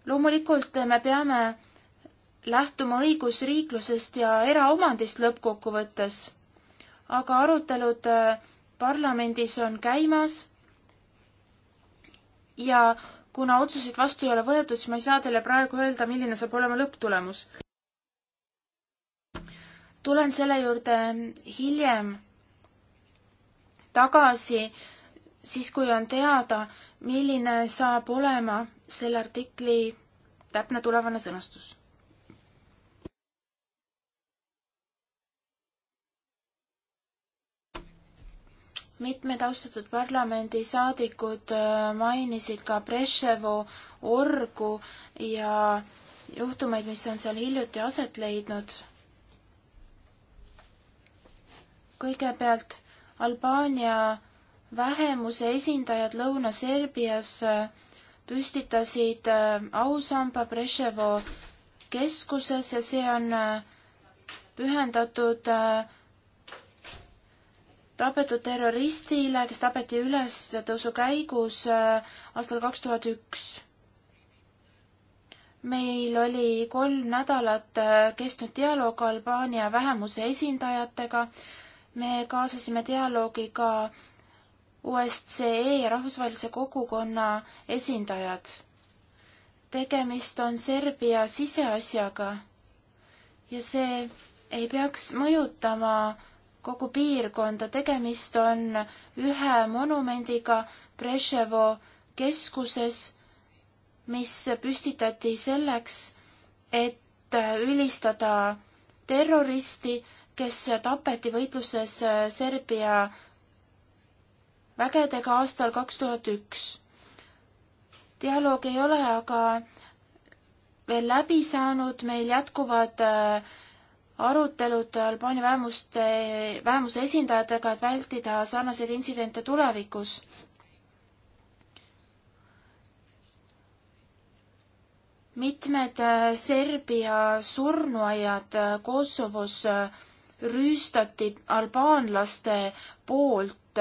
loomulikult äh, me peame lähtuma õigusriiklusest ja eraomandist lõppkokkuvõttes. aga arutelud parlamendis on käimas ja kuna otsuseid vastu ei ole võetud, siis ma ei saa teile praegu öelda, milline saab olema lõpptulemus. tulen selle juurde hiljem tagasi, siis kui on teada, milline saab olema selle artikli täpne tulevane sõnastus mitmed austatud parlamendisaadikud äh, mainisid ka Brežnevo orgu ja juhtumeid, mis on seal hiljuti aset leidnud. kõigepealt Albaania vähemuse esindajad Lõuna-Serbias äh, püstitasid äh, ausamba Brežnevo keskuses ja see on pühendatud äh, tapetud terroristile, kes tapeti ülestõusu käigus äh, aastal kaks tuhat üks. meil oli kolm nädalat äh, kestnud dialoog Albaania vähemuse esindajatega. me kaasasime dialoogi ka OSCE ja rahvusvahelise kogukonna esindajad. tegemist on Serbia siseasjaga ja see ei peaks mõjutama kogu piirkonda. tegemist on ühe monumendiga Brežnevo keskuses, mis püstitati selleks, et ülistada terroristi, kes tapeti võitluses äh, Serbia vägedega aastal kaks tuhat üks. dialoog ei ole aga veel läbi saanud, meil jätkuvad äh, arutelud Albaania vähemuste, vähemuse esindajatega, et vältida sarnaseid intsidente tulevikus. mitmed äh, Serbia surnuaiad äh, Kosovos äh, rüüstati albaanlaste poolt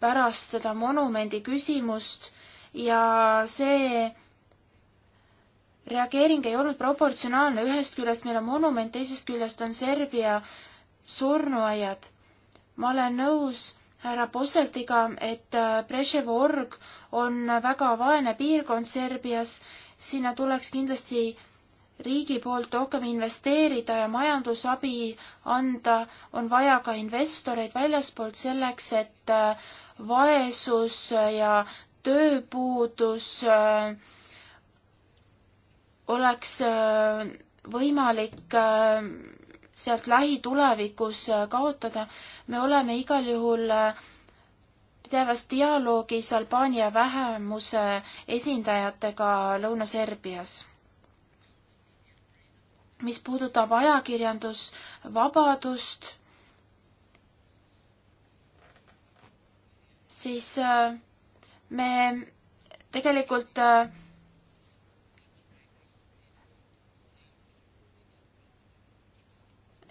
pärast seda monumendi küsimust ja see reageering ei olnud proportsionaalne, ühest küljest meil on monument, teisest küljest on Serbia surnuaiad. ma olen nõus härra Posseltiga, et Brežnevi äh, org on väga vaene piirkond Serbias, sinna tuleks kindlasti riigi poolt rohkem investeerida ja majandusabi anda, on vaja ka investoreid väljaspoolt selleks, et äh, vaesus ja tööpuudus äh, oleks äh, võimalik äh, sealt lähitulevikus äh, kaotada. me oleme igal juhul pidevas dialoogis Albaania vähemuse esindajatega Lõuna-Serbias. mis puudutab ajakirjandusvabadust, siis me tegelikult äh,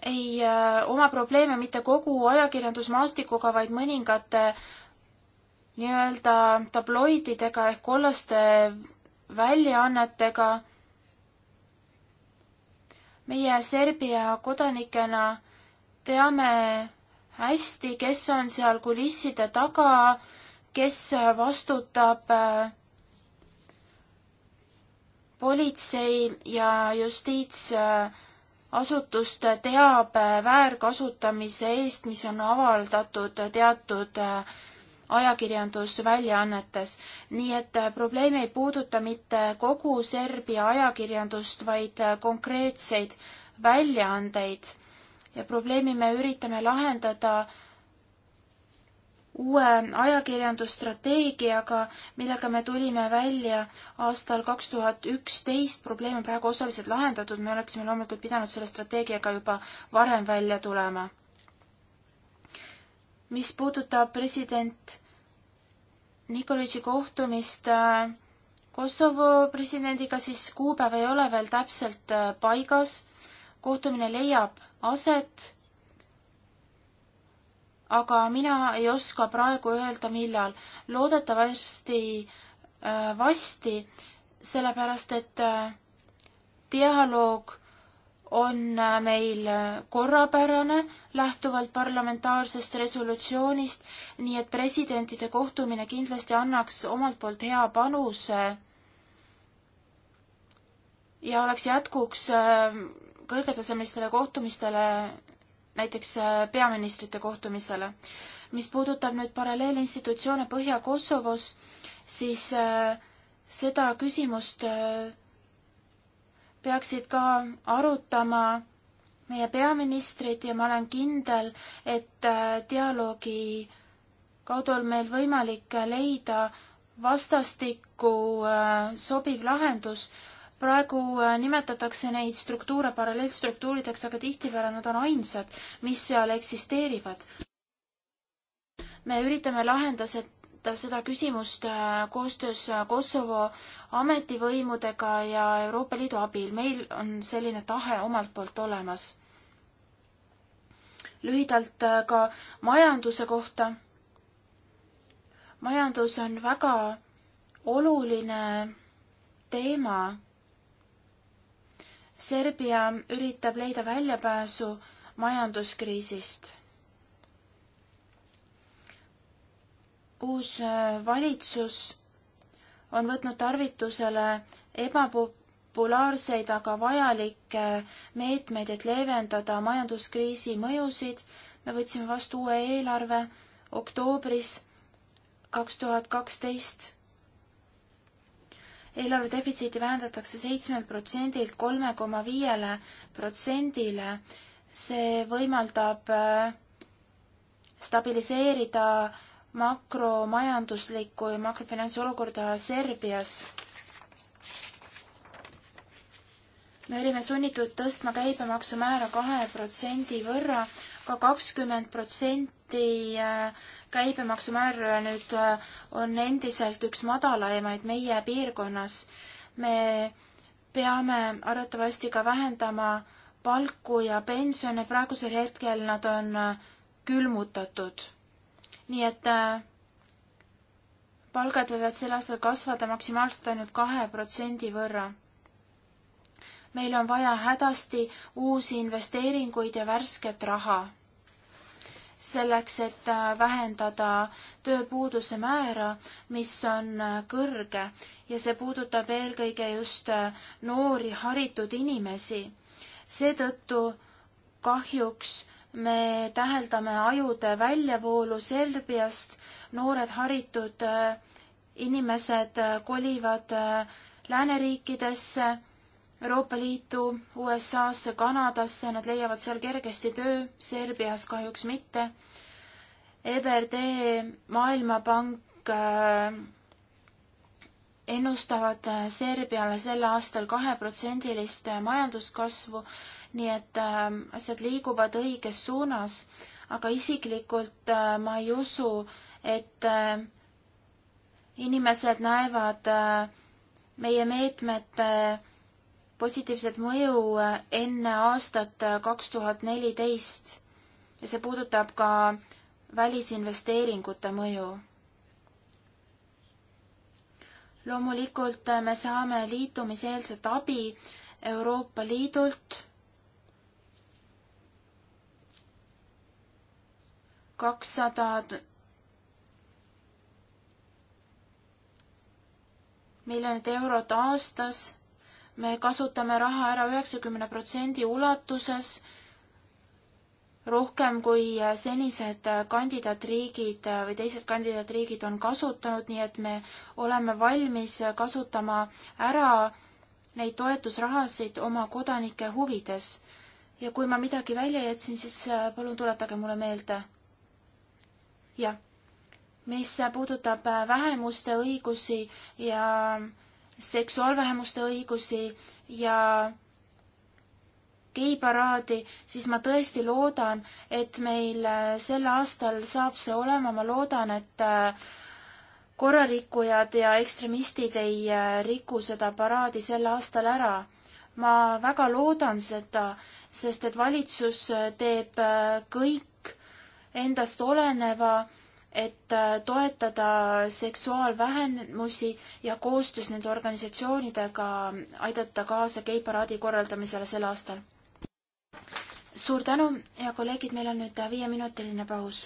ei äh, oma probleeme mitte kogu ajakirjandusmaastikuga, vaid mõningate nii-öelda tabloididega ehk kollaste väljaannetega. meie Serbia kodanikena teame hästi, kes on seal kulisside taga, kes vastutab äh, politsei ja justiits äh, asutust teabe väärkasutamise eest, mis on avaldatud teatud äh, ajakirjandusväljaannetes. nii et äh, probleem ei puuduta mitte kogu Serbia ajakirjandust, vaid äh, konkreetseid väljaandeid ja probleemi me üritame lahendada uue ajakirjandusstrateegiaga, millega me tulime välja aastal kaks tuhat üksteist, probleem on praegu osaliselt lahendatud, me oleksime loomulikult pidanud selle strateegiaga juba varem välja tulema. mis puudutab president Nikolitši kohtumist äh, Kosovo presidendiga, siis kuupäev ei ole veel täpselt äh, paigas, kohtumine leiab aset aga mina ei oska praegu öelda, millal. loodetavasti äh, vasti, sellepärast et äh, dialoog on äh, meil äh, korrapärane lähtuvalt parlamentaarsest resolutsioonist, nii et presidentide kohtumine kindlasti annaks omalt poolt hea panuse ja oleks jätkuks äh, kõrgetasemelistele kohtumistele näiteks äh, peaministrite kohtumisele. mis puudutab nüüd paralleelinstitutsioone Põhja-Kosovos, siis äh, seda küsimust äh, peaksid ka arutama meie peaministrid ja ma olen kindel, et dialoogi kaudu on meil võimalik leida vastastikku sobiv lahendus praegu äh, nimetatakse neid struktuure paralleelstruktuurideks, aga tihtipeale nad on ainsad, mis seal eksisteerivad. me üritame lahendada seda küsimust äh, koostöös äh, Kosovo ametivõimudega ja Euroopa Liidu abil. meil on selline tahe omalt poolt olemas. lühidalt ka majanduse kohta. majandus on väga oluline teema Serbia üritab leida väljapääsu majanduskriisist. uus äh, valitsus on võtnud tarvitusele ebapopulaarseid, aga vajalikke meetmeid, et leevendada majanduskriisi mõjusid. me võtsime vastu uue eelarve oktoobris kaks tuhat kaksteist eelarve defitsiiti vähendatakse seitsmelt protsendilt kolme koma viiele protsendile. see võimaldab äh, stabiliseerida makromajanduslikku ja makrofinantsi olukorda Serbias. me olime sunnitud tõstma käibemaksumäära kahe protsendi võrra, ka kakskümmend protsenti äh, käibemaksumäär äh, nüüd äh, on endiselt üks madalaimaid meie piirkonnas. me peame arvatavasti ka vähendama palku ja pensione, praegusel hetkel nad on äh, külmutatud. nii et palgad võivad sel aastal kasvada maksimaalselt ainult kahe protsendi võrra. meil on vaja hädasti uusi investeeringuid ja värsket raha selleks, et äh, vähendada tööpuuduse määra, mis on äh, kõrge ja see puudutab eelkõige just äh, noori haritud inimesi. seetõttu kahjuks me täheldame ajude väljavoolu Serbiast, noored haritud inimesed kolivad lääneriikidesse Euroopa Liitu, USA-sse, Kanadasse, nad leiavad seal kergesti töö, Serbias kahjuks mitte. EBRD, Maailmapank äh, ennustavad äh, Serbiale sel aastal kaheprotsendilist äh, majanduskasvu, nii et äh, asjad liiguvad õiges suunas, aga isiklikult äh, ma ei usu, et äh, inimesed näevad meie meetmete äh, positiivset mõju äh, enne aastat äh, kaks tuhat neliteist ja see puudutab ka välisinvesteeringute mõju. loomulikult äh, me saame liitumiseelset abi Euroopa Liidult. kakssada miljonit eurot aastas me kasutame raha ära üheksakümne protsendi ulatuses, rohkem kui äh, senised äh, kandidaatriigid äh, või teised kandidaatriigid on kasutanud, nii et me oleme valmis kasutama ära neid toetusrahasid oma kodanike huvides. ja kui ma midagi välja jätsin, siis palun tuletage mulle meelde. jah mis puudutab vähemuste õigusi ja seksuaalvähemuste õigusi ja geiparaadi, siis ma tõesti loodan, et meil äh, sel aastal saab see olema, ma loodan, et äh, korrarikkujad ja ekstremistid ei äh, riku seda paraadi sel aastal ära. ma väga loodan seda, sest et valitsus teeb kõik endast oleneva et äh, toetada seksuaalvähemusi ja koostöös nende organisatsioonidega aidata kaasa geiparaadi korraldamisele sel aastal. suur tänu ja kolleegid, meil on nüüd äh, viieminutiline paus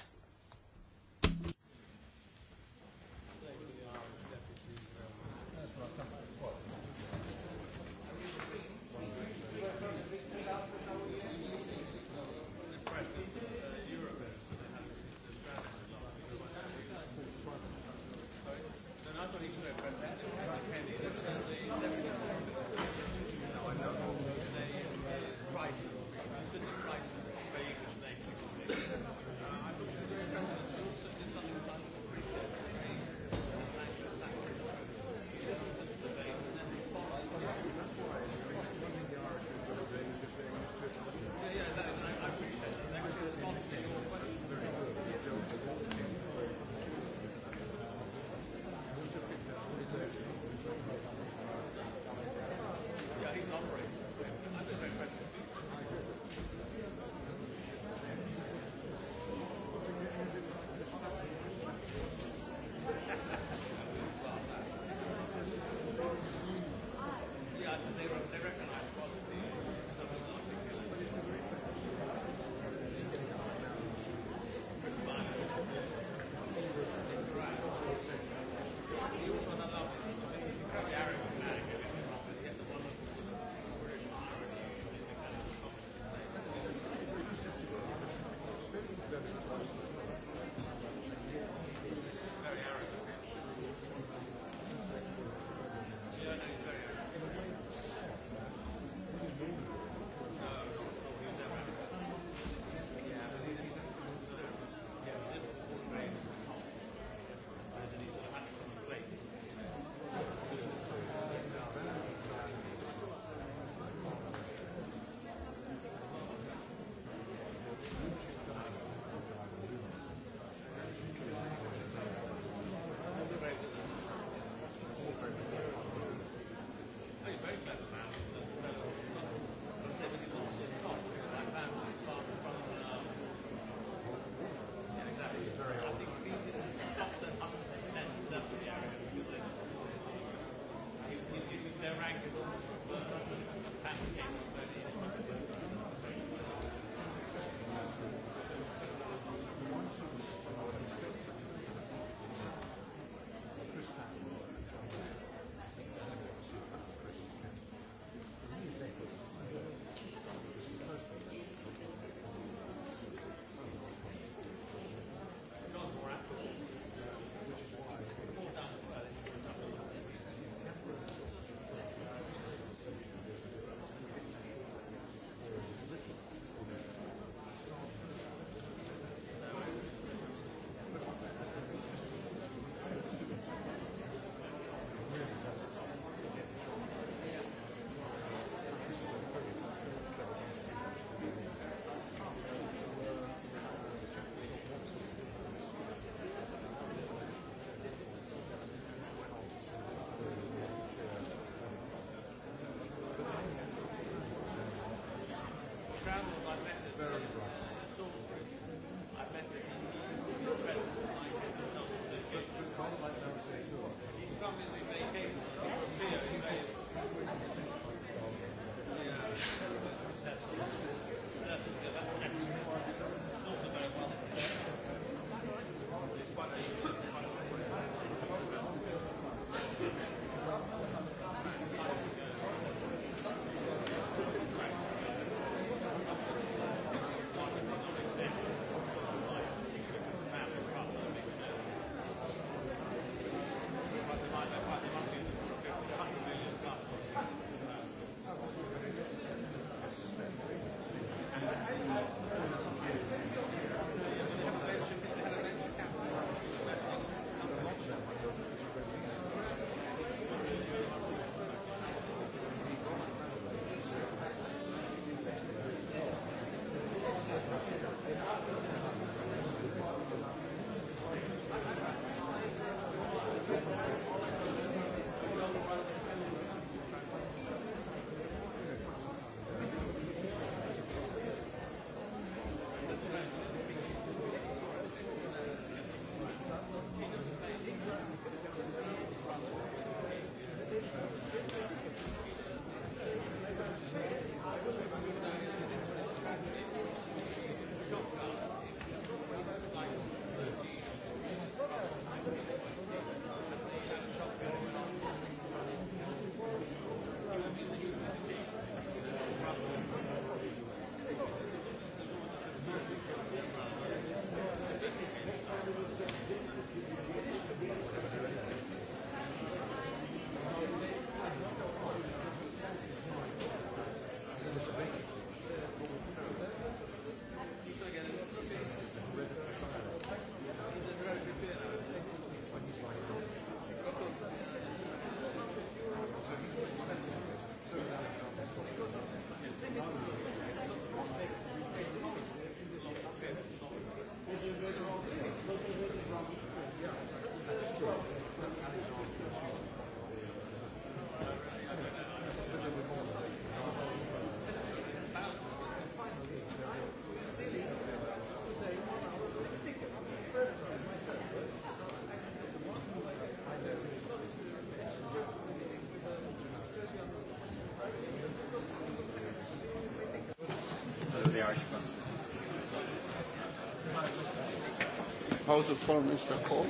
how's the foreign minister called?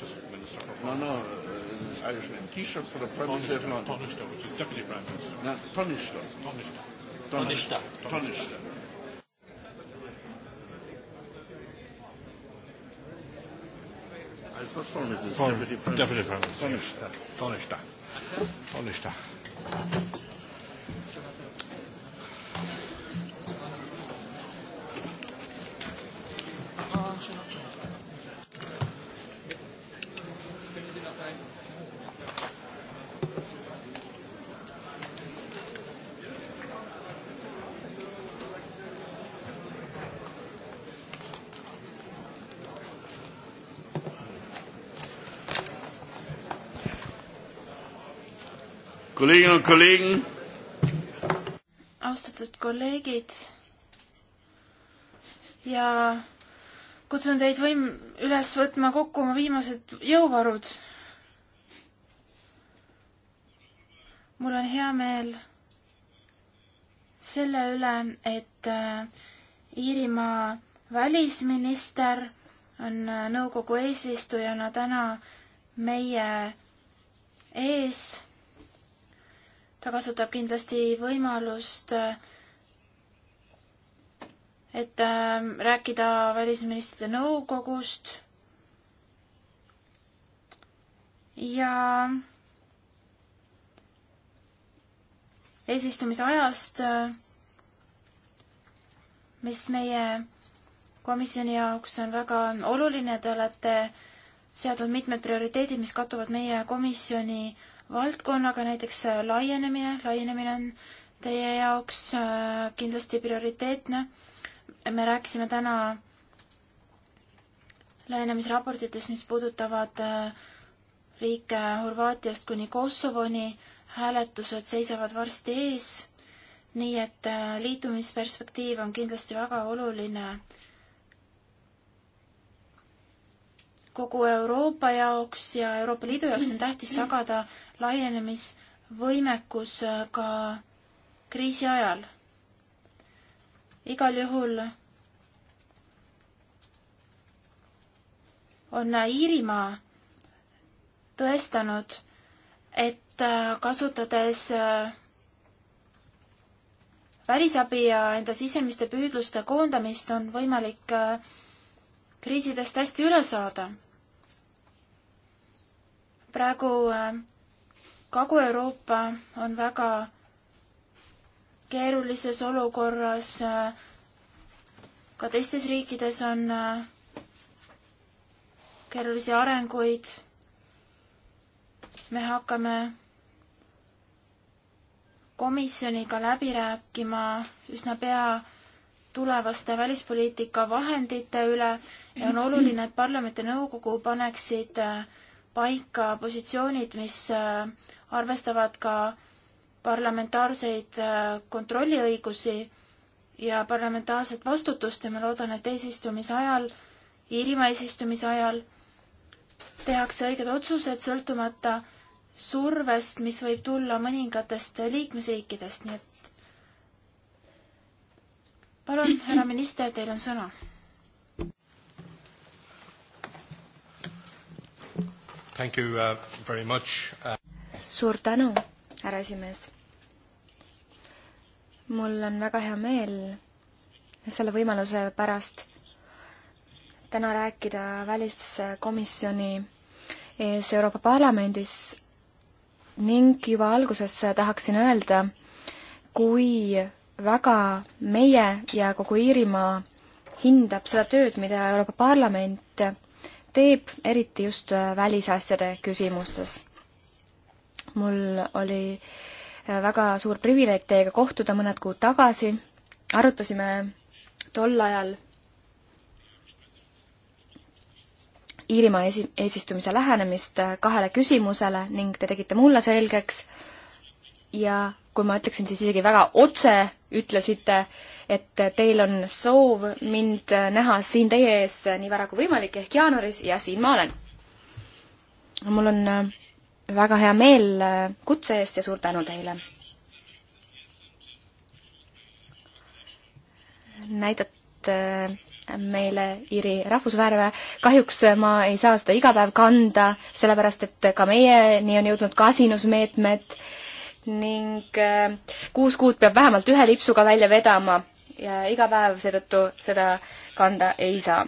Just minister for no, no, uh, Irish name. Taoiseach for the Prime Minister of London. Taoiseach, which is Deputy Prime Minister. No, Taoiseach. Taoiseach. Taoiseach. Taoiseach. I thought foreign minister is Deputy Prime Minister. Deputy Prime Minister. Taoiseach. Taoiseach. Kolleginnen und Kollegen. austatud kolleegid ja kutsun teid võim-, üles võtma kokku oma viimased jõuvarud. mul on hea meel selle üle, et äh, Iirimaa välisminister on äh, nõukogu eesistujana täna meie ees ta kasutab kindlasti võimalust, et ähm, rääkida välisministrite nõukogust ja eesistumise ajast, äh, mis meie komisjoni jaoks on väga oluline, te olete seadnud mitmed prioriteedid, mis kattuvad meie komisjoni valdkonnaga, näiteks äh, laienemine, laienemine on teie jaoks äh, kindlasti prioriteetne. me rääkisime täna laienemisraportites, mis puudutavad äh, riike Horvaatiast kuni Kosovoni, hääletused seisavad varsti ees, nii et liitumisperspektiiv on kindlasti väga oluline kogu Euroopa jaoks ja Euroopa Liidu jaoks on tähtis tagada laienemisvõimekus äh, ka kriisi ajal. igal juhul on äh, Iirimaa tõestanud, et äh, kasutades välisabi ja enda sisemiste püüdluste koondamist on võimalik kriisidest hästi üle saada praegu äh, Kagu-Euroopa on väga keerulises olukorras. Äh, ka teistes riikides on äh, keerulisi arenguid. me hakkame komisjoniga läbi rääkima üsna pea tulevaste välispoliitika vahendite üle ja on oluline, et parlament ja nõukogu paneksid äh, paika positsioonid, mis äh, arvestavad ka parlamentaarseid äh, kontrolliõigusi ja parlamentaarset vastutust ja ma loodan, et eesistumise ajal, Iirimaa eesistumise ajal tehakse õiged otsused, sõltumata survest, mis võib tulla mõningatest liikmesriikidest, nii et palun, härra minister, teil on sõna Thank you uh, very much uh.... suur tänu, härra esimees. mul on väga hea meel selle võimaluse pärast täna rääkida väliskomisjoni ees Euroopa Parlamendis ning juba alguses tahaksin öelda, kui väga meie ja kogu Iirimaa hindab seda tööd, mida Euroopa Parlament teeb, eriti just äh, välisasjade küsimustes. mul oli äh, väga suur privileeg teiega kohtuda mõned kuud tagasi, arutasime tol ajal Iirimaa esi-, eesistumise lähenemist äh, kahele küsimusele ning te tegite mulle selgeks ja kui ma ütleksin, siis isegi väga otse ütlesite äh, et teil on soov mind näha siin teie ees nii vara kui võimalik ehk jaanuaris ja siin ma olen. mul on äh, väga hea meel äh, kutse eest ja suur tänu teile. näidate äh, meile Iiri rahvusvärve. kahjuks ma ei saa seda iga päev kanda, sellepärast et ka meieni on jõudnud kasinusmeetmed ning kuus kuud peab vähemalt ühe lipsuga välja vedama ja iga päev seetõttu seda kanda ei saa.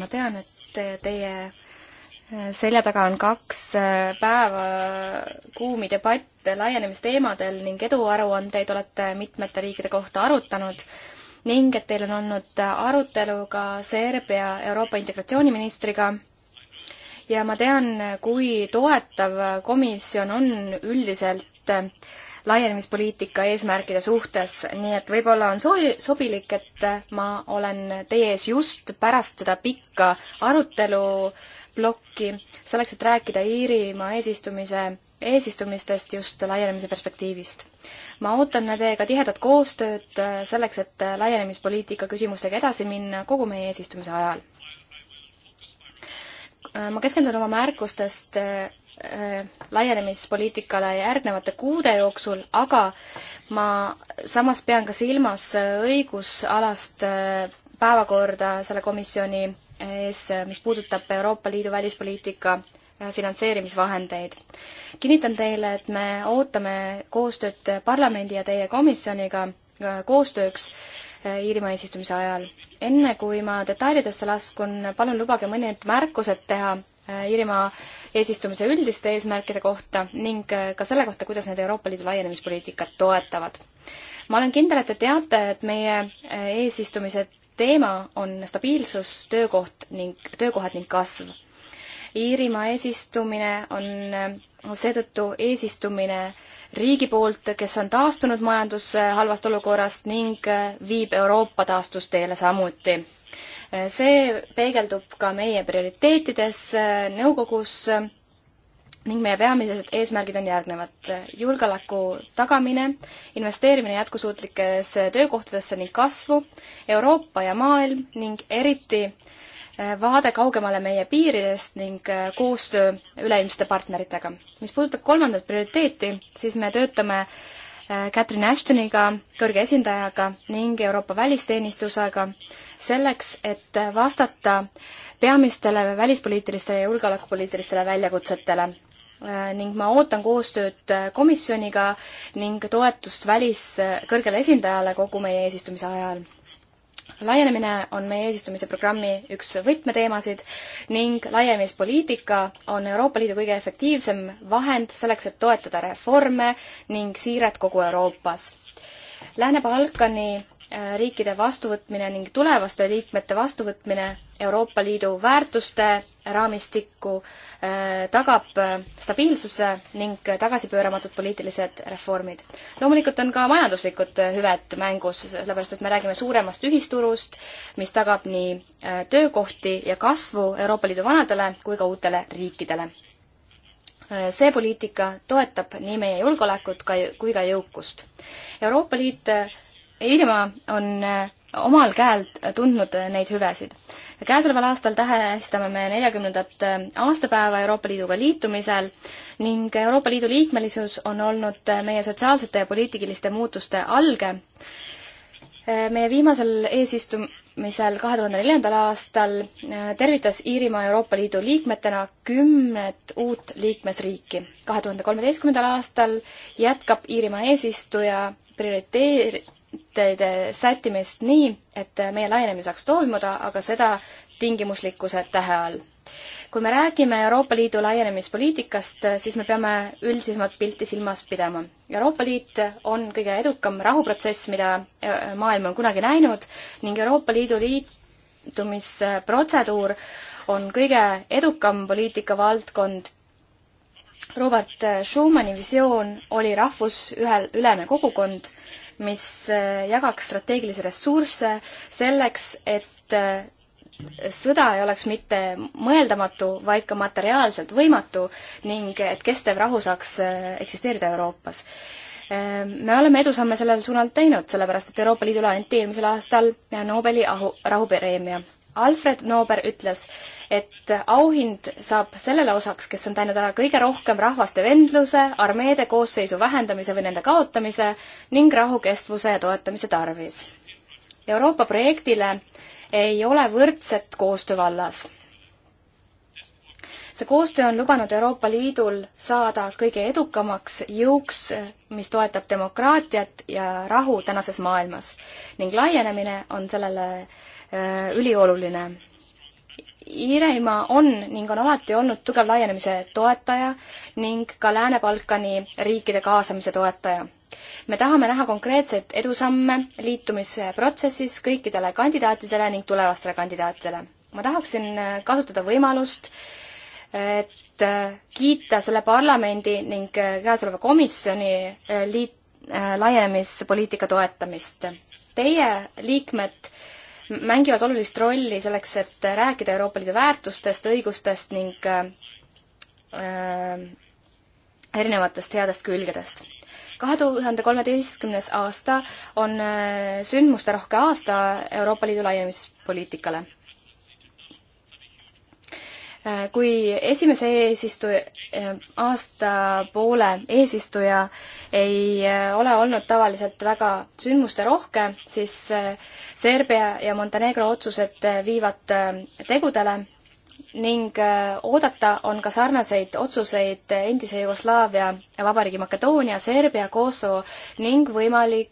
ma tean, et teie selja taga on kaks äh, päeva kuumi debatte laienemisteemadel ning eduaruandeid olete mitmete riikide kohta arutanud ning et teil on olnud arutelu ka Serbia Euroopa integratsiooniministriga ja ma tean, kui toetav komisjon on üldiselt laienemispoliitika eesmärkide suhtes, nii et võib-olla on soo-, sobilik, et ma olen teie ees just pärast seda pikka arutelu plokki, selleks, et rääkida Iirimaa eesistumise eesistumistest just laienemise perspektiivist. ma ootan teiega tihedat koostööd selleks, et laienemispoliitika küsimustega edasi minna kogu meie eesistumise ajal. Äh, ma keskendun oma märkustest äh, äh, laienemispoliitikale järgnevate kuude jooksul, aga ma samas pean ka silmas õigusalast päevakorda selle komisjoni ees, mis puudutab Euroopa Liidu välispoliitika finantseerimisvahendeid. kinnitan teile, et me ootame koostööd parlamendi ja teie komisjoniga koostööks Iirimaa eesistumise ajal. enne kui ma detailidesse laskun, palun lubage mõned märkused teha äh, Iirimaa eesistumise üldiste eesmärkide kohta ning äh, ka selle kohta, kuidas need Euroopa Liidu laienemispoliitikat toetavad. ma olen kindel, et te teate, et meie äh, eesistumise teema on stabiilsus, töökoht ning, töökohad ning kasv. Iirimaa eesistumine on seetõttu eesistumine äh, riigi poolt, kes on taastunud majanduse äh, halvast olukorrast ning äh, viib Euroopa taastusteele samuti. Äh, see peegeldub ka meie prioriteetides nõukogus ning meie peamised eesmärgid on järgnevad. julgeoleku tagamine, investeerimine jätkusuutlikesse töökohtadesse ning kasvu, Euroopa ja maailm ning eriti Äh, vaade kaugemale meie piiridest ning äh, koostöö üleilmsete partneritega. mis puudutab kolmandat prioriteeti, siis me töötame äh, Catherine Ashtoniga, kõrge esindajaga ning Euroopa välisteenistusega selleks, et vastata peamistele välispoliitilistele ja julgeolekupoliitilistele väljakutsetele ning ma ootan koostööd komisjoniga ning toetust välis kõrgele esindajale kogu meie eesistumise ajal laienemine on meie eesistumise programmi üks võtmeteemasid ning laienemispoliitika on Euroopa Liidu kõige efektiivsem vahend selleks, et toetada reforme ning siiret kogu Euroopas. Lääne-Balkani äh, riikide vastuvõtmine ning tulevaste liikmete vastuvõtmine Euroopa Liidu väärtuste raamistikku äh, Äh, tagab äh, stabiilsuse ning äh, tagasipööramatud poliitilised reformid. loomulikult on ka majanduslikud hüved mängus, sellepärast et me räägime suuremast ühisturust, mis tagab nii töökohti ja kasvu Euroopa Liidu vanadele kui ka uutele riikidele. see poliitika toetab nii meie julgeolekut kui ka jõukust. Euroopa Liit ilma on omal käel tundnud neid hüvesid. käesoleval aastal tähistame me neljakümnendat eh, aastapäeva Euroopa Liiduga liitumisel ning Euroopa Liidu liikmelisus on olnud meie sotsiaalsete ja poliitiliste muutuste alge. Eh, meie viimasel eesistumisel kahe tuhande neljandal aastal eh, tervitas Iirimaa Euroopa Liidu liikmetena kümnet uut liikmesriiki. kahe tuhande kolmeteistkümnendal aastal jätkab Iirimaa eesistuja prioriteeri-, sätteide äh, sättimist nii, et äh, meie laienemine saaks toimuda, aga seda tingimuslikkuse tähe all. kui me räägime Euroopa Liidu laienemispoliitikast, äh, siis me peame üldisemat pilti silmas pidama. Euroopa Liit on kõige edukam rahuprotsess, mida maailm on kunagi näinud ning Euroopa Liidu liitumisprotseduur on kõige edukam poliitikavaldkond Robert Schumani visioon oli rahvus ühel ülene kogukond mis äh, jagaks strateegilisi ressursse selleks, et äh, sõda ei oleks mitte mõeldamatu, vaid ka materiaalselt võimatu ning et kestev rahu saaks äh, eksisteerida Euroopas. me oleme edusamme sellel suunal teinud, sellepärast et Euroopa Liidule anti eelmisel aastal Nobeli ahu, rahupreemia Alfred Nober ütles, et auhind saab sellele osaks, kes on teinud ära kõige rohkem rahvaste vendluse, armeede koosseisu vähendamise või nende kaotamise ning rahukestvuse ja toetamise tarvis. Euroopa projektile ei ole võrdset koostöö vallas see koostöö on lubanud Euroopa Liidul saada kõige edukamaks jõuks, mis toetab demokraatiat ja rahu tänases maailmas ning laienemine on sellele Äh, ülioluline. Iirimaa on ning on alati olnud tugev laienemise toetaja ning ka Lääne-Balkani riikide kaasamise toetaja. me tahame näha konkreetseid edusamme liitumisprotsessis kõikidele kandidaatidele ning tulevastele kandidaatidele. ma tahaksin äh, kasutada võimalust, et äh, kiita selle parlamendi ning käesoleva komisjoni liit-, laienemispoliitika toetamist. Teie liikmed mängivad olulist rolli selleks, et rääkida Euroopa Liidu väärtustest, õigustest ning äh, erinevatest headest külgedest. kahe tuhande kolmeteistkümnes aasta on äh, sündmusterohke aasta Euroopa Liidu laienemispoliitikale. Äh, kui esimese eesistuja, äh, aasta poole eesistuja ei ole olnud tavaliselt väga sündmusterohke, siis Serbia ja Montenegro otsused äh, viivad äh, tegudele ning äh, oodata on ka sarnaseid otsuseid endise Jugoslaavia vabariigi Makedoonia, Serbia, Kosovo ning võimalik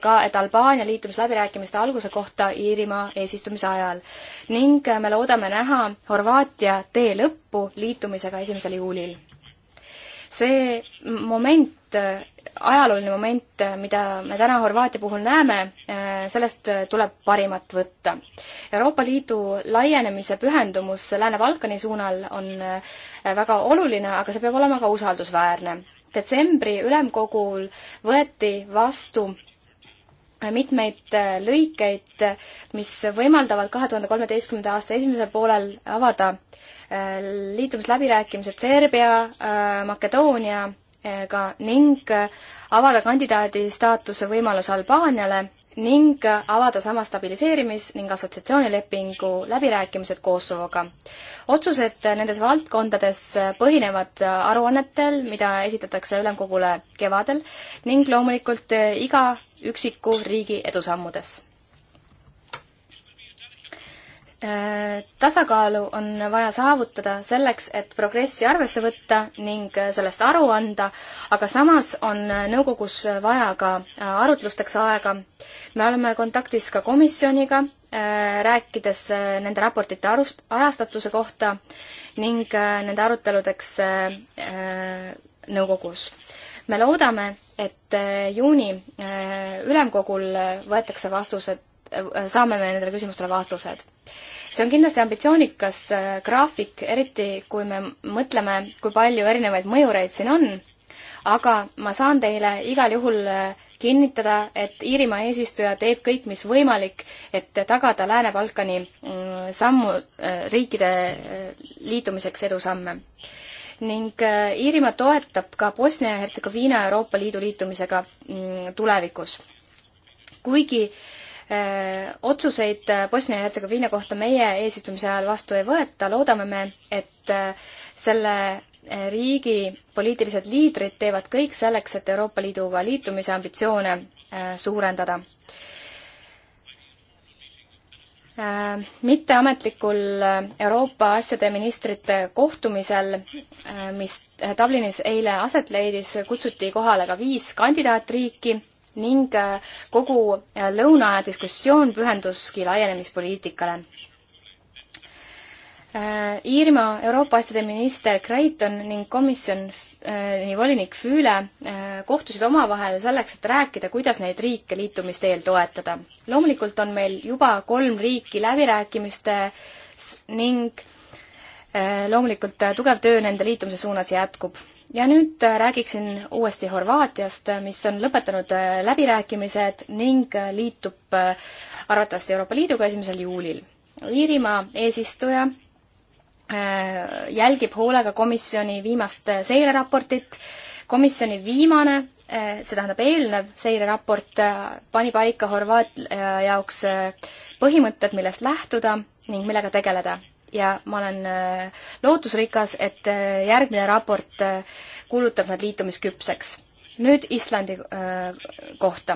ka, et Albaania liitumisläbirääkimiste alguse kohta Iirimaa eesistumise ajal. ning me loodame näha Horvaatia tee lõppu liitumisega esimesel juulil. see moment Äh, ajalooline moment, äh, mida me täna Horvaatia puhul näeme, äh, sellest tuleb parimat võtta. Euroopa Liidu laienemise pühendumus Lääne-Balkani suunal on väga oluline, aga see peab olema ka usaldusväärne. detsembri ülemkogul võeti vastu mitmeid lõikeid, mis võimaldavad kahe tuhande kolmeteistkümnenda aasta esimesel poolel avada liitumisläbirääkimised Serbia, Makedoonia ka ning avada kandidaadi staatuse võimalus Albaaniale ning avada sama stabiliseerimis- ning assotsiatsioonilepingu läbirääkimised Kosovoga. otsused nendes valdkondades põhinevad aruannetel, mida esitatakse ülemkogule kevadel ning loomulikult iga üksiku riigi edusammudes Äh, tasakaalu on vaja saavutada selleks, et progressi arvesse võtta ning äh, sellest aru anda, aga samas on äh, nõukogus vaja ka arutlusteks aega. me oleme kontaktis ka komisjoniga, rääkides nende raportite arust, ajastatuse kohta ning nende aruteludeks nõukogus. me loodame, et juuni ülemkogul võetakse vastused saame me nendele küsimustele vastused. see on kindlasti ambitsioonikas äh, graafik, eriti kui me mõtleme, kui palju erinevaid mõjureid siin on, aga ma saan teile igal juhul äh, kinnitada, et Iirimaa eesistuja teeb kõik, mis võimalik, et tagada Lääne-Balkani mm, sammu, äh, riikide liitumiseks edusamme. ning Iirimaa toetab ka Bosnia ja Hertsegoviina Euroopa Liidu liitumisega mm, tulevikus. kuigi äh, Äh, otsuseid äh, Bosnia-Hertsegoviina kohta meie eesistumise ajal vastu ei võeta, loodame me, et äh, selle riigi poliitilised liidrid teevad kõik selleks, et Euroopa Liiduga liitumise ambitsioone suurendada. mitteametlikul Euroopa asjade ministrite kohtumisel, mis Dublinis eile aset leidis, kutsuti kohale ka viis kandidaatriiki ning äh, kogu äh, lõunaaja diskussioon pühenduski laienemispoliitikale. Äh, Iirimaa Euroopa asjade minister Creighton ning komisjoni volinik Füüle kohtusid omavahel selleks, et rääkida, kuidas neid riike liitumiste eel toetada. loomulikult on meil juba kolm riiki läbirääkimistes ning loomulikult tugev töö nende liitumise suunas jätkub ja nüüd äh, räägiksin uuesti Horvaatiast, äh, mis on lõpetanud äh, läbirääkimised ning liitub arvatavasti Euroopa Liiduga esimesel juulil. Iirimaa eesistuja jälgib hoolega komisjoni viimast seireraportit. komisjoni viimane, see tähendab eelnev seireraport pani paika Horvaatia jaoks põhimõtted, millest lähtuda ning millega tegeleda ja ma olen äh, lootusrikas, et äh, järgmine raport äh, kuulutab nad liitumisküpseks. nüüd Islandi kohta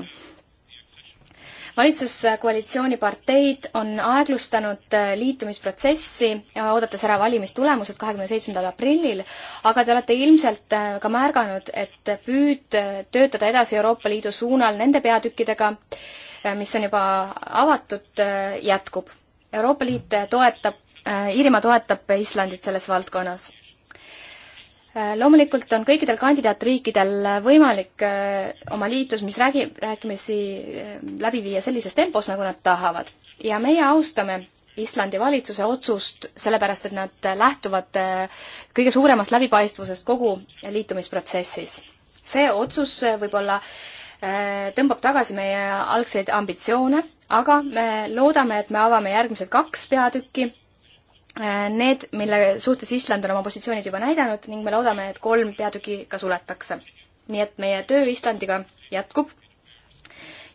valitsuskoalitsiooni parteid on aeglustanud liitumisprotsessi, oodates ära valimistulemused kahekümne seitsmendal aprillil, aga te olete ilmselt ka märganud, et püüd töötada edasi Euroopa Liidu suunal nende peatükkidega, mis on juba avatud, jätkub. Euroopa Liit toetab Äh, Iirimaa toetab Islandit selles valdkonnas. Äh, loomulikult on kõikidel kandidaatriikidel võimalik äh, oma liitlasmisrägi, rääkimisi läbi viia sellises tempos, nagu nad tahavad. ja meie austame Islandi valitsuse otsust, sellepärast et nad lähtuvad kõige suuremast läbipaistvusest kogu liitumisprotsessis. see otsus võib-olla tõmbab tagasi meie algseid ambitsioone, aga me loodame, et me avame järgmised kaks peatükki Äh, need, mille suhtes Island on oma positsioonid juba näidanud ning me loodame, et kolm peatüki ka suletakse. nii et meie töö Islandiga jätkub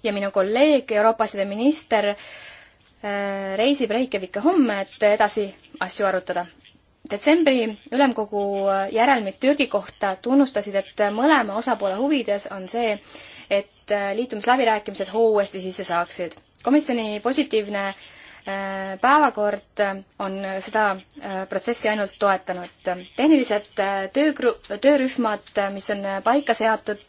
ja minu kolleeg, Euroopa asjade minister, äh, reisib Reykjavikke homme, et edasi asju arutada. detsembri ülemkogu järelmid Türgi kohta tunnustasid, et mõlema osapoole huvides on see, et äh, liitumisläbirääkimised hoo uuesti sisse saaksid. komisjoni positiivne äh, Äh, päevakord on seda äh, protsessi ainult toetanud. tehnilised äh, töögru-, töörühmad, mis on paika seatud,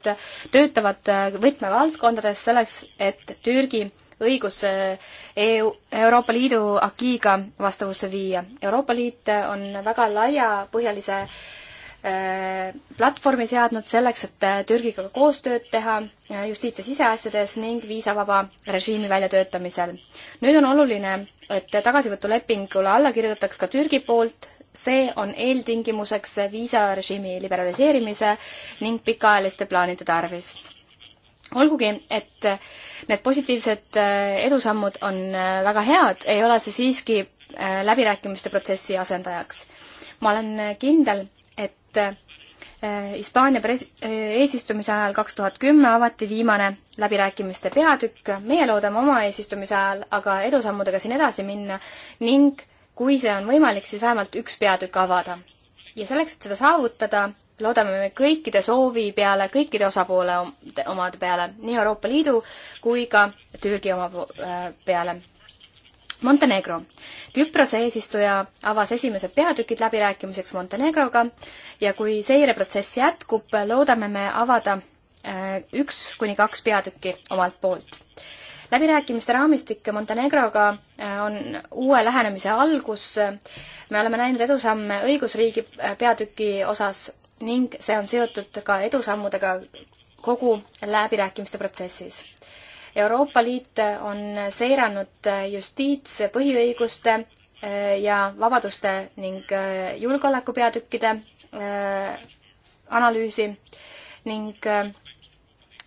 töötavad võtmevaldkondades selleks, et Türgi õigus EU, Euroopa Liidu akiiga vastavusse viia. Euroopa Liit on väga laiapõhjalise äh, Äh, platvormi seadnud selleks, et äh, Türgiga koostööd teha äh, justiits- ja siseasjades ning viisavaba režiimi väljatöötamisel. nüüd on oluline, et tagasivõtulepingule alla kirjutataks ka Türgi poolt, see on eeltingimuseks viisarežiimi liberaliseerimise ning pikaajaliste plaanide tarvis olgugi, et need positiivsed edusammud on väga head, ei ole see siiski läbirääkimiste protsessi asendajaks. ma olen kindel, et äh, Hispaania pres-, äh, eesistumise ajal kaks tuhat kümme avati viimane läbirääkimiste peatükk, meie loodame oma eesistumise ajal aga edusammudega siin edasi minna ning kui see on võimalik, siis vähemalt üks peatükk avada. ja selleks, et seda saavutada, loodame me kõikide soovi peale, kõikide osapoole omade peale, nii Euroopa Liidu kui ka Türgi oma äh, peale Montenegro. Küprose eesistuja avas esimesed peatükid läbirääkimiseks Montenegroga ja kui seireprotsess jätkub, loodame me avada äh, üks kuni kaks peatükki omalt poolt. läbirääkimiste raamistik Montenegroga äh, on uue lähenemise algus. me oleme näinud edusamme õigusriigi äh, peatüki osas ning see on seotud ka edusammudega kogu läbirääkimiste protsessis. Euroopa Liit on seiranud justiits, põhiõiguste ja vabaduste ning julgeoleku peatükkide Äh, analüüsi ning äh,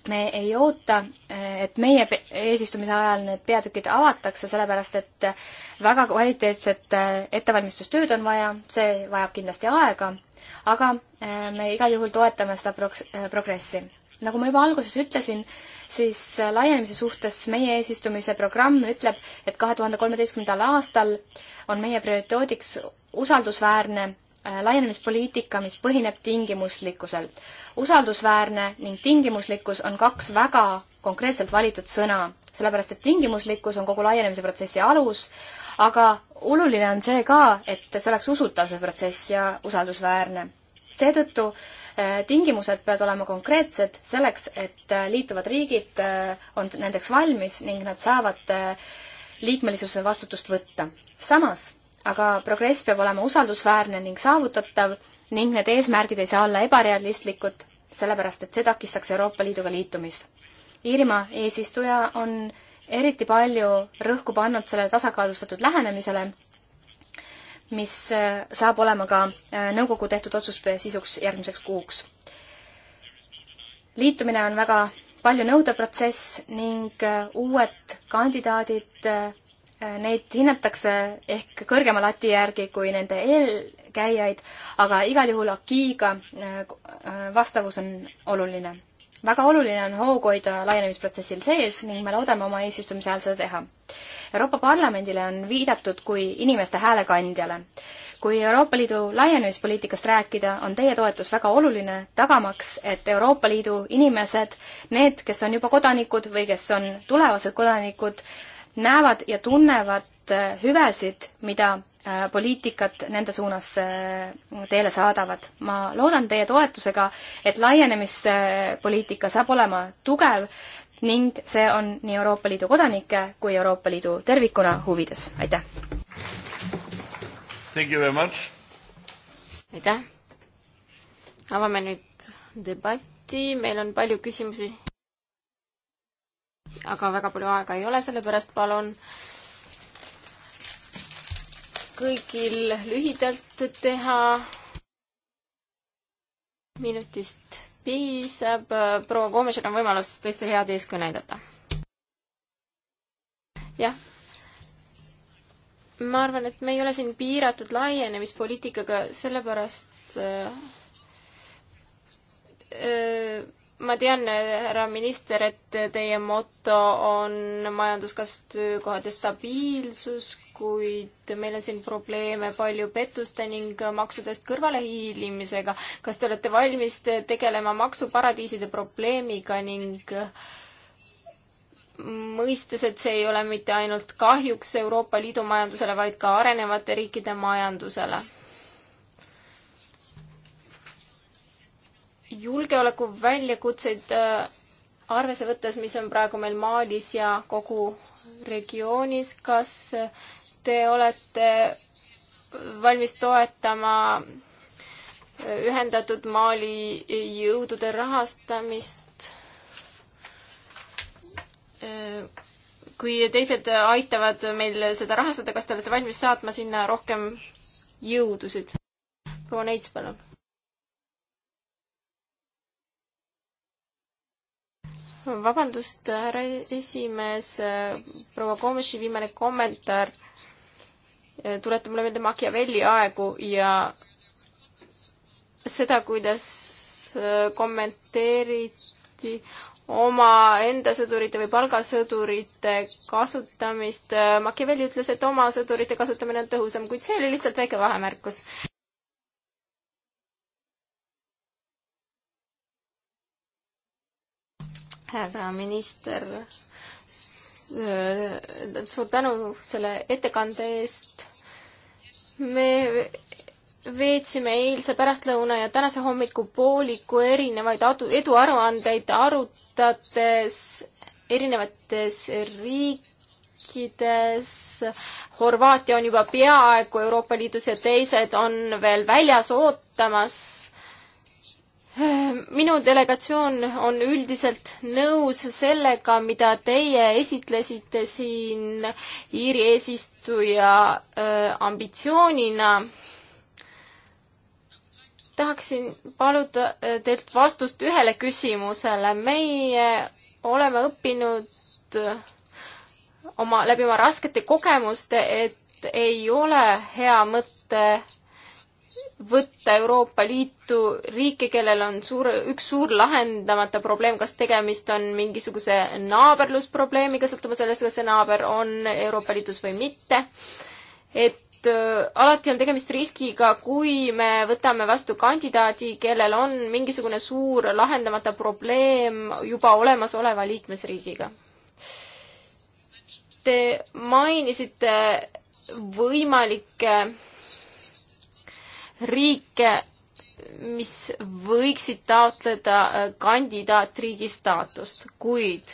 me ei oota, äh, et meie eesistumise ajal need peatükid avatakse, sellepärast et väga kvaliteetset ettevalmistustööd on vaja, see vajab kindlasti aega, aga me igal juhul toetame seda prog-, progressi. nagu ma juba alguses ütlesin, siis laienemise suhtes meie eesistumise programm ütleb, et kahe tuhande kolmeteistkümnendal aastal on meie prioriteediks usaldusväärne Äh, laienemispoliitika, mis põhineb tingimuslikkusel. usaldusväärne ning tingimuslikkus on kaks väga konkreetselt valitud sõna, sellepärast et tingimuslikkus on kogu laienemise protsessi alus, aga oluline on see ka, et see oleks usutav, see protsess, ja usaldusväärne. seetõttu äh, tingimused peavad olema konkreetsed selleks, et äh, liituvad riigid on nendeks valmis ning nad saavad liikmelisuse vastutust võtta. samas aga progress peab olema usaldusväärne ning saavutatav ning need eesmärgid ei saa olla ebarealistlikud, sellepärast et see takistaks Euroopa Liiduga liitumist. Iirimaa eesistuja on eriti palju rõhku pannud sellele tasakaalustatud lähenemisele, mis äh, saab olema ka äh, nõukogu tehtud otsuste sisuks järgmiseks kuuks. liitumine on väga palju nõudeprotsess ning äh, uued kandidaadid neid hinnatakse ehk kõrgema lati järgi kui nende eelkäijaid, aga igal juhul akiiga äh, äh, vastavus on oluline. väga oluline on hoog hoida laienemisprotsessil sees ning me loodame oma eesistumise ajal seda teha. Euroopa Parlamendile on viidatud kui inimeste häälekandjale. kui Euroopa Liidu laienemispoliitikast rääkida, on teie toetus väga oluline, tagamaks, et Euroopa Liidu inimesed, need, kes on juba kodanikud või kes on tulevased kodanikud, näevad ja tunnevad äh, hüvesid, mida äh, poliitikat nende suunas äh, teele saadavad. ma loodan teie toetusega, et laienemispoliitika saab olema tugev ning see on nii Euroopa Liidu kodanike kui Euroopa Liidu tervikuna huvides, aitäh! aitäh! avame nüüd debatti, meil on palju küsimusi aga väga palju aega ei ole, sellepärast palun kõigil lühidalt teha. minutist piisab, proua Koomisel on võimalus teistel head eeskuju näidata. jah. ma arvan, et me ei ole siin piiratud laienemispoliitikaga, sellepärast öö, äh, öö, äh, ma tean, härra minister, et teie moto on majanduskasv, töökohad ja stabiilsus, kuid meil on siin probleeme palju pettuste ning maksudest kõrvalehiilimisega. kas te olete valmis tegelema maksuparadiiside probleemiga ning mõistes, et see ei ole mitte ainult kahjuks Euroopa Liidu majandusele, vaid ka arenevate riikide majandusele? julgeoleku väljakutseid äh, arvesse võttes, mis on praegu meil Malis ja kogu regioonis, kas te olete valmis toetama ühendatud Mali jõudude rahastamist? Äh, kui teised aitavad meil seda rahastada, kas te olete valmis saatma sinna rohkem jõudusid? proua Neits, palun vabandust, härra esimees, proua Komeši viimane kommentaar tuletab mulle meelde Machiavelli aegu ja seda, kuidas äh, kommenteeriti omaenda sõdurite või palgasõdurite kasutamist. Äh, Machiavelli ütles, et oma sõdurite kasutamine on tõhusam, kuid see oli lihtsalt väike vahemärkus. härra minister, suur tänu selle ettekande eest. me veetsime eilse pärastlõuna ja tänase hommiku-pooliku erinevaid eduaruandeid arutades erinevates riikides. Horvaatia on juba peaaegu Euroopa Liidus ja teised on veel väljas ootamas minu delegatsioon on üldiselt nõus sellega, mida teie esitlesite siin Iiri eesistuja ambitsioonina. tahaksin paluda teilt vastust ühele küsimusele. meie oleme õppinud oma, läbi oma raskete kogemuste, et ei ole hea mõte võtta Euroopa Liitu riike, kellel on suur, üks suur lahendamata probleem, kas tegemist on mingisuguse naaberlusprobleemiga, sõltuma sellest, kas see naaber on Euroopa Liidus või mitte. et äh, alati on tegemist riskiga, kui me võtame vastu kandidaadi, kellel on mingisugune suur lahendamata probleem juba olemasoleva liikmesriigiga. Te mainisite võimalikke äh, riike, mis võiksid taotleda äh, kandidaatriigi staatust, kuid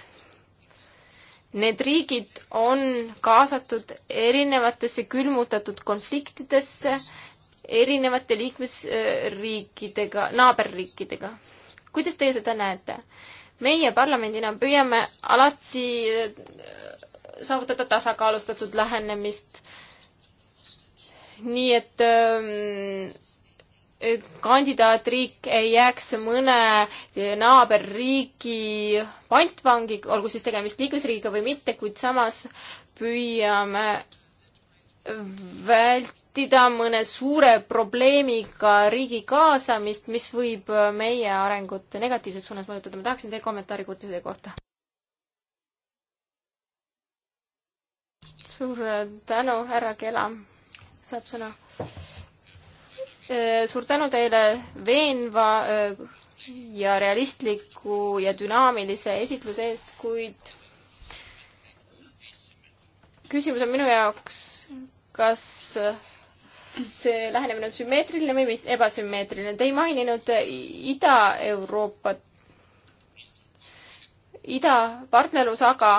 need riigid on kaasatud erinevatesse külmutatud konfliktidesse erinevate liikmesriikidega, naaberriikidega. kuidas teie seda näete? meie parlamendina püüame alati äh, saavutada tasakaalustatud lähenemist nii et ähm, kandidaatriik ei jääks mõne naaberriigi pantvangi, olgu siis tegemist liikmesriigiga või mitte, kuid samas püüame vältida mõne suure probleemiga riigi kaasamist, mis võib meie arengut negatiivses suunas mõjutada. ma tahaksin teie kommentaari kuulda selle kohta. suur tänu, härra Kelam saab sõna. Äh, suur tänu teile veenva äh, ja realistliku ja dünaamilise esitluse eest, kuid küsimus on minu jaoks, kas see lähenemine on sümmeetriline või ebasümmeetriline. Te ei maininud Ida-Euroopat, idapartnerlus aga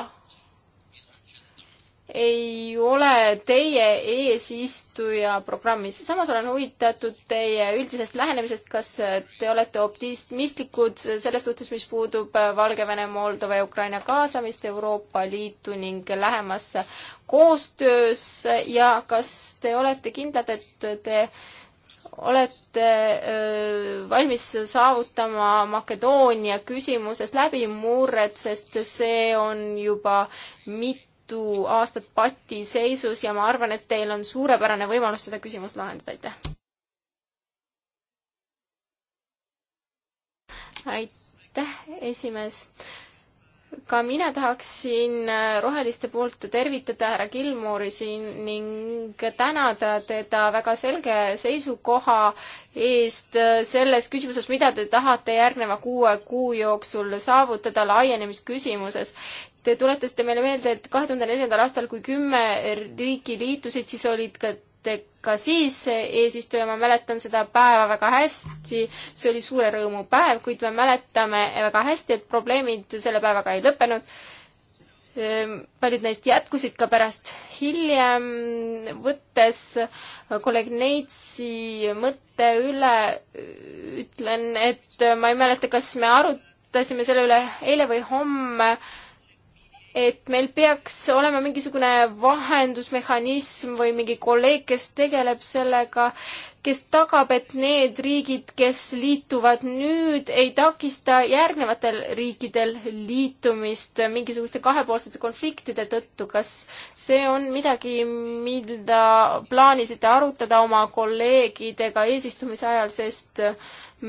ei ole teie eesistuja programmis. samas olen huvitatud teie üldisest lähenemisest, kas te olete optimistlikud selles suhtes, mis puudub Valgevene, Moldova ja Ukraina kaasamist Euroopa Liitu ning lähemasse koostöösse ja kas te olete kindlad, et te olete öö, valmis saavutama Makedoonia küsimuses läbimurret, sest see on juba mit-, mitu aastat patiseisus ja ma arvan, et teil on suurepärane võimalus seda küsimust lahendada, aitäh. aitäh, esimees. ka mina tahaksin äh, Roheliste poolt tervitada härra Kilmuri siin ning tänada teda väga selge seisukoha eest äh, selles küsimuses, mida te tahate järgneva kuue kuu jooksul saavutada laienemisküsimuses Te tuletasite meile meelde, et kahe tuhande neljandal aastal, kui kümme riiki liitusid, siis olid ka te ka siis eesistuja, ma mäletan seda päeva väga hästi, see oli suure rõõmu päev, kuid me mäletame väga hästi, et probleemid selle päevaga ei lõppenud ehm, paljud neist jätkusid ka pärast hiljem, võttes kolleeg Neitsi mõtte üle, ütlen, et ma ei mäleta, kas me arutasime selle üle eile või homme, et meil peaks olema mingisugune vahendusmehhanism või mingi kolleeg, kes tegeleb sellega, kes tagab, et need riigid, kes liituvad nüüd, ei takista järgnevatel riikidel liitumist mingisuguste kahepoolsete konfliktide tõttu. kas see on midagi, mida plaanisite arutada oma kolleegidega eesistumise ajal, sest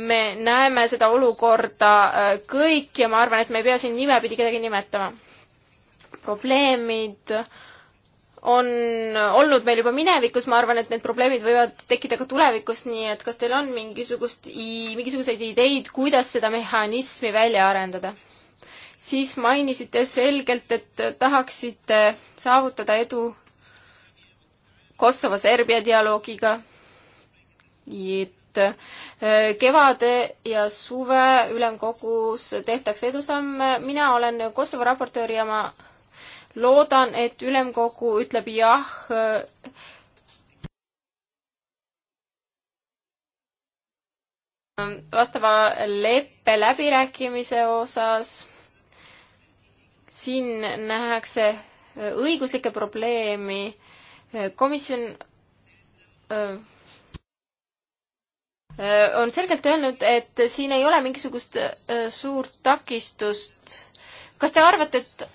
me näeme seda olukorda äh, kõik ja ma arvan, et me ei pea siin nimepidi kedagi nimetama probleemid on olnud meil juba minevikus, ma arvan, et need probleemid võivad tekkida ka tulevikus, nii et kas teil on mingisugust, mingisuguseid ideid, kuidas seda mehhanismi välja arendada? siis mainisite selgelt, et tahaksite saavutada edu Kosovo-Serbia dialoogiga, et äh, kevade ja suve ülemkogus tehtakse edusamme, mina olen Kosovo raportöör ja ma loodan, et ülemkogu ütleb jah äh, vastava leppe läbirääkimise osas. siin nähakse äh, õiguslikke probleemi. Äh, komisjon on selgelt öelnud, et siin ei ole mingisugust suurt takistust. kas te arvate, et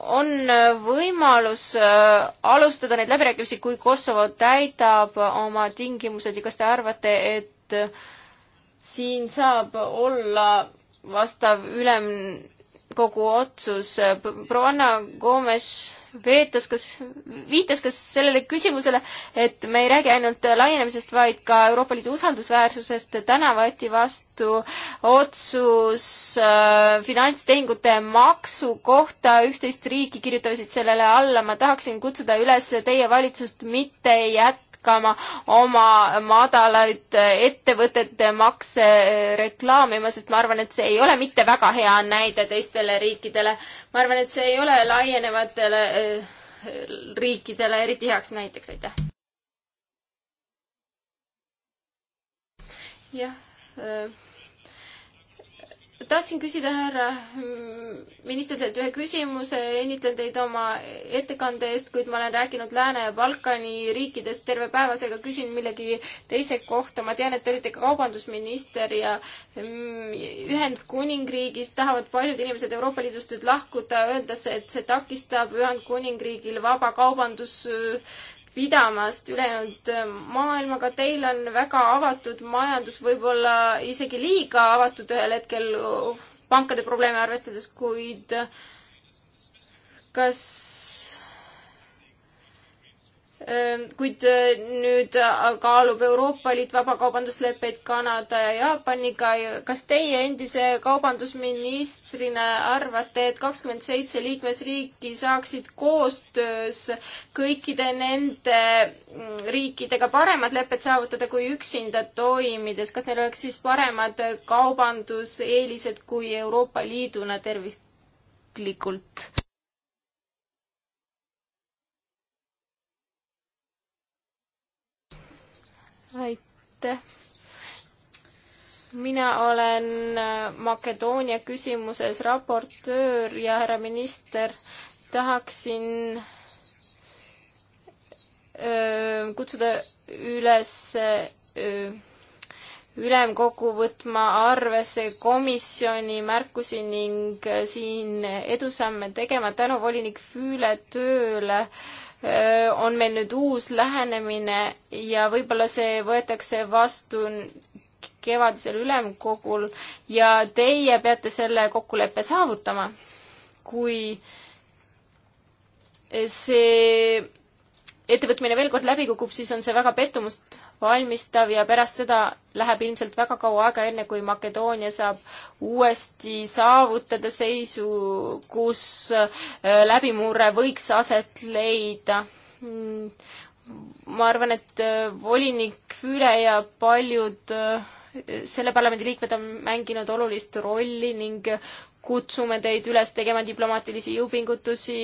on äh, võimalus äh, alustada neid läbirääkimisi, kui Kosovo täidab oma tingimused ja kas te arvate, et äh, siin saab olla vastav ülem, kogu otsus. proua Anna Gomes veetas, kas, viitas ka sellele küsimusele, et me ei räägi ainult laienemisest, vaid ka Euroopa Liidu usaldusväärsusest. täna võeti vastu otsus äh, finantstehingute maksu kohta, üksteist riiki kirjutasid sellele alla. ma tahaksin kutsuda üles teie valitsust mitte jätma jätkama oma madalaid ettevõtete makse reklaamima, sest ma arvan, et see ei ole mitte väga hea näide teistele riikidele. ma arvan, et see ei ole laienevatele eh, riikidele eriti heaks näiteks, aitäh. jah eh, tahtsin küsida härra mm, ministritelt ühe küsimuse, õnnitlen teid oma ettekande eest, kuid ma olen rääkinud Lääne ja Balkani riikidest terve päeva, seega küsin millegi teise kohta. ma tean, et te olite ka kaubandusminister ja mm, Ühendkuningriigis tahavad paljud inimesed Euroopa Liidust nüüd lahkuda, öeldes, et see takistab Ühendkuningriigil vabakaubandus pidamast ülejäänud äh, maailmaga. Teil on väga avatud majandus, võib-olla isegi liiga avatud ühel hetkel uh, pankade probleeme arvestades, kuid äh, kas Ehm, kuid eh, nüüd äh, kaalub Euroopa Liit vabakaubandusleppeid Kanada ja Jaapaniga. kas teie endise kaubandusministrina arvate, et kakskümmend seitse liikmesriiki saaksid koostöös kõikide nende mm, riikidega paremad lepped saavutada kui üksinda toimides? kas neil oleks siis paremad kaubanduseelised kui Euroopa Liiduna terviklikult? aitäh. mina olen äh, Makedoonia küsimuses raportöör ja härra minister, tahaksin öö, äh, kutsuda üles öö, äh, ülemkogu võtma arvesse komisjoni märkusi ning siin edusamme tegema tänu volinik Füüle tööle äh, on meil nüüd uus lähenemine ja võib-olla see võetakse vastu kevadisel ülemkogul ja teie peate selle kokkuleppe saavutama, kui see ettevõtmine veel kord läbi kukub, siis on see väga pettumust valmistav ja pärast seda läheb ilmselt väga kaua aega, enne kui Makedoonia saab uuesti saavutada seisu, kus äh, läbimurre võiks aset leida. ma arvan, et äh, volinik Füle ja paljud äh, selle parlamendi liikmed on mänginud olulist rolli ning kutsume teid üles tegema diplomaatilisi jõupingutusi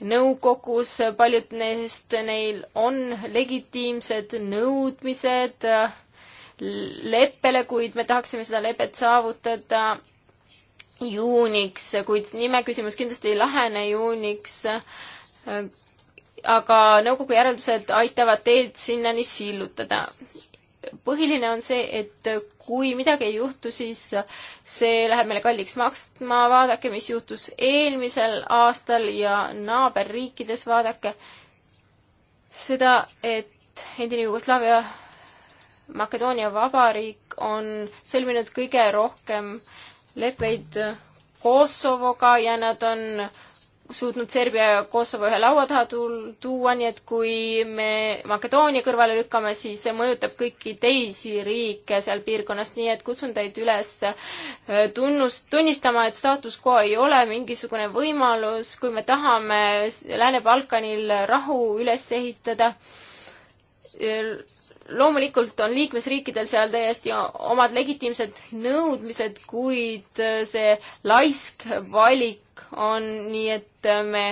nõukogus, paljud neist, neil on legitiimsed nõudmised äh, leppele, kuid me tahaksime seda lepet saavutada juuniks, kuid nimeküsimus kindlasti ei lahene juuniks. Äh, aga nõukogu järeldused aitavad teed sinnani sillutada põhiline on see, et kui midagi ei juhtu, siis see läheb meile kalliks maksma, vaadake, mis juhtus eelmisel aastal ja naaberriikides, vaadake seda, et endine Jugoslaavia Makedoonia Vabariik on sõlminud kõige rohkem leppeid Kosovoga ja nad on suutnud Serbia ja Kosovo ühe laua taha tuua, nii et kui me Makedoonia kõrvale lükkame, siis see mõjutab kõiki teisi riike seal piirkonnas, nii et kutsun teid üles äh, tunnust, tunnistama, et staatus quo ei ole mingisugune võimalus, kui me tahame Lääne-Balkanil rahu üles ehitada loomulikult on liikmesriikidel seal täiesti omad legitiimsed nõudmised, kuid äh, see laisk valik on nii, et äh, me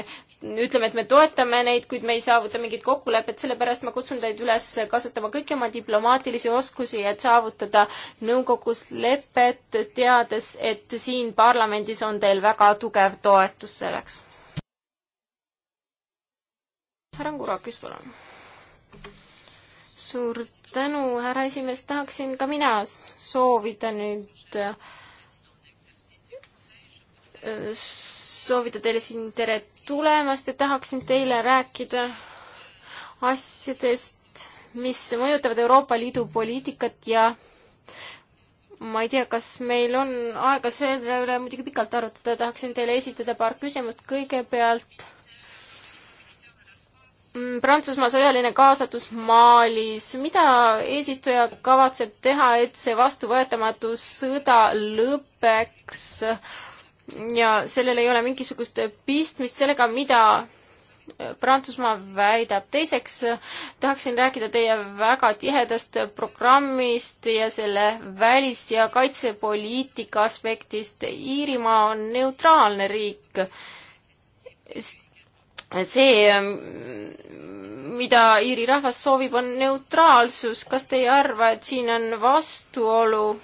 ütleme, et me toetame neid, kuid me ei saavuta mingit kokkulepet, sellepärast ma kutsun teid üles kasutama kõiki oma diplomaatilisi oskusi, et saavutada nõukogus lepet, teades, et siin parlamendis on teil väga tugev toetus selleks. härra Ngurakis, palun suur tänu, härra esimees, tahaksin ka mina soovida nüüd, äh, soovida teile siin tere tulemast ja tahaksin teile rääkida asjadest, mis mõjutavad Euroopa Liidu poliitikat ja ma ei tea, kas meil on aega selle üle muidugi pikalt arutada, tahaksin teile esitada paar küsimust kõigepealt Mm, Prantsusmaa sõjaline kaasatus Malis, mida eesistuja kavatseb teha, et see vastuvõetamatu sõda lõpeks ja sellel ei ole mingisugust pistmist sellega, mida Prantsusmaa väidab. teiseks tahaksin rääkida teie väga tihedast programmist ja selle välis- ja kaitsepoliitika aspektist. Iirimaa on neutraalne riik see, ähm, mida Iiri rahvas soovib, on neutraalsus. kas te ei arva, et siin on vastuolu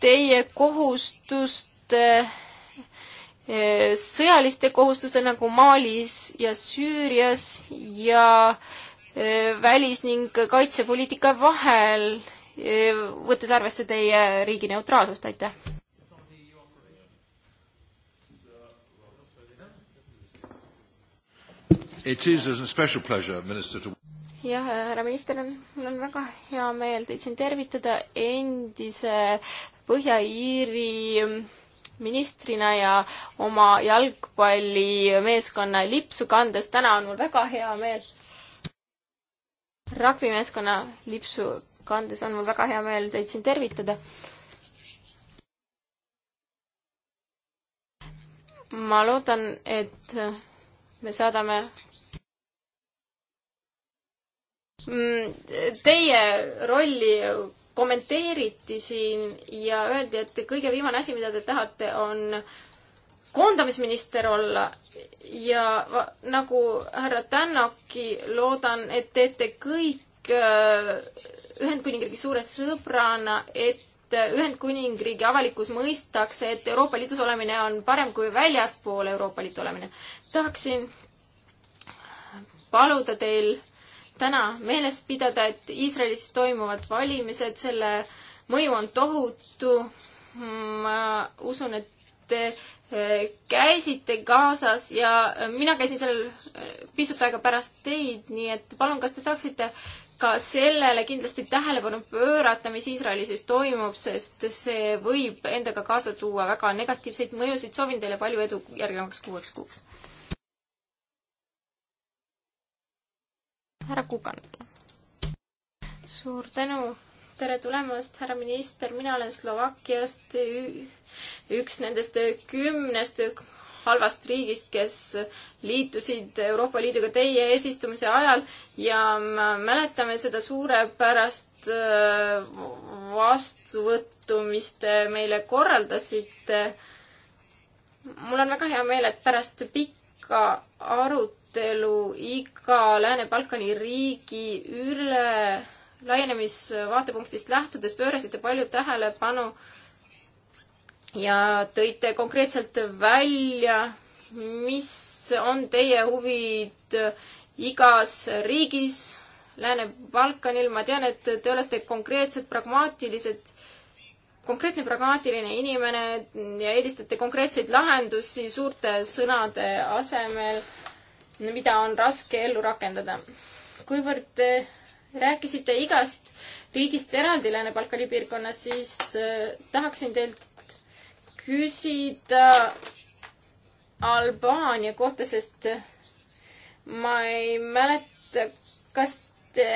teie kohustuste, äh, sõjaliste kohustuste nagu Malis ja Süürias ja äh, välis- ning kaitsepoliitika vahel, äh, võttes arvesse teie riigi neutraalsust, aitäh! jah, härra minister, mul on väga hea meel teid siin tervitada endise Põhja-Iiri ministrina ja oma jalgpallimeeskonna lipsu kandes. täna on mul väga hea meel. rugbimeeskonna lipsu kandes on mul väga hea meel teid siin tervitada ma loodan, et me saadame Teie rolli kommenteeriti siin ja öeldi, et kõige viimane asi, mida te tahate, on koondamisminister olla ja nagu härra Tännoki, loodan, et teete kõik äh, Ühendkuningriigi suure sõbrana, et Ühendkuningriigi avalikkus mõistaks, et Euroopa Liidus olemine on parem kui väljaspool Euroopa Liitu olemine. tahaksin paluda teil äh, täna meeles pidada, et Iisraelis toimuvad valimised, selle mõju on tohutu. ma usun, et te eh, käisite Gazas ja eh, mina käisin seal eh, pisut aega pärast teid, nii et palun, kas te saaksite ka sellele kindlasti tähelepanu pöörata, mis Iisraelis siis toimub, sest see võib endaga kaasa tuua väga negatiivseid mõjusid. soovin teile palju edu järgnevaks kuueks kuuks. härra Kukan. suur tänu, tere tulemast, härra minister, mina olen Slovakkiast, üks nendest kümnest halvast riigist, kes liitusid Euroopa Liiduga teie eesistumise ajal ja mäletame seda suurepärast äh, vastuvõttu, mis te meile korraldasite. mul on väga hea meel, et pärast pikka arutelu arutelu iga Lääne-Balkani riigi üle laienemisvaatepunktist lähtudes pöörasite palju tähelepanu ja tõite konkreetselt välja, mis on teie huvid igas riigis Lääne-Balkanil. ma tean, et te olete konkreetsed pragmaatilised konkreetne pragmaatiline inimene ja eelistate konkreetseid lahendusi suurte sõnade asemel mida on raske ellu rakendada. kuivõrd eh, rääkisite igast riigist eraldi Lääne-Balkani piirkonnas, siis eh, tahaksin teilt küsida Albaania kohta, sest eh, ma ei mäleta, kas te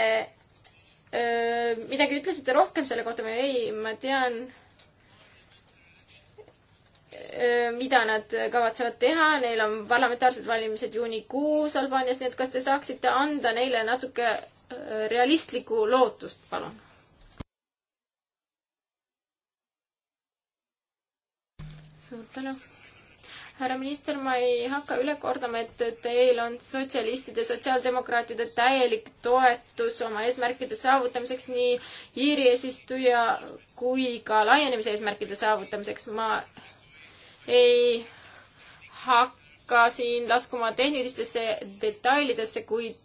öö, midagi ütlesite rohkem selle kohta või ei, ma tean, Äh, mida nad kavatsevad teha, neil on parlamentaarsed valimised juunikuus Albaanias, nii et kas te saaksite anda neile natuke äh, realistlikku lootust, palun? suur tänu härra minister, ma ei hakka üle kordama, et teil on sotsialistide, sotsiaaldemokraatide täielik toetus oma eesmärkide saavutamiseks nii Iiri eesistuja kui ka laienemise eesmärkide saavutamiseks. ma ei hakka siin laskuma tehnilistesse detailidesse, kuid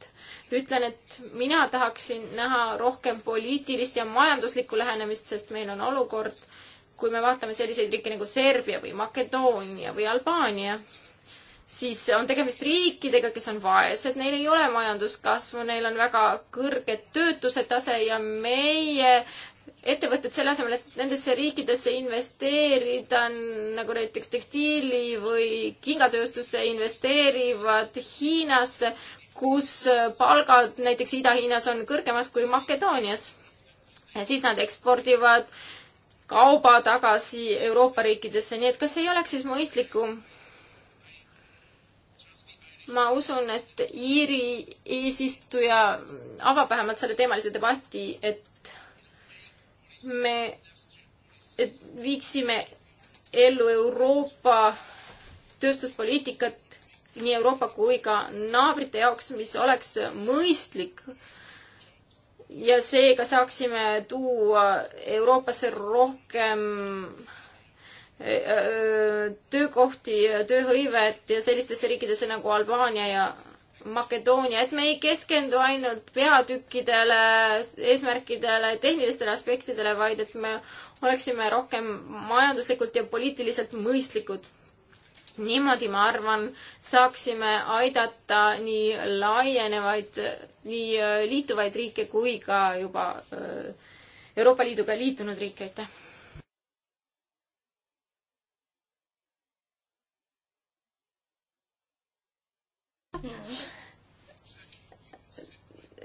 ütlen, et mina tahaksin näha rohkem poliitilist ja majanduslikku lähenemist, sest meil on olukord, kui me vaatame selliseid riike nagu Serbia või Makedoonia või Albaania, siis on tegemist riikidega, kes on vaesed, neil ei ole majanduskasvu, neil on väga kõrge töötuse tase ja meie ettevõtted selle asemel, et nendesse riikidesse investeerida, nagu näiteks tekstiili või kingatööstusse, investeerivad Hiinasse, kus palgad näiteks Ida-Hiinas on kõrgemad kui Makedoonias. ja siis nad ekspordivad kauba tagasi Euroopa riikidesse, nii et kas ei oleks siis mõistlikum ma usun, et Iiri eesistuja avab vähemalt selle teemalise debati, et me viiksime ellu Euroopa tööstuspoliitikat nii Euroopa kui ka naabrite jaoks, mis oleks mõistlik. ja seega saaksime tuua Euroopasse rohkem äh, äh, töökohti, tööhõivet ja sellistesse riikidesse nagu Albaania ja Makedoonia, et me ei keskendu ainult peatükkidele, eesmärkidele, tehnilistele aspektidele, vaid et me oleksime rohkem majanduslikult ja poliitiliselt mõistlikud. niimoodi, ma arvan, saaksime aidata nii laienevaid, nii äh, liituvaid riike kui ka juba äh, Euroopa Liiduga liitunud riike, aitäh! Yeah. Mm-hmm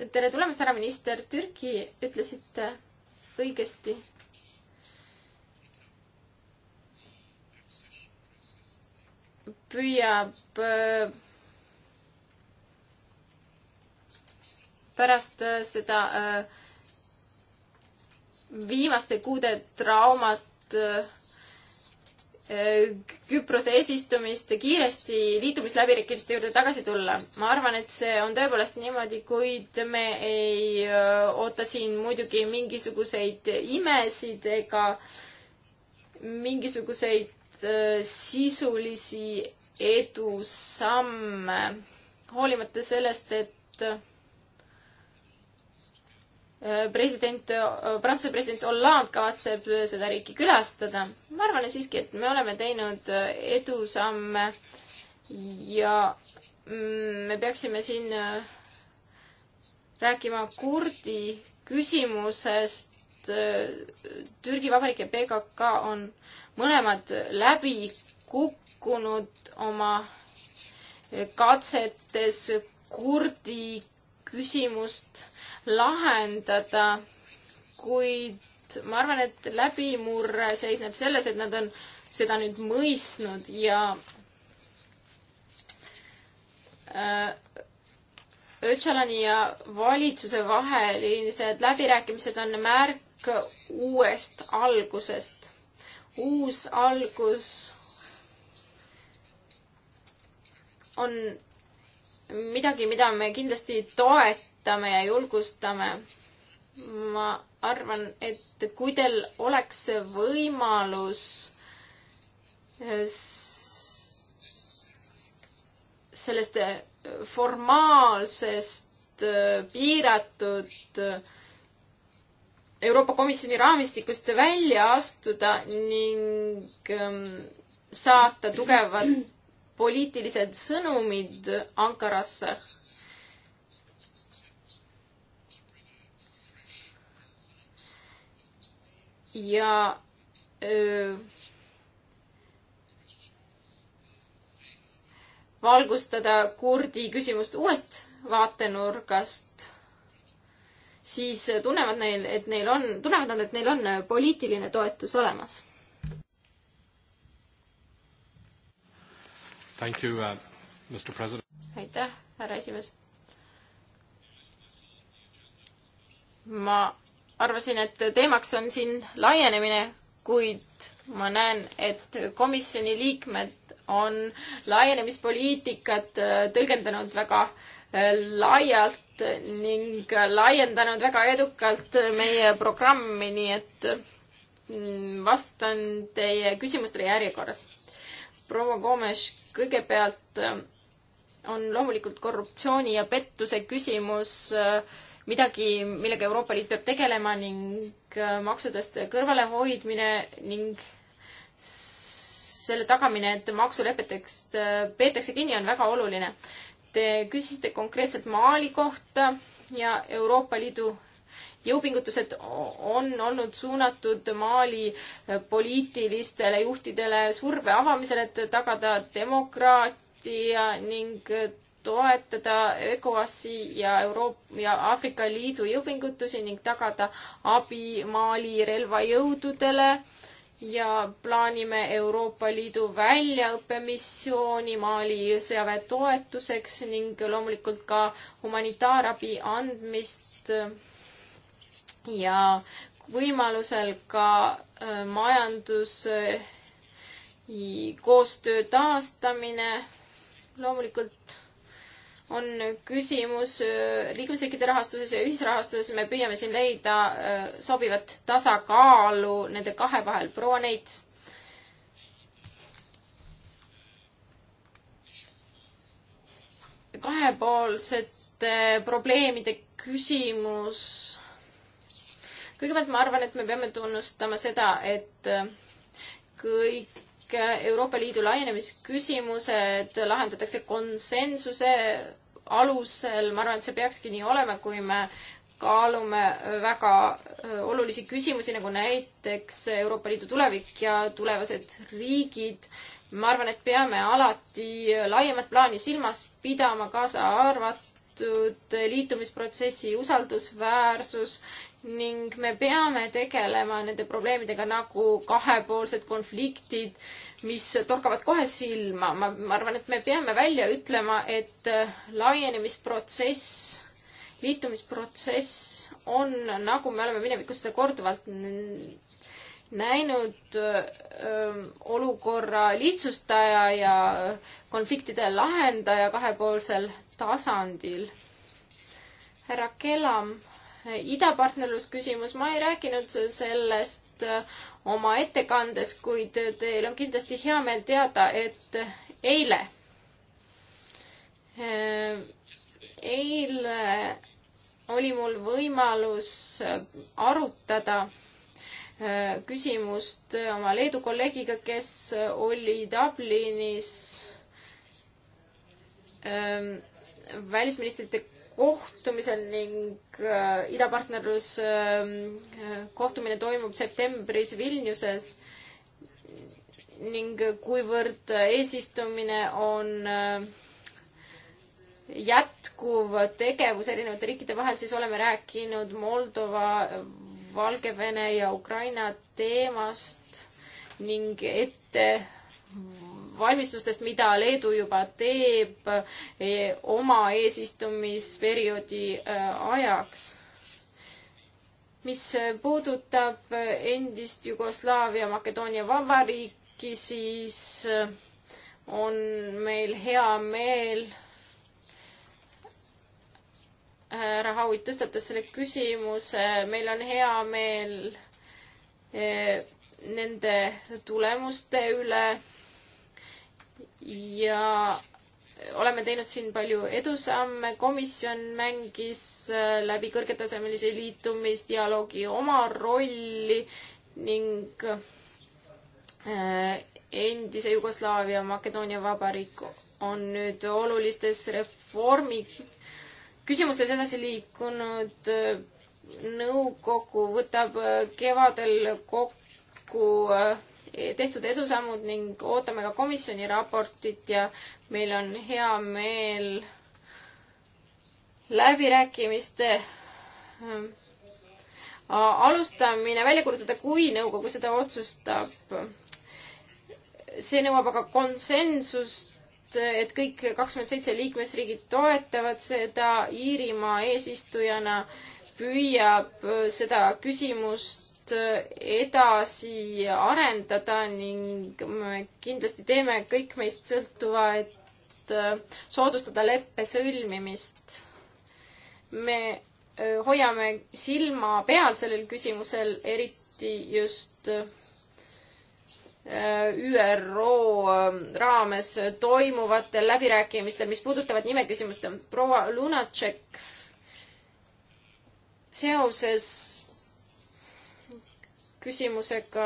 tere tulemast, härra minister, Türgi ütlesite õigesti. püüab äh, pärast äh, seda äh, viimaste kuude traumat Küprose eesistumist kiiresti liitumisläbirääkimiste juurde tagasi tulla. ma arvan, et see on tõepoolest niimoodi, kuid me ei äh, oota siin muidugi mingisuguseid imesid ega mingisuguseid äh, sisulisi edusamme, hoolimata sellest, et Äh, president, äh, Prantsuse president Hollande kavatseb seda riiki külastada. ma arvan et siiski, et me oleme teinud äh, edusamme ja mm, me peaksime siin rääkima kurdi küsimusest. Türgi Vabariik ja PKK on mõlemad läbi kukkunud oma katsetes kurdi küsimust lahendada, kuid ma arvan, et läbimurre seisneb selles, et nad on seda nüüd mõistnud ja äh, Öcalani ja valitsuse vahelised läbirääkimised on märk uuest algusest. uus algus on midagi, mida me kindlasti toetame toetame ja julgustame. ma arvan, et kui teil oleks võimalus sellest formaalsest äh, piiratud äh, Euroopa Komisjoni raamistikust välja astuda ning ähm, saata tugevad poliitilised sõnumid Ankarasse ja öö, valgustada kurdi küsimust uuest vaatenurgast, siis tunnevad neil, et neil on, tunnevad nad, et neil on poliitiline toetus olemas. Thank you uh,, Mr President. aitäh, härra esimees. ma arvasin, et teemaks on siin laienemine, kuid ma näen, et komisjoni liikmed on laienemispoliitikat äh, tõlgendanud väga äh, laialt ning laiendanud väga edukalt meie programmi, nii et mm, vastan teie küsimustele järjekorras. proua Gomes, kõigepealt äh, on loomulikult korruptsiooni ja pettuse küsimus äh, midagi, millega Euroopa Liit peab tegelema ning äh, maksudest kõrvalehoidmine ning selle tagamine, et maksulepetest äh, peetakse kinni, on väga oluline. Te küsisite konkreetselt Mali kohta ja Euroopa Liidu jõupingutused on olnud suunatud Mali äh, poliitilistele juhtidele surve avamisele, et tagada demokraatia ning toetada ECOWAS-i ja Euroopa ja Aafrika Liidu jõupingutusi ning tagada abi Mali relvajõududele ja plaanime Euroopa Liidu väljaõppemissiooni Mali sõjaväe toetuseks ning loomulikult ka humanitaarabi andmist ja võimalusel ka äh, majandus äh, koostöö taastamine loomulikult on küsimus äh, liikmesriikide rahastuses ja ühisrahastuses, me püüame siin leida äh, sobivat tasakaalu nende kahe vahel, proua Neits. kahepoolsete probleemide küsimus. kõigepealt ma arvan, et me peame tunnustama seda, et kõik äh, kõik Euroopa Liidu laienemisküsimused lahendatakse konsensuse alusel, ma arvan, et see peakski nii olema, kui me kaalume väga äh, olulisi küsimusi, nagu näiteks Euroopa Liidu tulevik ja tulevased riigid. ma arvan, et peame alati laiemat plaani silmas pidama, kaasa arvatud liitumisprotsessi usaldusväärsus ning me peame tegelema nende probleemidega nagu kahepoolsed konfliktid, mis torkavad kohe silma. ma, ma arvan, et me peame välja ütlema, et äh, laienemisprotsess, liitumisprotsess on, nagu me oleme minevikus seda korduvalt näinud öö, äh, olukorra lihtsustaja ja konfliktide lahendaja kahepoolsel tasandil. härra Kelam idapartnerlusküsimus, ma ei rääkinud sellest äh, oma ettekandes, kuid teil on kindlasti hea meel teada, et eile, äh, eile oli mul võimalus arutada äh, küsimust oma Leedu kolleegiga, kes oli Dublinis välisministrite kohtumisel ning äh, idapartnerlus ähm, äh, kohtumine toimub septembris Vilniuses ning kuivõrd eesistumine on äh, jätkuv tegevus erinevate riikide vahel, siis oleme rääkinud Moldova, Valgevene ja Ukraina teemast ning ette valmistustest, mida Leedu juba teeb e, oma eesistumisperioodi e, ajaks mis puudutab endist Jugoslaavia Makedoonia vabariiki, siis e, on meil hea meel. härra Hauid tõstatas selle küsimuse, meil on hea meel nende tulemuste üle ja oleme teinud siin palju edusamme, komisjon mängis äh, läbi kõrgetasemelise liitumisdialoogi oma rolli ning äh, endise Jugoslaavia Makedoonia Vabariik on nüüd olulistes reformi küsimustes edasi liikunud. nõukogu võtab äh, kevadel kokku kokku tehtud edusammud ning ootame ka komisjoni raportit ja meil on hea meel läbirääkimiste ähm, alustamine välja kuulutada, kui nõukogu seda otsustab. see nõuab aga konsensust, et kõik kakskümmend seitse liikmesriigid toetavad seda. Iirimaa eesistujana püüab seda küsimust tegevust äh, edasi arendada ning me kindlasti teeme kõik meist sõltuva, et äh, soodustada leppe sõlmimist. me äh, hoiame silma peal sellel küsimusel, eriti just ÜRO raames toimuvatel läbirääkimistel, mis puudutavad nimeküsimust, on proua Lunatšek seoses küsimusega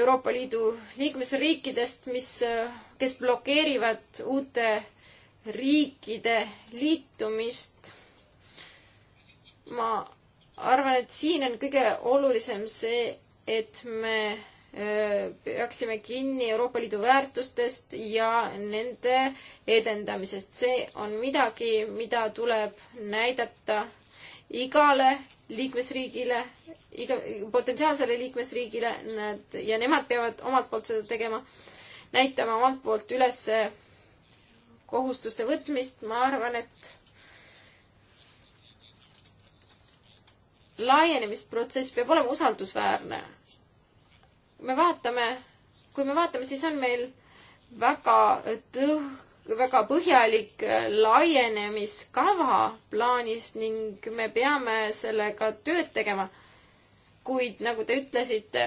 Euroopa Liidu liikmesriikidest, mis, kes blokeerivad uute riikide liitumist. ma arvan, et siin on kõige olulisem see, et me äh, peaksime kinni Euroopa Liidu väärtustest ja nende edendamisest. see on midagi, mida tuleb näidata igale liikmesriigile, iga, potentsiaalsele liikmesriigile, nad, ja nemad peavad omalt poolt seda tegema, näitama omalt poolt üles kohustuste võtmist, ma arvan, et laienemisprotsess peab olema usaldusväärne. me vaatame, kui me vaatame, siis on meil väga tõh-, väga põhjalik laienemiskava plaanis ning me peame sellega tööd tegema. kuid nagu te ütlesite,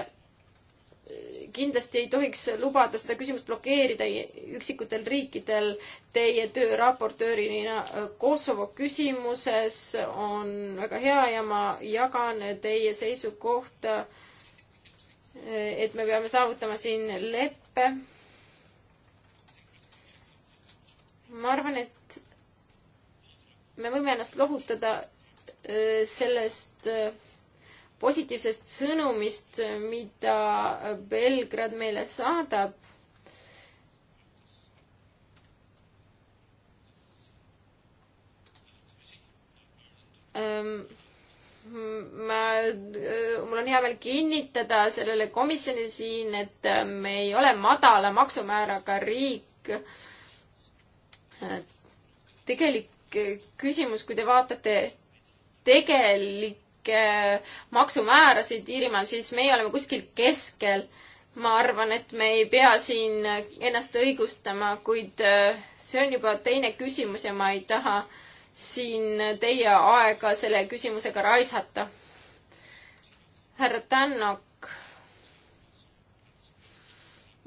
kindlasti ei tohiks lubada seda küsimust blokeerida üksikutel riikidel. Teie töö raportöörina Kosovo küsimuses on väga hea ja ma jagan teie seisukohta, et me peame saavutama siin leppe ma arvan, et me võime ennast lohutada äh, sellest äh, positiivsest sõnumist, äh, mida Belgrad meile saadab. Ähm, ma, mul on hea meel kinnitada sellele komisjonile siin, et me ei ole madala maksumääraga riik tegelik küsimus, kui te vaatate tegelikke maksumäärasid Iirimaal, siis meie oleme kuskil keskel. ma arvan, et me ei pea siin ennast õigustama, kuid äh, see on juba teine küsimus ja ma ei taha siin teie aega selle küsimusega raisata. härra Tännok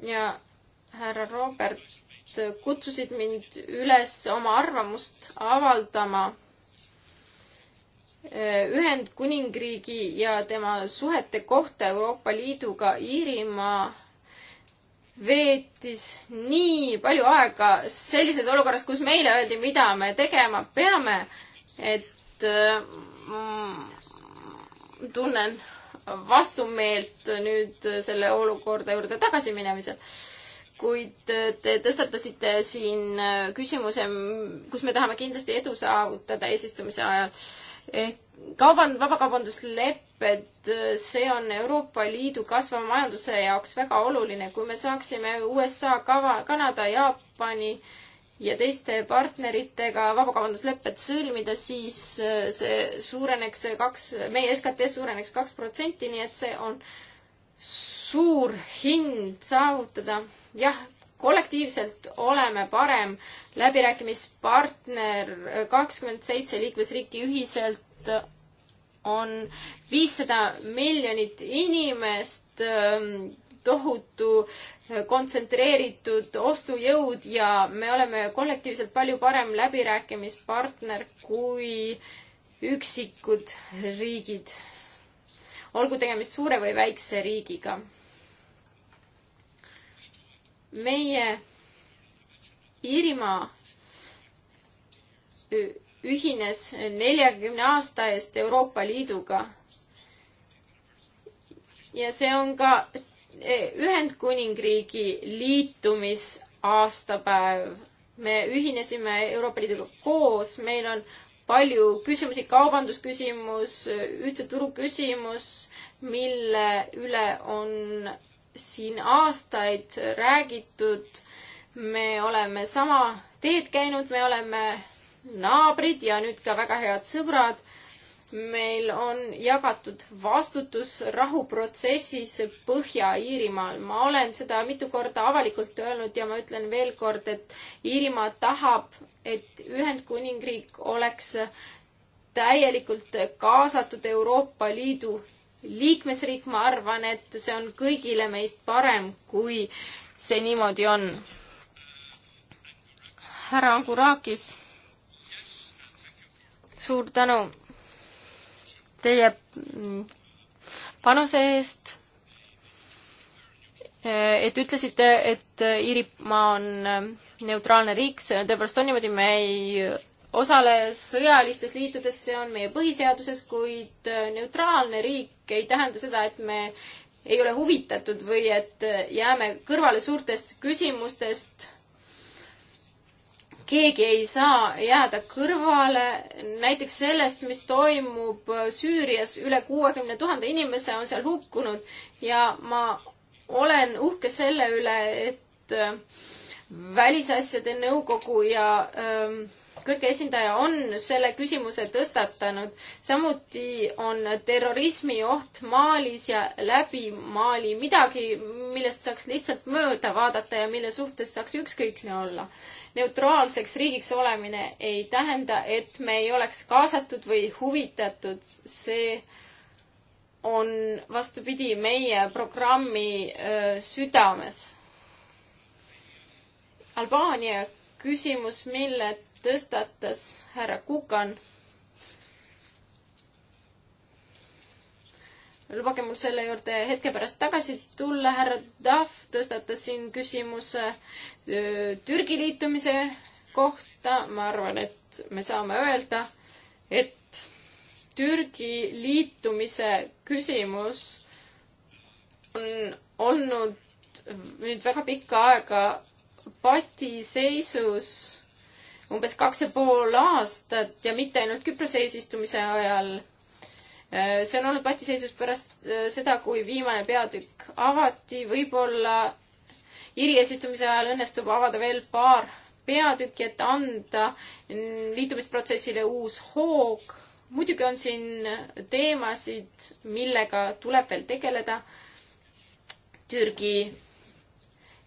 ja härra Robert kutsusid mind üles oma arvamust avaldama eh, Ühendkuningriigi ja tema suhete kohta Euroopa Liiduga Iirimaa veetis nii palju aega sellises olukorras, kus meile öeldi, mida me tegema peame, et mm, tunnen vastumeelt nüüd selle olukorda juurde tagasi minemisel kuid äh, te tõstatasite siin äh, küsimuse, kus me tahame kindlasti edu saavutada eesistumise ajal. ehk kauband, vabakaubanduslepped, äh, see on Euroopa Liidu kasvava majanduse jaoks väga oluline, kui me saaksime USA, Kava, Kanada, Jaapani ja teiste partneritega vabakaubanduslepped sõlmida, siis see suureneks kaks, meie SKT suureneks kaks protsenti, nii et see on äh, suur hind saavutada. jah, kollektiivselt oleme parem läbirääkimispartner, kakskümmend seitse liikmesriiki ühiselt on viissada miljonit inimest, ähm, tohutu äh, kontsentreeritud ostujõud ja me oleme kollektiivselt palju parem läbirääkimispartner kui üksikud riigid olgu tegemist suure või väikse riigiga. meie Iirimaa ühines neljakümne aasta eest Euroopa Liiduga. ja see on ka e, Ühendkuningriigi liitumisaastapäev. me ühinesime Euroopa Liiduga koos, meil on palju küsimusi, kaubandusküsimus, ühtse turu küsimus, mille üle on siin aastaid räägitud. me oleme sama teed käinud, me oleme naabrid ja nüüd ka väga head sõbrad meil on jagatud vastutus rahuprotsessis Põhja-Iirimaal. ma olen seda mitu korda avalikult öelnud ja ma ütlen veel kord, et Iirimaa tahab, et Ühendkuningriik oleks täielikult kaasatud Euroopa Liidu liikmesriik, ma arvan, et see on kõigile meist parem, kui see niimoodi on. härra Angurakis, suur tänu teie mm, panuse eest, eh, et ütlesite, et eh, Iirimaa on eh, neutraalne riik, see on tõepoolest on niimoodi, me ei osale sõjalistes liitudes, see on meie põhiseaduses, kuid neutraalne riik ei tähenda seda, et me ei ole huvitatud või et jääme kõrvale suurtest küsimustest keegi ei saa jääda kõrvale näiteks sellest, mis toimub Süürias, üle kuuekümne tuhande inimese on seal hukkunud ja ma olen uhke selle üle, et äh, välisasjade nõukogu ja öö, ähm, kõrge esindaja on selle küsimuse tõstatanud. samuti on terrorismi oht Malis ja läbi Mali midagi, millest saaks lihtsalt mööda vaadata ja mille suhtes saaks ükskõikne olla. neutraalseks riigiks olemine ei tähenda, et me ei oleks kaasatud või huvitatud, see on vastupidi meie programmi öö, südames. Albaania küsimus, mille tõstatas härra Kukan. lubage mul selle juurde hetke pärast tagasi tulla, härra Tahv tõstatas siin küsimuse Türgi liitumise kohta, ma arvan, et me saame öelda, et Türgi liitumise küsimus on olnud nüüd väga pikka aega patiseisus umbes kaks ja pool aastat ja mitte ainult Küprose eesistumise ajal. Äh, see on olnud patiseisus pärast äh, seda, kui viimane peatükk avati, võib-olla Iiri eesistumise ajal õnnestub avada veel paar peatükki, et anda liitumisprotsessile uus hoog. muidugi on siin teemasid, millega tuleb veel tegeleda. Türgi